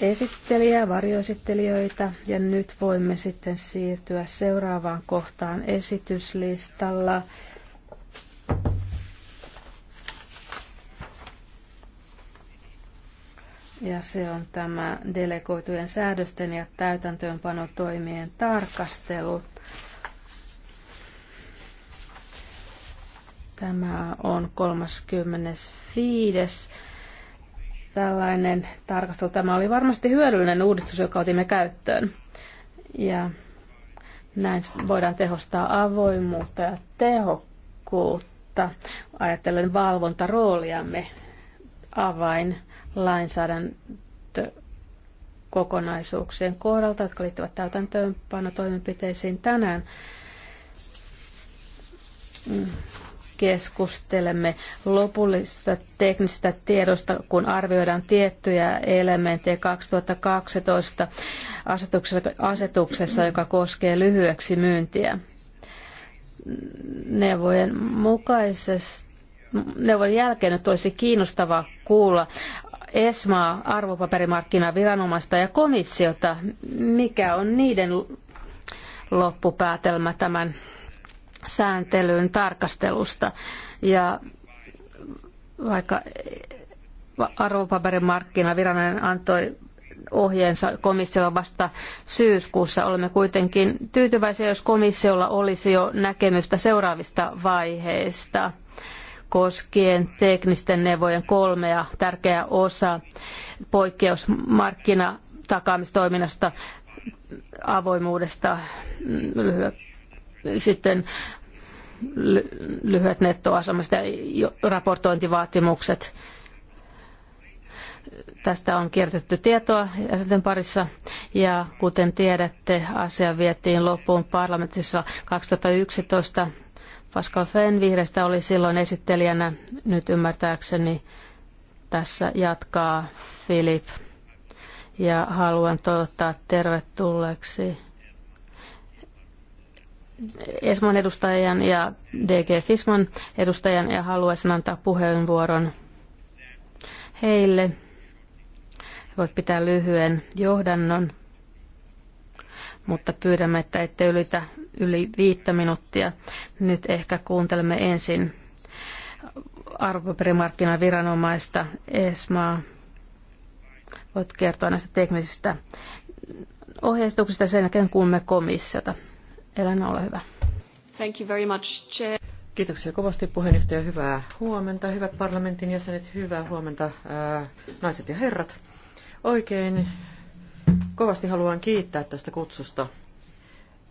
Esittelijä, varjoesittelijöitä ja nyt voimme sitten siirtyä seuraavaan kohtaan esityslistalla. Ja se on tämä delegoitujen säädösten ja täytäntöönpanotoimien tarkastelu. Tämä on 35 tällainen tarkastelu. Tämä oli varmasti hyödyllinen uudistus, joka otimme käyttöön. Ja näin voidaan tehostaa avoimuutta ja tehokkuutta. Ajattelen valvontarooliamme avain lainsäädäntö kokonaisuuksien kohdalta, jotka liittyvät täytäntöönpanotoimenpiteisiin tänään. Mm keskustelemme lopullisista teknisistä tiedosta, kun arvioidaan tiettyjä elementtejä 2012 asetuksessa, joka koskee lyhyeksi myyntiä. Neuvojen mukaisesti neuvon jälkeen nyt olisi kiinnostavaa kuulla ESMAa, arvopaperimarkkinaviranomaista ja komissiota, mikä on niiden loppupäätelmä tämän sääntelyn tarkastelusta. Ja vaikka arvopaperimarkkinaviranomainen antoi ohjeensa komissiolla vasta syyskuussa. Olemme kuitenkin tyytyväisiä, jos komissiolla olisi jo näkemystä seuraavista vaiheista koskien teknisten neuvojen kolmea tärkeää osaa poikkeusmarkkinatakaamistoiminnasta, avoimuudesta, lyhy- sitten lyhyet nettoasemasta ja raportointivaatimukset. Tästä on kiertetty tietoa jäsenten parissa ja kuten tiedätte, asia vietiin loppuun parlamentissa 2011. Pascal Fenn vihreistä oli silloin esittelijänä, nyt ymmärtääkseni tässä jatkaa Filip. Ja haluan toivottaa tervetulleeksi Esmon edustajan ja DG Fisman edustajan ja haluaisin antaa puheenvuoron heille. Voit pitää lyhyen johdannon, mutta pyydämme, että ette ylitä yli viittä minuuttia. Nyt ehkä kuuntelemme ensin arvopaperimarkkinaviranomaista Esmaa. Voit kertoa näistä teknisistä ohjeistuksista sen jälkeen me komissiota. Helena, ole hyvä. Thank you very much, Chair. Kiitoksia kovasti puheenjohtaja. Hyvää huomenta, hyvät parlamentin jäsenet, hyvää huomenta ää, naiset ja herrat. Oikein kovasti haluan kiittää tästä kutsusta.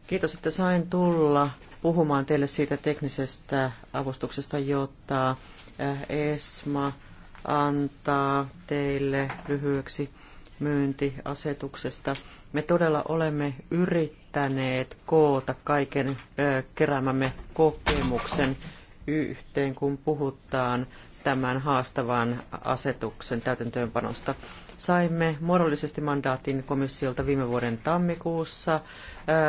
Kiitos, että sain tulla puhumaan teille siitä teknisestä avustuksesta, jota ESMA antaa teille lyhyeksi myyntiasetuksesta. Me todella olemme yrittäneet koota kaiken keräämämme kokemuksen yhteen, kun puhutaan tämän haastavan asetuksen täytäntöönpanosta. Saimme muodollisesti mandaatin komissiolta viime vuoden tammikuussa.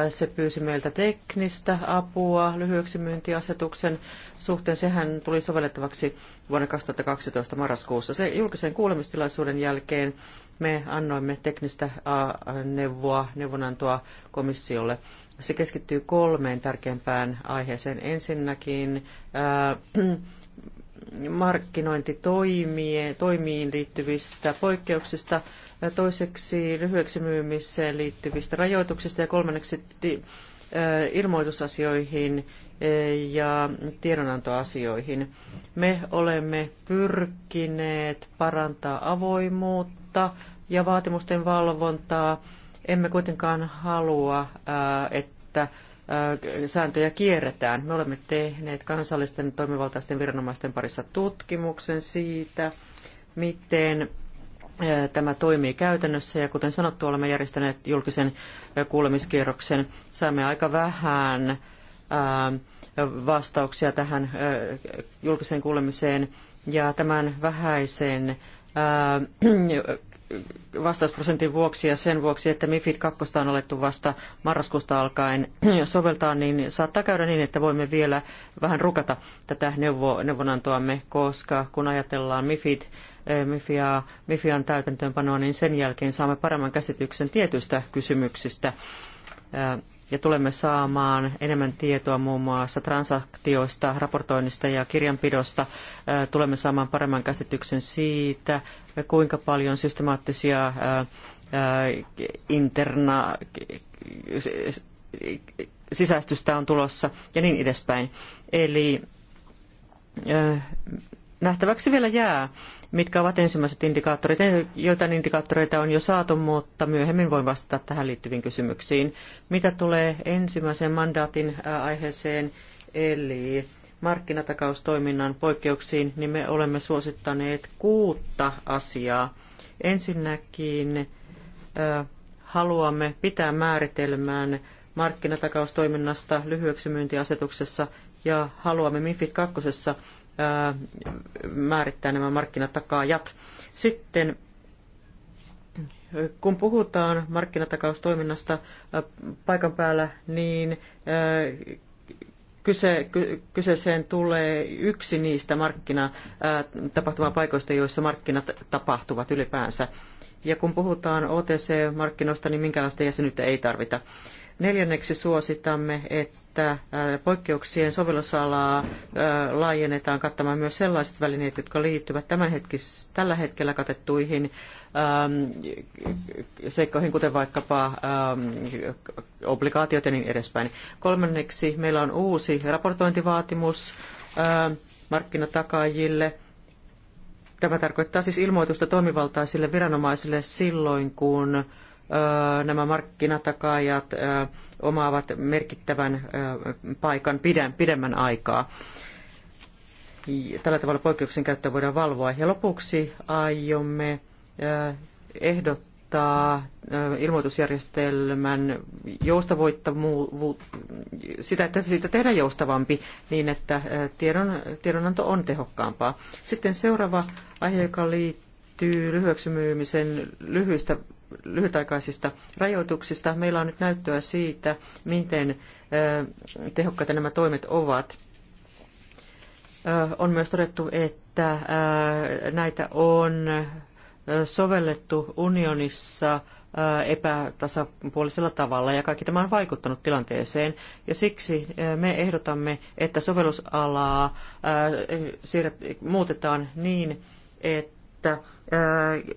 Se pyysi meiltä teknistä apua lyhyeksi myyntiasetuksen suhteen. Sehän tuli sovellettavaksi vuonna 2012 marraskuussa. Se julkisen kuulemistilaisuuden jälkeen me annoimme teknistä neuvoa, neuvonantoa komissiolle. Se keskittyy kolmeen tärkeimpään aiheeseen. Ensinnäkin ää, markkinointitoimiin liittyvistä poikkeuksista, toiseksi lyhyeksi myymiseen liittyvistä rajoituksista ja kolmanneksi ilmoitusasioihin ja tiedonantoasioihin. Me olemme pyrkineet parantaa avoimuutta ja vaatimusten valvontaa. Emme kuitenkaan halua, että sääntöjä kierretään. Me olemme tehneet kansallisten toimivaltaisten viranomaisten parissa tutkimuksen siitä, miten tämä toimii käytännössä ja kuten sanottu, olemme järjestäneet julkisen kuulemiskierroksen. Saimme aika vähän vastauksia tähän julkiseen kuulemiseen ja tämän vähäisen vastausprosentin vuoksi ja sen vuoksi, että MIFID 2 on alettu vasta marraskuusta alkaen *clears throat* soveltaa, niin saattaa käydä niin, että voimme vielä vähän rukata tätä neuvo, neuvonantoamme, koska kun ajatellaan MIFID, eh, MIFIA, MIFIAn täytäntöönpanoa, niin sen jälkeen saamme paremman käsityksen tietyistä kysymyksistä eh, ja tulemme saamaan enemmän tietoa muun muassa transaktioista, raportoinnista ja kirjanpidosta. Tulemme saamaan paremman käsityksen siitä, kuinka paljon systemaattisia interna sisäistystä on tulossa ja niin edespäin. Eli nähtäväksi vielä jää, mitkä ovat ensimmäiset indikaattorit. Joitain indikaattoreita on jo saatu, mutta myöhemmin voin vastata tähän liittyviin kysymyksiin. Mitä tulee ensimmäiseen mandaatin aiheeseen, eli markkinatakaustoiminnan poikkeuksiin, niin me olemme suosittaneet kuutta asiaa. Ensinnäkin haluamme pitää määritelmän markkinatakaustoiminnasta lyhyeksi myyntiasetuksessa ja haluamme MIFID 2 määrittää nämä markkinatakaajat. Sitten kun puhutaan markkinatakaustoiminnasta paikan päällä, niin kyse, kyseeseen tulee yksi niistä markkinatapahtumapaikoista, joissa markkinat tapahtuvat ylipäänsä. Ja kun puhutaan OTC-markkinoista, niin minkälaista jäsenyyttä ei tarvita. Neljänneksi suositamme, että äh, poikkeuksien sovellusalaa äh, laajennetaan kattamaan myös sellaiset välineet, jotka liittyvät tämän hetkis, tällä hetkellä katettuihin ähm, seikkoihin, kuten vaikkapa ähm, obligaatiot ja niin edespäin. Kolmanneksi meillä on uusi raportointivaatimus ähm, markkinatakaajille. Tämä tarkoittaa siis ilmoitusta toimivaltaisille viranomaisille silloin, kun nämä markkinatakaajat omaavat merkittävän paikan pidemmän aikaa. Tällä tavalla poikkeuksen käyttöä voidaan valvoa. Ja lopuksi aiomme ehdottaa ilmoitusjärjestelmän joustavoittavuutta, sitä, että siitä tehdään joustavampi niin, että tiedon, tiedonanto on tehokkaampaa. Sitten seuraava aihe, joka liittyy lyhyeksi myymisen lyhyistä lyhytaikaisista rajoituksista. Meillä on nyt näyttöä siitä, miten tehokkaita nämä toimet ovat. On myös todettu, että näitä on sovellettu unionissa epätasapuolisella tavalla ja kaikki tämä on vaikuttanut tilanteeseen ja siksi me ehdotamme, että sovellusalaa muutetaan niin, että että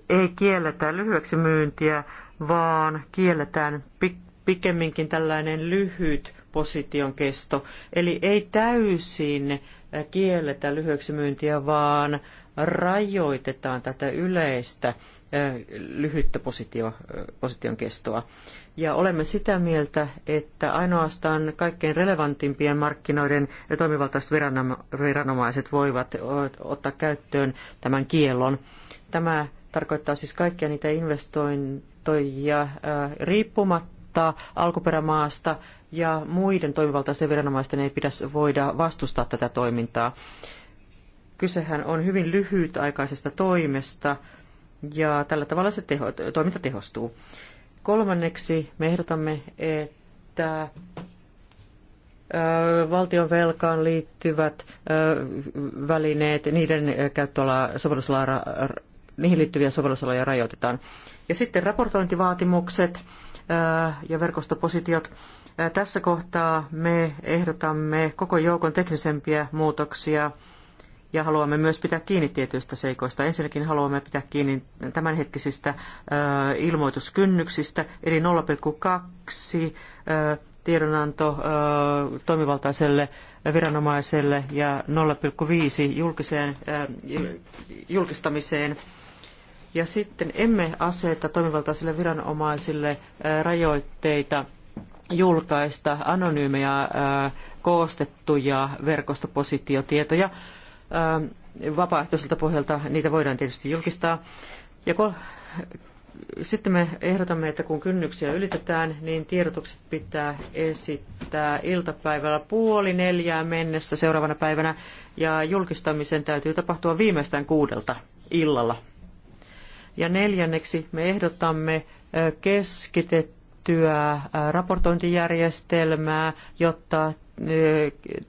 ei kielletä lyhyeksi myyntiä, vaan kielletään pikemminkin tällainen lyhyt position kesto. Eli ei täysin kielletä lyhyeksi myyntiä, vaan rajoitetaan tätä yleistä lyhyttä position kestoa. Ja olemme sitä mieltä, että ainoastaan kaikkein relevantimpien markkinoiden ja toimivaltaiset viranomaiset voivat ottaa käyttöön tämän kiellon. Tämä tarkoittaa siis kaikkia niitä investointoja riippumatta alkuperämaasta ja muiden toimivaltaisten viranomaisten ei pidä voida vastustaa tätä toimintaa. Kysehän on hyvin lyhytaikaisesta toimesta ja tällä tavalla se teho, toiminta tehostuu. Kolmanneksi me ehdotamme, että valtion velkaan liittyvät välineet, niiden käyttöala, sovellusala, niihin liittyviä sovellusaloja rajoitetaan. Ja sitten raportointivaatimukset ja verkostopositiot. Tässä kohtaa me ehdotamme koko joukon teknisempiä muutoksia – ja haluamme myös pitää kiinni tietyistä seikoista. Ensinnäkin haluamme pitää kiinni tämänhetkisistä ilmoituskynnyksistä, eli 0,2 tiedonanto toimivaltaiselle viranomaiselle ja 0,5 julkiseen, julkistamiseen. Ja sitten emme aseta toimivaltaisille viranomaisille rajoitteita julkaista anonyymejä koostettuja verkostopositiotietoja vapaaehtoiselta pohjalta niitä voidaan tietysti julkistaa. Ja sitten me ehdotamme, että kun kynnyksiä ylitetään, niin tiedotukset pitää esittää iltapäivällä puoli neljää mennessä seuraavana päivänä ja julkistamisen täytyy tapahtua viimeistään kuudelta illalla. Ja neljänneksi me ehdotamme keskitettyä raportointijärjestelmää, jotta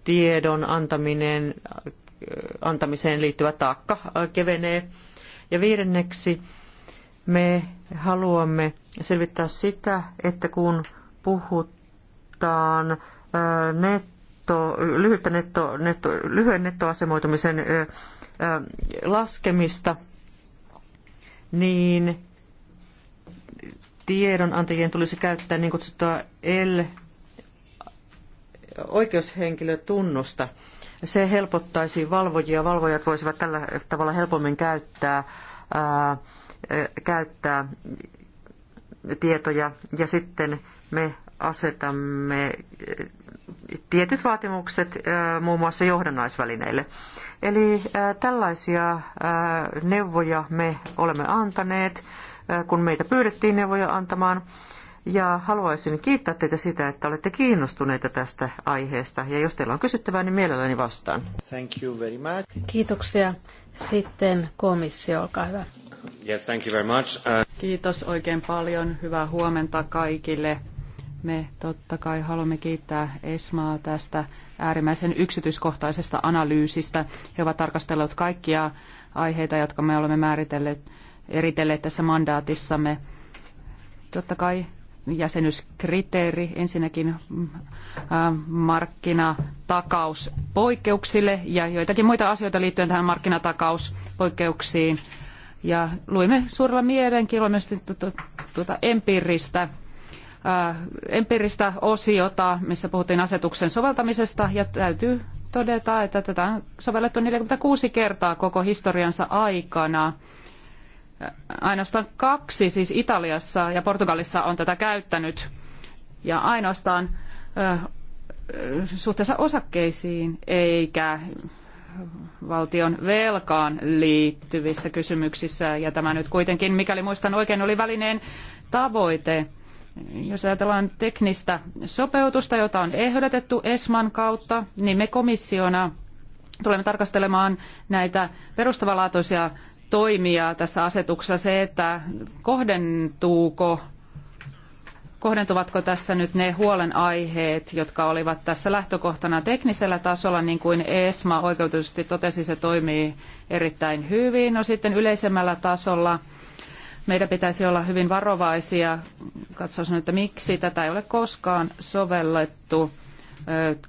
tiedon antaminen antamiseen liittyvä taakka kevenee. Ja viidenneksi me haluamme selvittää sitä, että kun puhutaan netto, lyhyttä netto, netto, lyhyen nettoasemoitumisen laskemista, niin tiedonantajien tulisi käyttää niin kutsuttua L oikeushenkilötunnusta. tunnusta se helpottaisi valvojia. Valvojat voisivat tällä tavalla helpommin käyttää, ää, käyttää tietoja ja sitten me asetamme tietyt vaatimukset muun muassa johdannaisvälineille. Eli tällaisia neuvoja me olemme antaneet, kun meitä pyydettiin neuvoja antamaan ja haluaisin kiittää teitä sitä, että olette kiinnostuneita tästä aiheesta. Ja jos teillä on kysyttävää, niin mielelläni vastaan. Thank you very much. Kiitoksia. Sitten komissio, olkaa hyvä. Yes, thank you very much. Uh... Kiitos oikein paljon. Hyvää huomenta kaikille. Me totta kai haluamme kiittää Esmaa tästä äärimmäisen yksityiskohtaisesta analyysistä. He ovat tarkastelleet kaikkia aiheita, jotka me olemme määritelleet, eritelleet tässä mandaatissamme. Totta kai jäsenyyskriteeri ensinnäkin mm, markkinatakaus poikkeuksille ja joitakin muita asioita liittyen tähän markkinatakauspoikkeuksiin. Ja luimme suurella mielenkiinnolla myös tuota empiiristä empiiristä osiota, missä puhuttiin asetuksen soveltamisesta, ja täytyy todeta, että tätä on sovellettu 46 kertaa koko historiansa aikana ainoastaan kaksi, siis Italiassa ja Portugalissa on tätä käyttänyt. Ja ainoastaan suhteessa osakkeisiin eikä valtion velkaan liittyvissä kysymyksissä. Ja tämä nyt kuitenkin, mikäli muistan oikein, oli välineen tavoite. Jos ajatellaan teknistä sopeutusta, jota on ehdotettu ESMAn kautta, niin me komissiona tulemme tarkastelemaan näitä perustavanlaatuisia toimia tässä asetuksessa se, että kohdentuuko kohdentuvatko tässä nyt ne huolenaiheet, jotka olivat tässä lähtökohtana teknisellä tasolla, niin kuin ESMA oikeutusti totesi, se toimii erittäin hyvin. No sitten yleisemmällä tasolla meidän pitäisi olla hyvin varovaisia, katsoa että miksi tätä ei ole koskaan sovellettu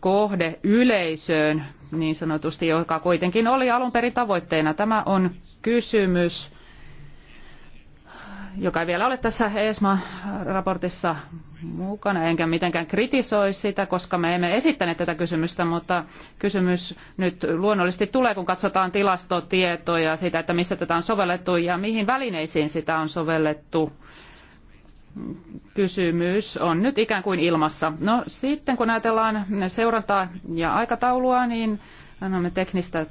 kohde yleisöön niin sanotusti, joka kuitenkin oli alun perin tavoitteena. Tämä on kysymys, joka ei vielä ole tässä ESMA-raportissa mukana, enkä mitenkään kritisoi sitä, koska me emme esittäneet tätä kysymystä, mutta kysymys nyt luonnollisesti tulee, kun katsotaan tilastotietoja siitä, että missä tätä on sovellettu ja mihin välineisiin sitä on sovellettu kysymys on nyt ikään kuin ilmassa. No sitten kun ajatellaan seurantaa ja aikataulua, niin annamme teknistä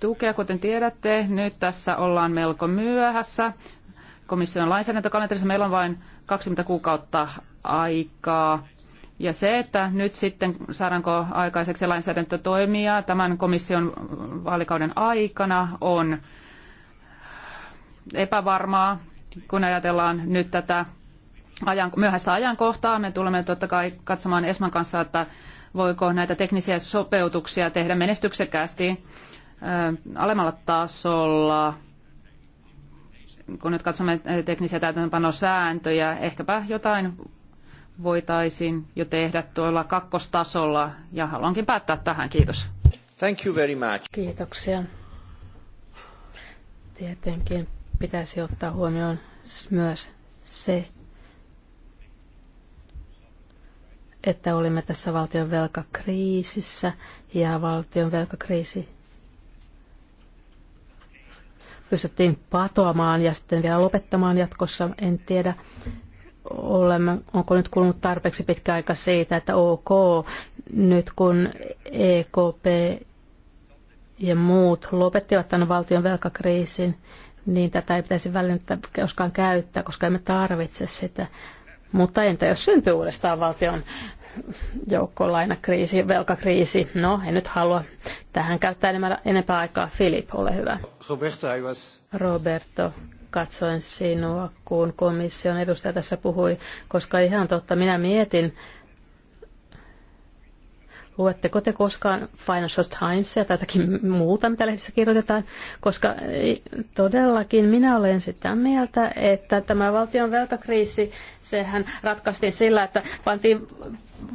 tukea, kuten tiedätte. Nyt tässä ollaan melko myöhässä. Komission lainsäädäntökalenterissa meillä on vain 20 kuukautta aikaa. Ja se, että nyt sitten saadaanko aikaiseksi lainsäädäntötoimia tämän komission vaalikauden aikana, on epävarmaa kun ajatellaan nyt tätä ajan, myöhäistä ajankohtaa, me tulemme totta kai katsomaan Esman kanssa, että voiko näitä teknisiä sopeutuksia tehdä menestyksekkäästi alemmalla tasolla, kun nyt katsomme teknisiä täytäntöpanosääntöjä, ehkäpä jotain voitaisiin jo tehdä tuolla kakkostasolla. Ja haluankin päättää tähän. Kiitos. Thank you very much. Kiitoksia. Tietenkin pitäisi ottaa huomioon myös se, että olimme tässä valtion velkakriisissä ja valtion velkakriisi pystyttiin patoamaan ja sitten vielä lopettamaan jatkossa. En tiedä, olemme, onko nyt kulunut tarpeeksi pitkä aika siitä, että ok, nyt kun EKP ja muut lopettivat tämän valtion velkakriisin, niin tätä ei pitäisi välttämättä koskaan käyttää, koska emme tarvitse sitä. Mutta entä jos syntyy uudestaan valtion joukkolainakriisi, velkakriisi? No, en nyt halua tähän käyttää enemmän, enempää aikaa. Filip, ole hyvä. Roberto, was... Roberto, katsoin sinua, kun komission edustaja tässä puhui, koska ihan totta, minä mietin, Luetteko te koskaan Financial Timesia tai jotakin muuta, mitä lehdissä kirjoitetaan? Koska todellakin minä olen sitä mieltä, että tämä valtion velkakriisi, sehän ratkaistiin sillä, että pantiin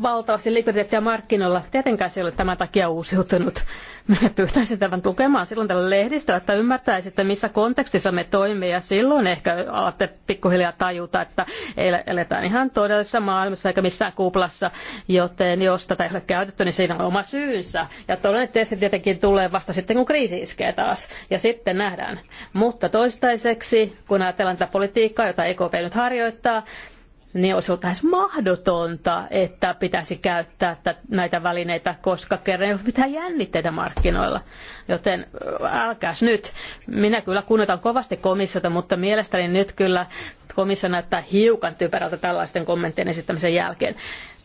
valtavasti likviditeettiä markkinoilla. Tietenkään se ei ole tämän takia uusiutunut. me pyytäisin tämän tukemaan silloin tällä lehdistöä, että ymmärtäisitte, missä kontekstissa me toimimme, ja silloin ehkä alatte pikkuhiljaa tajuta, että eletään ihan todellisessa maailmassa eikä missään kuplassa, joten jos tätä ei ole käytetty, niin siinä on oma syynsä. Ja todellinen testi tietenkin tulee vasta sitten, kun kriisi iskee taas, ja sitten nähdään. Mutta toistaiseksi, kun ajatellaan tätä politiikkaa, jota EKP nyt harjoittaa, niin olisi ollut lähes mahdotonta, että pitäisi käyttää näitä välineitä, koska kerran ei ole mitään jännitteitä markkinoilla. Joten äh, älkääs nyt. Minä kyllä kunnioitan kovasti komissiota, mutta mielestäni nyt kyllä komissio näyttää hiukan typerältä tällaisten kommenttien esittämisen jälkeen.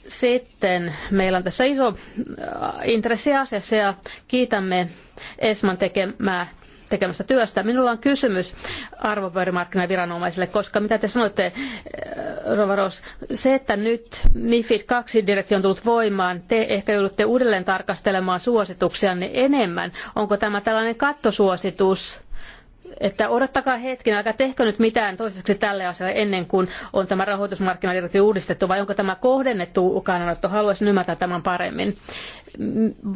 Sitten meillä on tässä iso äh, intressiasia ja kiitämme Esman tekemää tekemästä työstä. Minulla on kysymys arvopaperimarkkinaviranomaisille, koska mitä te sanoitte, äh, Rovaros, se, että nyt MIFID 2-direktio on tullut voimaan, te ehkä joudutte uudelleen tarkastelemaan suosituksia niin enemmän. Onko tämä tällainen kattosuositus? että odottakaa hetken, älkää tehkö nyt mitään toiseksi tälle asialle ennen kuin on tämä rahoitusmarkkinadirektiivi uudistettu, vai onko tämä kohdennettu kannanotto? Haluaisin ymmärtää tämän paremmin.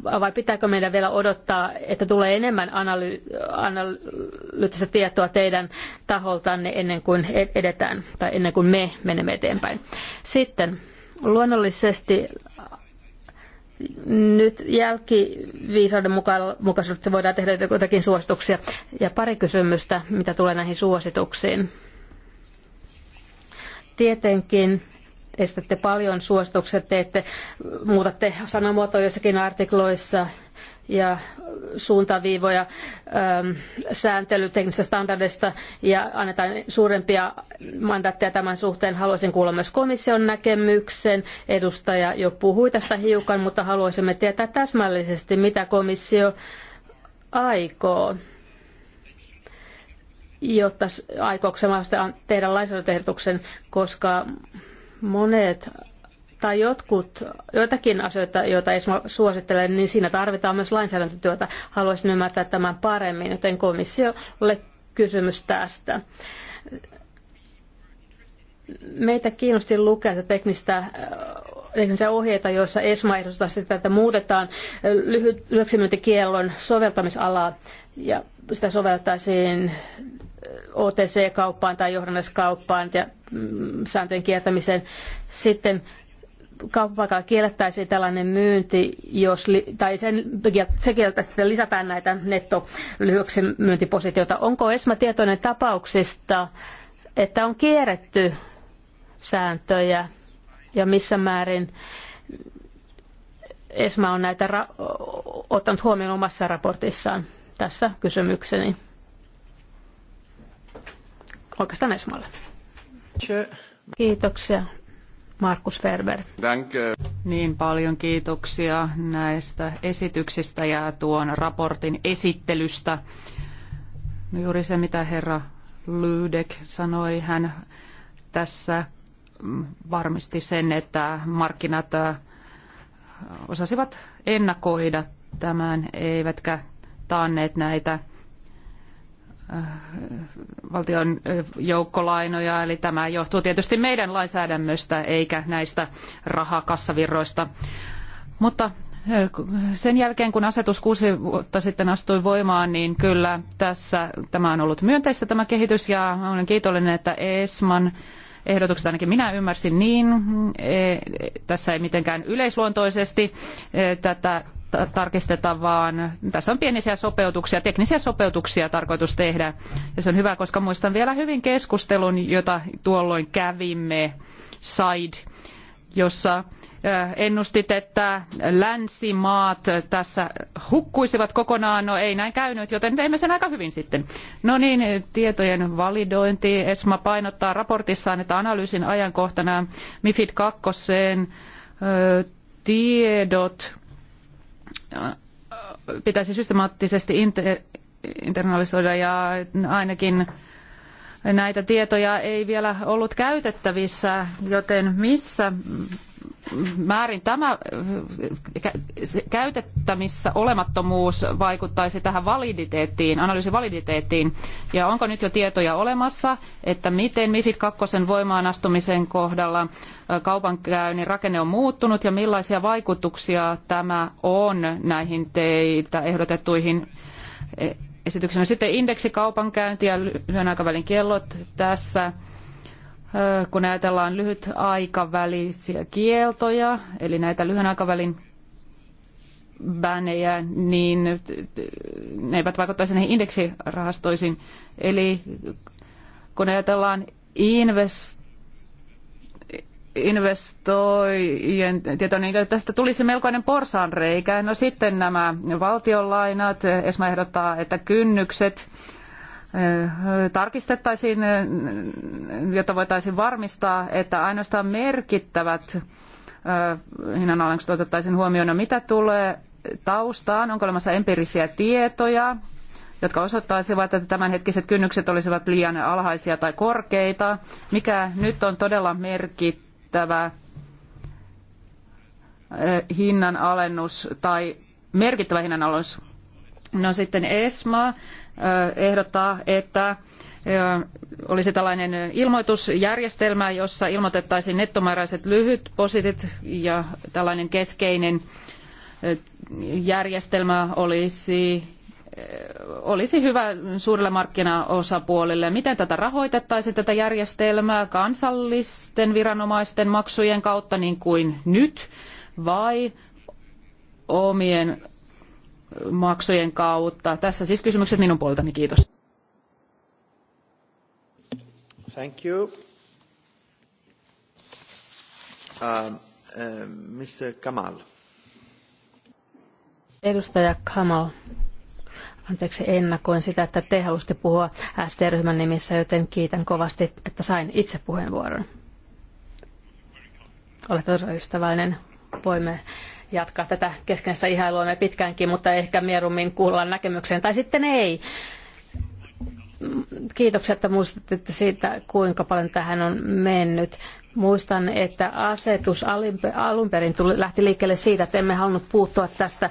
Vai pitääkö meidän vielä odottaa, että tulee enemmän analy- analyyttistä tietoa teidän taholtanne ennen kuin edetään, tai ennen kuin me menemme eteenpäin? Sitten luonnollisesti nyt jälkiviisauden mukaisesti voidaan tehdä jotakin suosituksia. Ja pari kysymystä, mitä tulee näihin suosituksiin. Tietenkin esitätte paljon suosituksia, teette, muutatte sanamuotoa jossakin artikloissa, ja suuntaviivoja ähm, sääntelyteknisistä standardeista ja annetaan suurempia mandaatteja tämän suhteen. Haluaisin kuulla myös komission näkemyksen. Edustaja jo puhui tästä hiukan, mutta haluaisimme tietää täsmällisesti, mitä komissio aikoo jotta aikooko se tehdä lainsäädäntöehdotuksen, koska monet tai jotkut, joitakin asioita, joita ei suosittele, niin siinä tarvitaan myös lainsäädäntötyötä. Haluaisin ymmärtää tämän paremmin, joten komissiolle kysymys tästä. Meitä kiinnosti lukea tätä teknistä teknisiä ohjeita, joissa ESMA ehdottaa sitä, että muutetaan lyhyksimyyntikiellon soveltamisalaa ja sitä sovellettaisiin OTC-kauppaan tai johdannaiskauppaan ja mm, sääntöjen kiertämiseen. Sitten kauppapaikalla kiellettäisiin tällainen myynti, jos, tai sen, se kieltäisi, että lisätään näitä nettolyhyeksi myyntipositioita. Onko ESMA tietoinen tapauksista, että on kierretty sääntöjä ja missä määrin ESMA on näitä ra- ottanut huomioon omassa raportissaan tässä kysymykseni. Oikeastaan ESMAlle. Kiitoksia. Markus Ferber. Danke. Niin paljon kiitoksia näistä esityksistä ja tuon raportin esittelystä. No juuri se, mitä herra Lydek sanoi, hän tässä mm, varmisti sen, että markkinat osasivat ennakoida tämän, eivätkä taanneet näitä Äh, valtion äh, joukkolainoja, eli tämä johtuu tietysti meidän lainsäädännöstä eikä näistä rahakassavirroista. Mutta äh, sen jälkeen, kun asetus kuusi vuotta sitten astui voimaan, niin kyllä tässä tämä on ollut myönteistä tämä kehitys ja olen kiitollinen, että ESMAN ehdotukset ainakin minä ymmärsin niin, e, tässä ei mitenkään yleisluontoisesti e, tätä tarkisteta, vaan tässä on pieniä sopeutuksia, teknisiä sopeutuksia tarkoitus tehdä. Ja se on hyvä, koska muistan vielä hyvin keskustelun, jota tuolloin kävimme SIDE, jossa äh, ennustit, että länsimaat tässä hukkuisivat kokonaan. No ei näin käynyt, joten teimme sen aika hyvin sitten. No niin, tietojen validointi. ESMA painottaa raportissaan, että analyysin ajankohtana MIFID 2 äh, tiedot Äh, pitäisi systemaattisesti inter, internalisoida ja ainakin näitä tietoja ei vielä ollut käytettävissä, joten missä määrin tämä äh, käytettävissä olemattomuus vaikuttaisi tähän validiteettiin, analyysin validiteettiin. Ja onko nyt jo tietoja olemassa, että miten MIFID 2 voimaan astumisen kohdalla äh, kaupankäynnin rakenne on muuttunut ja millaisia vaikutuksia tämä on näihin teitä ehdotettuihin äh, esityksiin? No sitten indeksikaupankäynti ja lyhyen aikavälin kiellot tässä kun ajatellaan lyhyt aikavälisiä kieltoja, eli näitä lyhyen aikavälin bänejä, niin ne eivät vaikuttaisi näihin indeksirahastoisiin. Eli kun ajatellaan invest investoijien tietoa, niin tästä tulisi melkoinen porsaanreikä. No sitten nämä valtionlainat, Esma ehdottaa, että kynnykset tarkistettaisiin, jotta voitaisiin varmistaa, että ainoastaan merkittävät hinnanalennukset otettaisiin huomioon. No, mitä tulee taustaan, onko olemassa empiirisiä tietoja, jotka osoittaisivat, että tämänhetkiset kynnykset olisivat liian alhaisia tai korkeita, mikä nyt on todella merkittävä hinnan alennus tai merkittävä hinnan alennus. No sitten ESMA, ehdottaa, että olisi tällainen ilmoitusjärjestelmä, jossa ilmoitettaisiin nettomääräiset lyhyt positit ja tällainen keskeinen järjestelmä olisi olisi hyvä suurille markkinaosapuolille. Miten tätä rahoitettaisiin, tätä järjestelmää kansallisten viranomaisten maksujen kautta niin kuin nyt vai omien maksujen kautta. Tässä siis kysymykset minun puoltani. Kiitos. Thank you. Um, uh, uh, Mr. Kamal. Edustaja Kamal. Anteeksi, ennakoin sitä, että te halusitte puhua ST-ryhmän nimissä, joten kiitän kovasti, että sain itse puheenvuoron. Olet todella ystävällinen. Voimme jatkaa tätä keskenistä ihailua me pitkäänkin, mutta ehkä mieluummin kuullaan näkemykseen, tai sitten ei. Kiitoksia, että muistutitte siitä, kuinka paljon tähän on mennyt. Muistan, että asetus alun perin tuli, lähti liikkeelle siitä, että emme halunnut puuttua tästä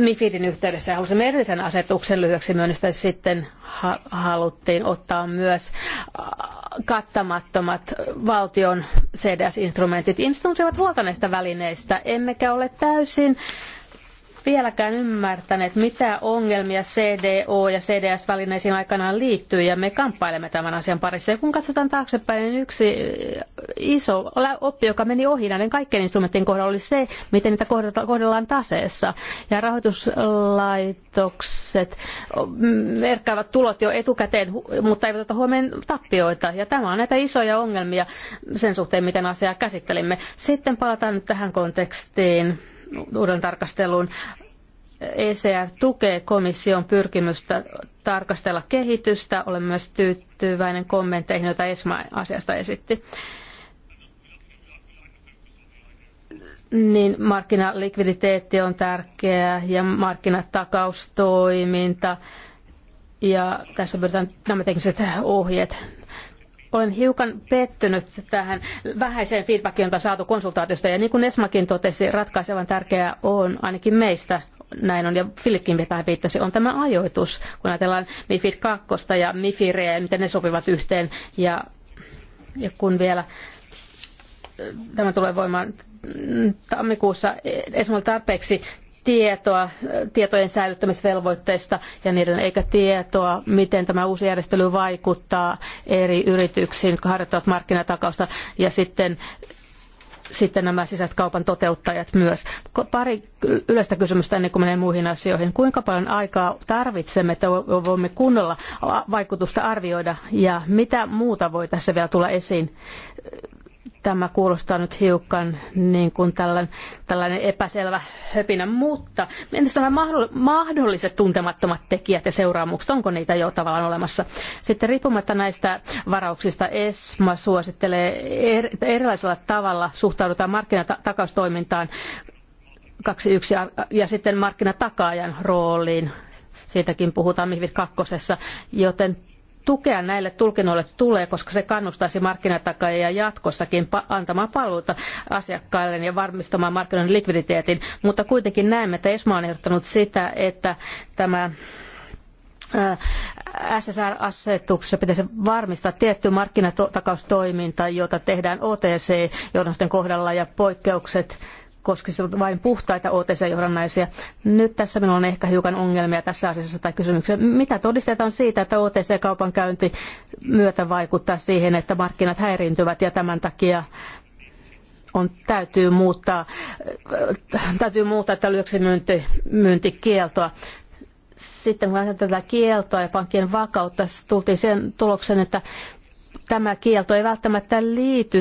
MIFIDin yhteydessä halusimme erillisen asetuksen lyhyeksi myönnistä sitten haluttiin ottaa myös äh, kattamattomat valtion CDS-instrumentit. Ihmiset tunsivat huolta näistä välineistä, emmekä ole täysin vieläkään ymmärtäneet, mitä ongelmia CDO ja CDS-välineisiin aikanaan liittyy, ja me kamppailemme tämän asian parissa. Ja kun katsotaan taaksepäin, niin yksi äh, iso oppi, joka meni ohi näiden kaikkien instrumenttien kohdalla, oli se, miten niitä kohdellaan taseessa. Ja rahoituslaitokset mm, merkkaavat tulot jo etukäteen, mutta eivät ota huomioon tappioita. Ja tämä on näitä isoja ongelmia sen suhteen, miten asiaa käsittelimme. Sitten palataan nyt tähän kontekstiin uuden tarkasteluun. ECR tukee komission pyrkimystä tarkastella kehitystä. Olen myös tyytyväinen kommentteihin, joita ESMA asiasta esitti. Niin markkinalikviditeetti on tärkeää ja markkinatakaustoiminta ja tässä pyritään nämä tekniset ohjeet olen hiukan pettynyt tähän vähäiseen feedbackiin, jota saatu konsultaatiosta. Ja niin kuin Esmakin totesi, ratkaisevan tärkeää on ainakin meistä näin on, ja Filipkin tähän viittasi, on tämä ajoitus, kun ajatellaan MIFID 2 ja MIFIREä ja miten ne sopivat yhteen. Ja, ja kun vielä äh, tämä tulee voimaan tammikuussa esimerkiksi tarpeeksi tietoa tietojen säilyttämisvelvoitteista ja niiden eikä tietoa, miten tämä uusi järjestely vaikuttaa eri yrityksiin, jotka harjoittavat markkinatakausta ja sitten sitten nämä sisäiset kaupan toteuttajat myös. Pari yleistä kysymystä ennen kuin menee muihin asioihin. Kuinka paljon aikaa tarvitsemme, että voimme kunnolla vaikutusta arvioida ja mitä muuta voi tässä vielä tulla esiin Tämä kuulostaa nyt hiukan niin kuin tällainen, tällainen epäselvä höpinä, mutta entäs nämä mahdolliset tuntemattomat tekijät ja seuraamukset, onko niitä jo tavallaan olemassa? Sitten riippumatta näistä varauksista, ESMA suosittelee er, erilaisella tavalla suhtaudutaan markkinatakaustoimintaan kaksi yksi ja sitten markkinatakaajan rooliin siitäkin puhutaan MIFID kakkosessa, joten tukea näille tulkinnoille tulee, koska se kannustaisi markkinatakaajia jatkossakin antamaan palveluita asiakkailleen ja varmistamaan markkinoiden likviditeetin. Mutta kuitenkin näemme, että ESMA on ehdottanut sitä, että tämä SSR-asetuksessa pitäisi varmistaa tietty markkinatakaustoiminta, jota tehdään OTC-johdosten kohdalla ja poikkeukset koskisivat vain puhtaita OTC-johdannaisia. Nyt tässä minulla on ehkä hiukan ongelmia tässä asiassa tai kysymyksessä. Mitä todistetaan siitä, että OTC-kaupankäynti myötä vaikuttaa siihen, että markkinat häiriintyvät ja tämän takia on, täytyy muuttaa, täytyy muuttaa myynti, myyntikieltoa. Sitten kun tätä kieltoa ja pankkien vakautta, tultiin sen tuloksen, että tämä kielto ei välttämättä liity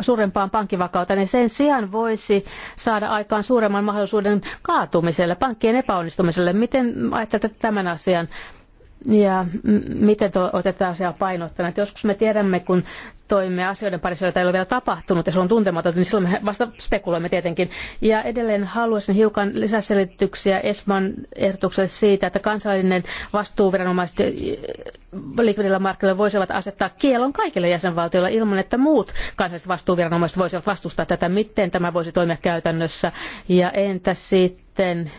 suurempaan pankkivakauteen, niin sen sijaan voisi saada aikaan suuremman mahdollisuuden kaatumiselle, pankkien epäonnistumiselle. Miten ajattelette tämän asian? Ja miten tuo, otetaan asiaa painottamaan? Joskus me tiedämme, kun toimia asioiden parissa, joita ei ole vielä tapahtunut ja se on tuntematonta, niin silloin me vasta spekuloimme tietenkin. Ja edelleen haluaisin hiukan lisäselityksiä Esman ehdotukselle siitä, että kansallinen vastuuviranomaiset likvidillä markkinoilla voisivat asettaa kielon kaikille jäsenvaltioille ilman, että muut kansalliset vastuuviranomaiset voisivat vastustaa tätä, miten tämä voisi toimia käytännössä. Ja entä sitten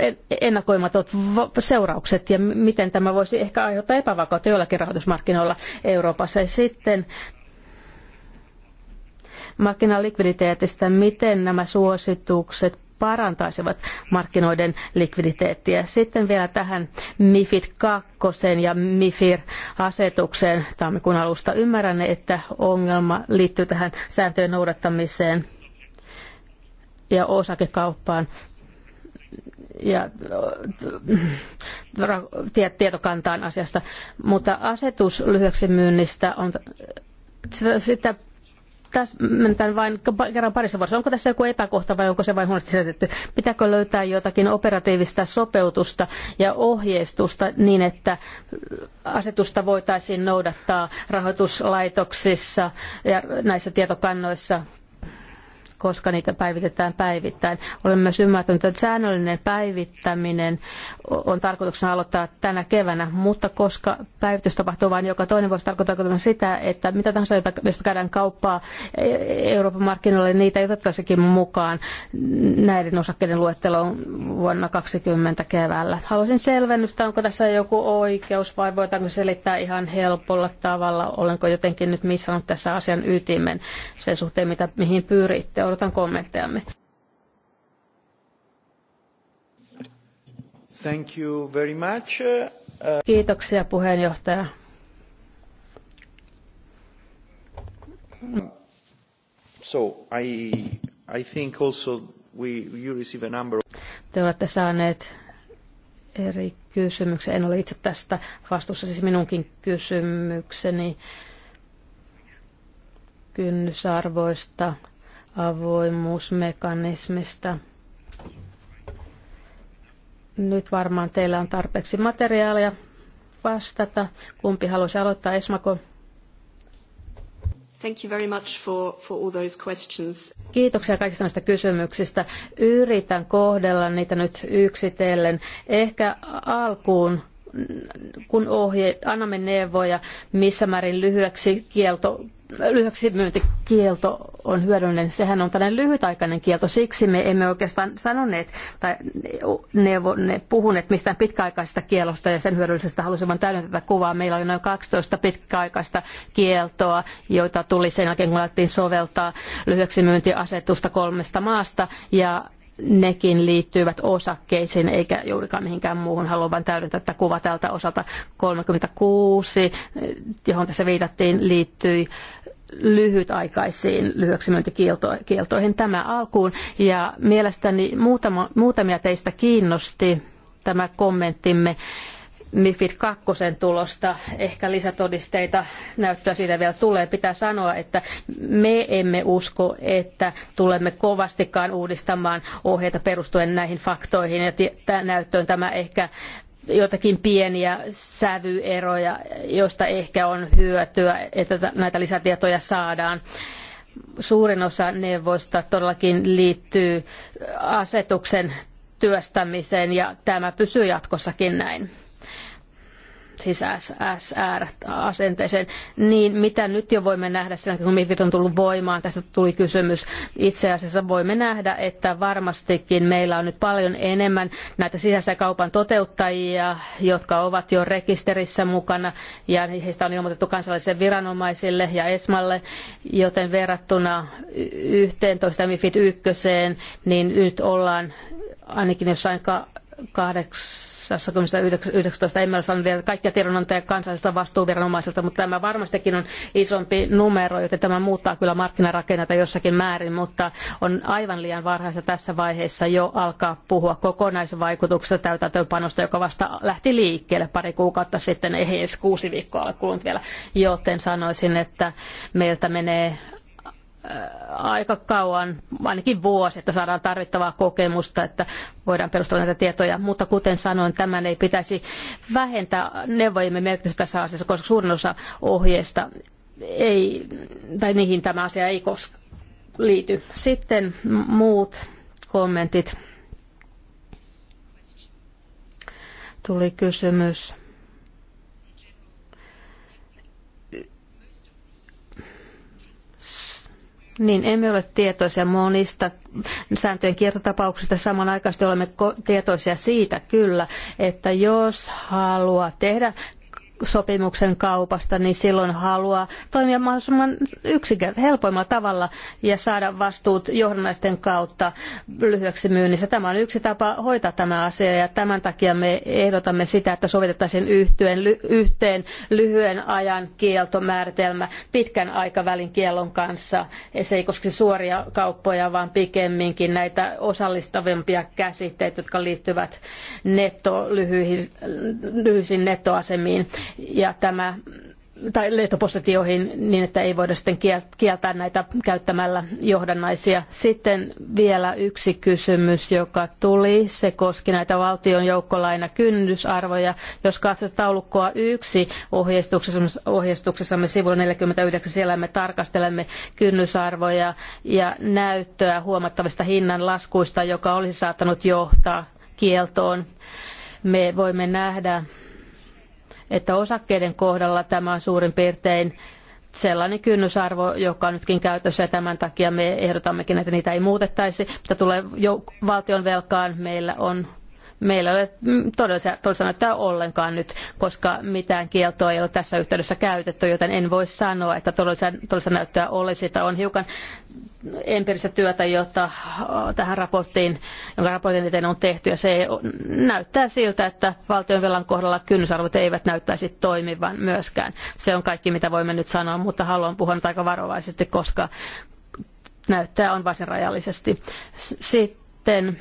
Eh, ennakoimatot seuraukset ja miten tämä voisi ehkä aiheuttaa epävakautta joillakin rahoitusmarkkinoilla Euroopassa. Ja sitten markkinalikviditeetistä, miten nämä suositukset parantaisivat markkinoiden likviditeettiä. Sitten vielä tähän MIFID 2 ja MIFIR-asetukseen tammikuun alusta. Ymmärrän, että ongelma liittyy tähän sääntöjen noudattamiseen ja osakekauppaan ja äh, tietokantaan asiasta. Mutta asetus lyhyeksi myynnistä on sitä, sitä tässä mennään vain kerran parissa vuodessa. Onko tässä joku epäkohta vai onko se vain huonosti selitetty? Pitääkö löytää jotakin operatiivista sopeutusta ja ohjeistusta niin, että asetusta voitaisiin noudattaa rahoituslaitoksissa ja näissä tietokannoissa koska niitä päivitetään päivittäin. Olen myös ymmärtänyt, että säännöllinen päivittäminen on tarkoituksena aloittaa tänä keväänä, mutta koska päivitys tapahtuu vain joka toinen vuosi, tarkoittaa sitä, että mitä tahansa, joista käydään kauppaa Euroopan markkinoille, niitä ei otettaisikin mukaan näiden osakkeiden luetteloon vuonna 2020 keväällä. Haluaisin selvennystä, onko tässä joku oikeus vai voitanko selittää ihan helpolla tavalla, olenko jotenkin nyt missannut tässä asian ytimen sen suhteen, mitä, mihin pyritte odotan kommenttejamme. Thank you very much. Uh... Kiitoksia puheenjohtaja. So I, I think also we, you receive a number of... Te olette saaneet eri kysymyksiä. En ole itse tästä vastuussa, siis minunkin kysymykseni kynnysarvoista avoimuusmekanismista. Nyt varmaan teillä on tarpeeksi materiaalia vastata. Kumpi haluaisi aloittaa? Esmako? Thank you very much for, for all those questions. Kiitoksia kaikista näistä kysymyksistä. Yritän kohdella niitä nyt yksitellen. Ehkä alkuun kun ohje, annamme neuvoja, missä määrin lyhyeksi kielto lyhyeksi myynti kielto on hyödyllinen. Sehän on tällainen lyhytaikainen kielto, siksi me emme oikeastaan sanoneet tai ne puhuneet mistään pitkäaikaisesta kielosta ja sen hyödyllisestä halusin vain täydentää tätä kuvaa. Meillä oli noin 12 pitkäaikaista kieltoa, joita tuli sen jälkeen, kun alettiin soveltaa lyhyeksi myyntiasetusta kolmesta maasta ja nekin liittyvät osakkeisiin eikä juurikaan mihinkään muuhun. Haluan vain täydentää tätä kuva tältä osalta 36, johon tässä viitattiin, liittyi lyhytaikaisiin lyhyeksimyyntikieltoihin tämä alkuun. Ja mielestäni muutama, muutamia teistä kiinnosti tämä kommenttimme MIFID 2 tulosta. Ehkä lisätodisteita näyttää siitä vielä tulee. Pitää sanoa, että me emme usko, että tulemme kovastikaan uudistamaan ohjeita perustuen näihin faktoihin ja näyttöön. Tämä ehkä jotakin pieniä sävyeroja, joista ehkä on hyötyä, että näitä lisätietoja saadaan. Suurin osa neuvoista todellakin liittyy asetuksen työstämiseen ja tämä pysyy jatkossakin näin siis ssr asenteeseen niin mitä nyt jo voimme nähdä sen, kun MIFID on tullut voimaan, tästä tuli kysymys. Itse asiassa voimme nähdä, että varmastikin meillä on nyt paljon enemmän näitä sisäisen kaupan toteuttajia, jotka ovat jo rekisterissä mukana ja heistä on ilmoitettu kansallisille viranomaisille ja ESMalle, joten verrattuna 11 MIFID 1, niin nyt ollaan ainakin jossain ka- 2019 emme ole saaneet vielä kaikkia tiedonantajia kansallisesta vastuuviranomaiselta, mutta tämä varmastikin on isompi numero, joten tämä muuttaa kyllä markkinarakennetta jossakin määrin, mutta on aivan liian varhaista tässä vaiheessa jo alkaa puhua kokonaisvaikutuksesta täytäntöönpanosta, joka vasta lähti liikkeelle pari kuukautta sitten, ei edes kuusi viikkoa ole kulunut vielä, joten sanoisin, että meiltä menee Äh, aika kauan, ainakin vuosi, että saadaan tarvittavaa kokemusta, että voidaan perustella näitä tietoja. Mutta kuten sanoin, tämän ei pitäisi vähentää neuvojemme merkitystä tässä asiassa, koska suurin osa ohjeista ei, tai niihin tämä asia ei koska liity. Sitten muut kommentit. Tuli kysymys Niin, emme ole tietoisia monista sääntöjen kiertotapauksista. Samanaikaisesti olemme tietoisia siitä kyllä, että jos haluaa tehdä sopimuksen kaupasta, niin silloin haluaa toimia mahdollisimman yksikert- helpoimmalla tavalla ja saada vastuut johdannaisten kautta lyhyeksi myynnissä. Tämä on yksi tapa hoitaa tämä asia ja tämän takia me ehdotamme sitä, että sovitettaisiin yhteen, ly- yhteen lyhyen ajan kieltomääritelmä pitkän aikavälin kielon kanssa. Se ei koskisi suoria kauppoja, vaan pikemminkin näitä osallistavimpia käsitteitä, jotka liittyvät netto, lyhyisiin nettoasemiin ja tämä tai lehtopositioihin niin, että ei voida sitten kieltää näitä käyttämällä johdannaisia. Sitten vielä yksi kysymys, joka tuli. Se koski näitä valtion kynnysarvoja Jos katsot taulukkoa yksi ohjeistuksessamme, ohjeistuksessamme sivulla 49, siellä me tarkastelemme kynnysarvoja ja näyttöä huomattavista hinnan laskuista, joka olisi saattanut johtaa kieltoon. Me voimme nähdä että osakkeiden kohdalla tämä on suurin piirtein sellainen kynnysarvo, joka on nytkin käytössä ja tämän takia me ehdotammekin, että niitä ei muutettaisi. Mitä tulee valtion velkaan, meillä on meillä ei ole mm, todellista, todellista näyttää ollenkaan nyt, koska mitään kieltoa ei ole tässä yhteydessä käytetty, joten en voi sanoa, että todellista, todellista näyttöä olisi. Tai on hiukan empiiristä työtä, jota äh, tähän raporttiin, jonka raportin eteen on tehty, ja se näyttää siltä, että valtionvelan kohdalla kynnysarvot eivät näyttäisi toimivan myöskään. Se on kaikki, mitä voimme nyt sanoa, mutta haluan puhua nyt aika varovaisesti, koska näyttää on varsin rajallisesti. Sitten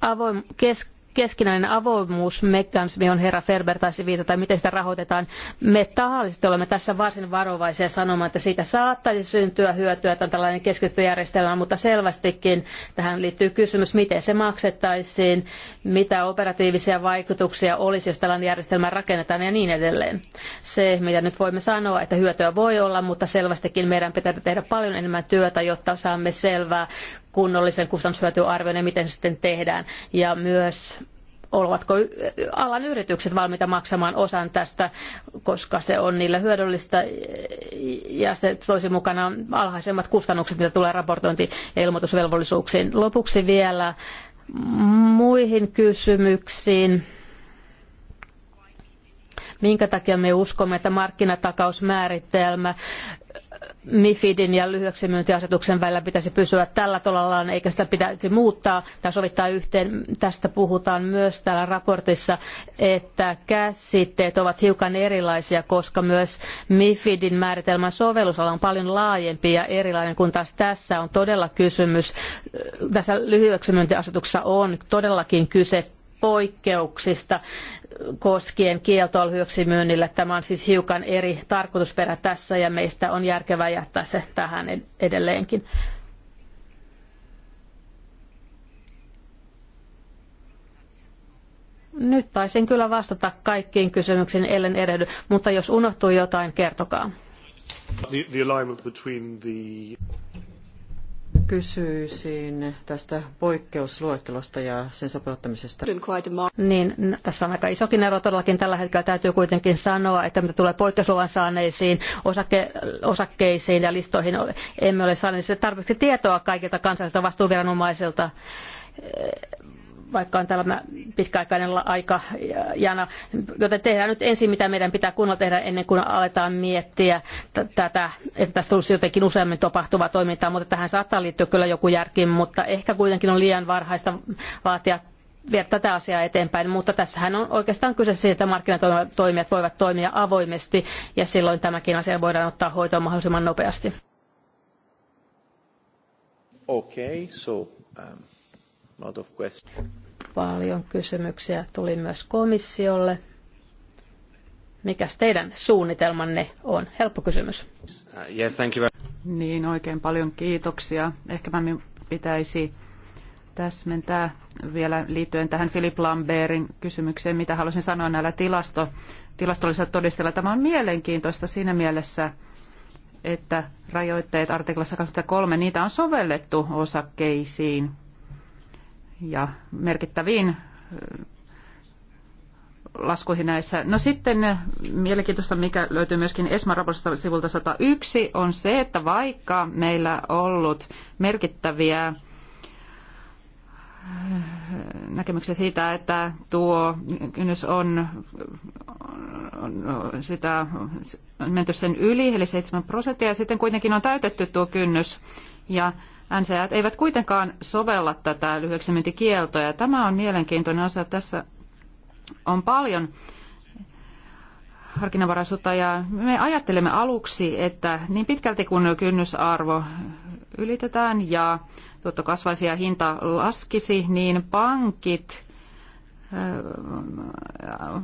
avoim, kes, keskinäinen avoimuusmekanismi on herra Ferber taisi viitata, miten sitä rahoitetaan. Me tahallisesti olemme tässä varsin varovaisia sanomaan, että siitä saattaisi syntyä hyötyä, että on tällainen keskitty järjestelmä, mutta selvästikin tähän liittyy kysymys, miten se maksettaisiin, mitä operatiivisia vaikutuksia olisi, jos tällainen järjestelmä rakennetaan ja niin edelleen. Se, mitä nyt voimme sanoa, että hyötyä voi olla, mutta selvästikin meidän pitää tehdä paljon enemmän työtä, jotta saamme selvää, kunnollisen kustannushyötyarvion ja miten se sitten tehdään. Ja myös ovatko alan yritykset valmiita maksamaan osan tästä, koska se on niille hyödyllistä ja se toisi mukana alhaisemmat kustannukset, mitä tulee raportointi- ja ilmoitusvelvollisuuksiin. Lopuksi vielä muihin kysymyksiin. Minkä takia me uskomme, että markkinatakausmääritelmä MIFIDin ja lyhyeksi myyntiasetuksen välillä pitäisi pysyä tällä tolallaan, eikä sitä pitäisi muuttaa tai sovittaa yhteen. Tästä puhutaan myös täällä raportissa, että käsitteet ovat hiukan erilaisia, koska myös MIFIDin määritelmän sovellusala on paljon laajempi ja erilainen, kun taas tässä on todella kysymys, tässä lyhyeksi myyntiasetuksessa on todellakin kyse poikkeuksista koskien kieltoa hyöksymyynnille. Tämä on siis hiukan eri tarkoitusperä tässä ja meistä on järkevää jättää se tähän edelleenkin. Nyt taisin kyllä vastata kaikkiin kysymyksiin, ellen erehdy, mutta jos unohtuu jotain, kertokaa. The, the Kysyisin tästä poikkeusluettelosta ja sen sopeuttamisesta. Niin, tässä on aika isokin ero todellakin. Tällä hetkellä täytyy kuitenkin sanoa, että mitä tulee poikkeusluvan saaneisiin osake, osakkeisiin ja listoihin, emme ole saaneet tarpeeksi tietoa kaikilta kansallisilta vastuuviranomaisilta vaikka on tällainen pitkäaikainen jana, Joten tehdään nyt ensin, mitä meidän pitää kunnolla tehdä ennen kuin aletaan miettiä tätä, että tästä tulisi jotenkin useammin tapahtuva toimintaa, mutta tähän saattaa liittyä kyllä joku järki, mutta ehkä kuitenkin on liian varhaista vaatia viedä tätä asiaa eteenpäin, mutta tässähän on oikeastaan kyse siitä, että markkinatoimijat voivat toimia avoimesti ja silloin tämäkin asia voidaan ottaa hoitoon mahdollisimman nopeasti. Okay, so, um lot of questions. Paljon kysymyksiä tuli myös komissiolle. Mikäs teidän suunnitelmanne on? Helppo kysymys. Uh, yes, thank you Niin, oikein paljon kiitoksia. Ehkä mä pitäisi täsmentää vielä liittyen tähän Philip Lambertin kysymykseen, mitä halusin sanoa näillä tilasto, tilastollisilla todisteilla. Tämä on mielenkiintoista siinä mielessä, että rajoitteet artiklassa 23, niitä on sovellettu osakkeisiin ja merkittäviin laskuihin näissä. No sitten mielenkiintoista, mikä löytyy myöskin ESMA-raportista sivulta 101, on se, että vaikka meillä ollut merkittäviä näkemyksiä siitä, että tuo kynnys on, on sitä on menty sen yli, eli 7 prosenttia, ja sitten kuitenkin on täytetty tuo kynnys. Ja NCAT eivät kuitenkaan sovella tätä lyhyeksimyyntikieltoa ja tämä on mielenkiintoinen asia. Tässä on paljon harkinnanvaraisuutta ja me ajattelemme aluksi, että niin pitkälti kun kynnysarvo ylitetään ja tuotto kasvaisi ja hinta laskisi, niin pankit äh,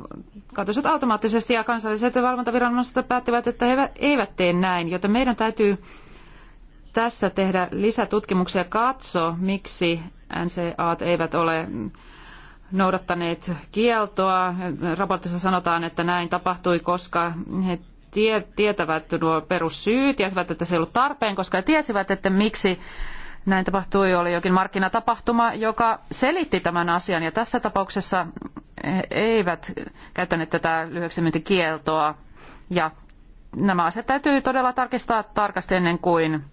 katosivat automaattisesti ja kansalliset valvontaviranomaiset päättivät, että he eivät tee näin, joten meidän täytyy tässä tehdä lisätutkimuksia ja katsoa, miksi NCA eivät ole noudattaneet kieltoa. Raportissa sanotaan, että näin tapahtui, koska he tie- tietävät nuo perussyyt, tiesivät, että se ei ollut tarpeen, koska he tiesivät, että miksi näin tapahtui, oli jokin markkinatapahtuma, joka selitti tämän asian. Ja tässä tapauksessa he eivät käyttäneet tätä lyhyeksi Ja nämä asiat täytyy todella tarkistaa tarkasti ennen kuin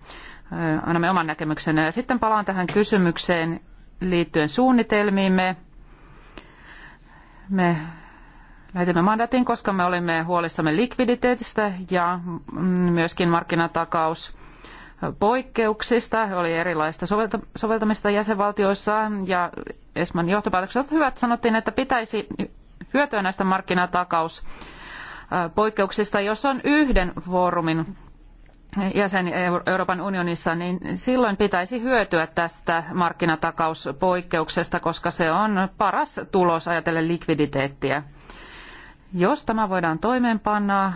annamme oman näkemyksen. Sitten palaan tähän kysymykseen liittyen suunnitelmiimme. Me lähetimme mandatin, koska me olimme huolissamme likviditeetistä ja myöskin markkinatakaus poikkeuksista, oli erilaista sovelta- soveltamista jäsenvaltioissa ja Esman johtopäätökset hyvät. Sanottiin, että pitäisi hyötyä näistä markkinatakaus poikkeuksista, jos on yhden foorumin jäsen Euroopan unionissa, niin silloin pitäisi hyötyä tästä markkinatakauspoikkeuksesta, koska se on paras tulos ajatellen likviditeettiä. Jos tämä voidaan toimeenpanna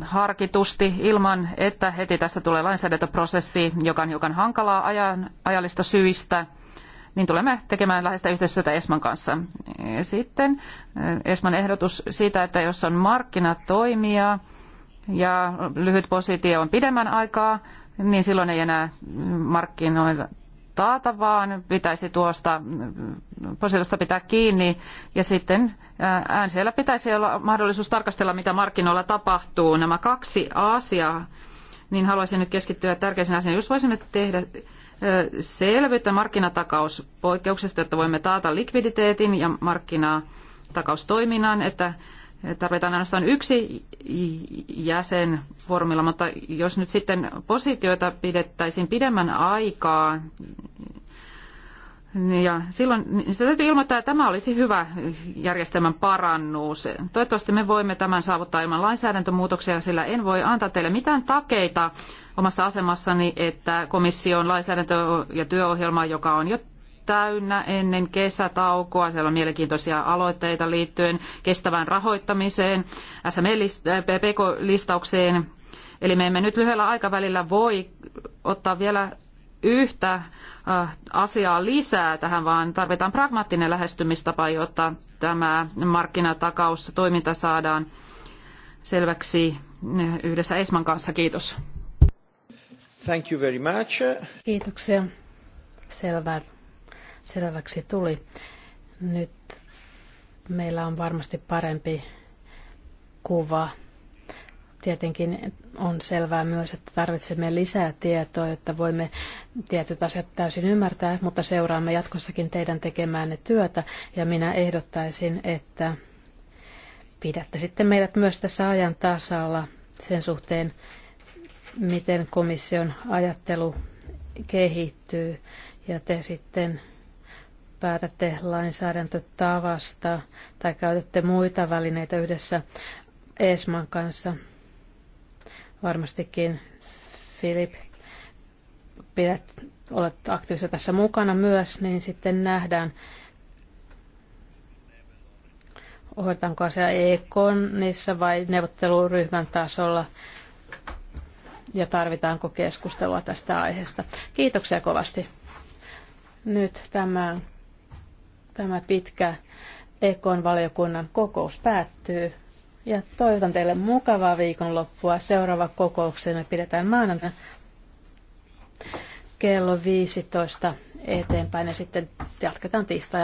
harkitusti ilman, että heti tästä tulee lainsäädäntöprosessi, joka on hiukan hankalaa ajan, ajallista syistä, niin tulemme tekemään läheistä yhteistyötä Esman kanssa. Sitten eh, Esman ehdotus siitä, että jos on markkinatoimija, ja lyhyt positio on pidemmän aikaa, niin silloin ei enää markkinoida taata, vaan pitäisi tuosta positiosta pitää kiinni ja sitten äänsiellä pitäisi olla mahdollisuus tarkastella, mitä markkinoilla tapahtuu. Nämä kaksi asiaa, niin haluaisin nyt keskittyä tärkeisiin asioihin. Jos voisimme tehdä selvyyttä markkinatakauspoikkeuksesta, että voimme taata likviditeetin ja markkinatakaustoiminnan, että tarvitaan ainoastaan yksi jäsen formilla, mutta jos nyt sitten positioita pidettäisiin pidemmän aikaa, niin ja silloin niin sitä täytyy ilmoittaa, että tämä olisi hyvä järjestelmän parannus. Toivottavasti me voimme tämän saavuttaa ilman lainsäädäntömuutoksia, sillä en voi antaa teille mitään takeita omassa asemassani, että komission lainsäädäntö- ja työohjelma, joka on jo täynnä ennen kesätaukoa. Siellä on mielenkiintoisia aloitteita liittyen kestävään rahoittamiseen, SME-listaukseen. Äh, Eli me emme nyt lyhyellä aikavälillä voi ottaa vielä yhtä äh, asiaa lisää tähän, vaan tarvitaan pragmaattinen lähestymistapa, jotta tämä toiminta saadaan selväksi yhdessä Esman kanssa. Kiitos. Thank you very much. Kiitoksia. Selvä selväksi tuli. Nyt meillä on varmasti parempi kuva. Tietenkin on selvää myös, että tarvitsemme lisää tietoa, jotta voimme tietyt asiat täysin ymmärtää, mutta seuraamme jatkossakin teidän tekemäänne työtä ja minä ehdottaisin, että pidätte sitten meidät myös tässä ajan tasalla sen suhteen, miten komission ajattelu kehittyy ja te sitten päätätte lainsäädäntötavasta tai käytätte muita välineitä yhdessä ESMAn kanssa. Varmastikin Filip, pidät, olet aktiivisessa tässä mukana myös, niin sitten nähdään, Ohjataanko asia EK-nissä vai neuvotteluryhmän tasolla ja tarvitaanko keskustelua tästä aiheesta. Kiitoksia kovasti. Nyt tämän Tämä pitkä Ekon valiokunnan kokous päättyy. Ja toivotan teille mukavaa viikonloppua. Seuraava kokouksemme pidetään maanantaina kello 15 eteenpäin ja sitten jatketaan tiistai.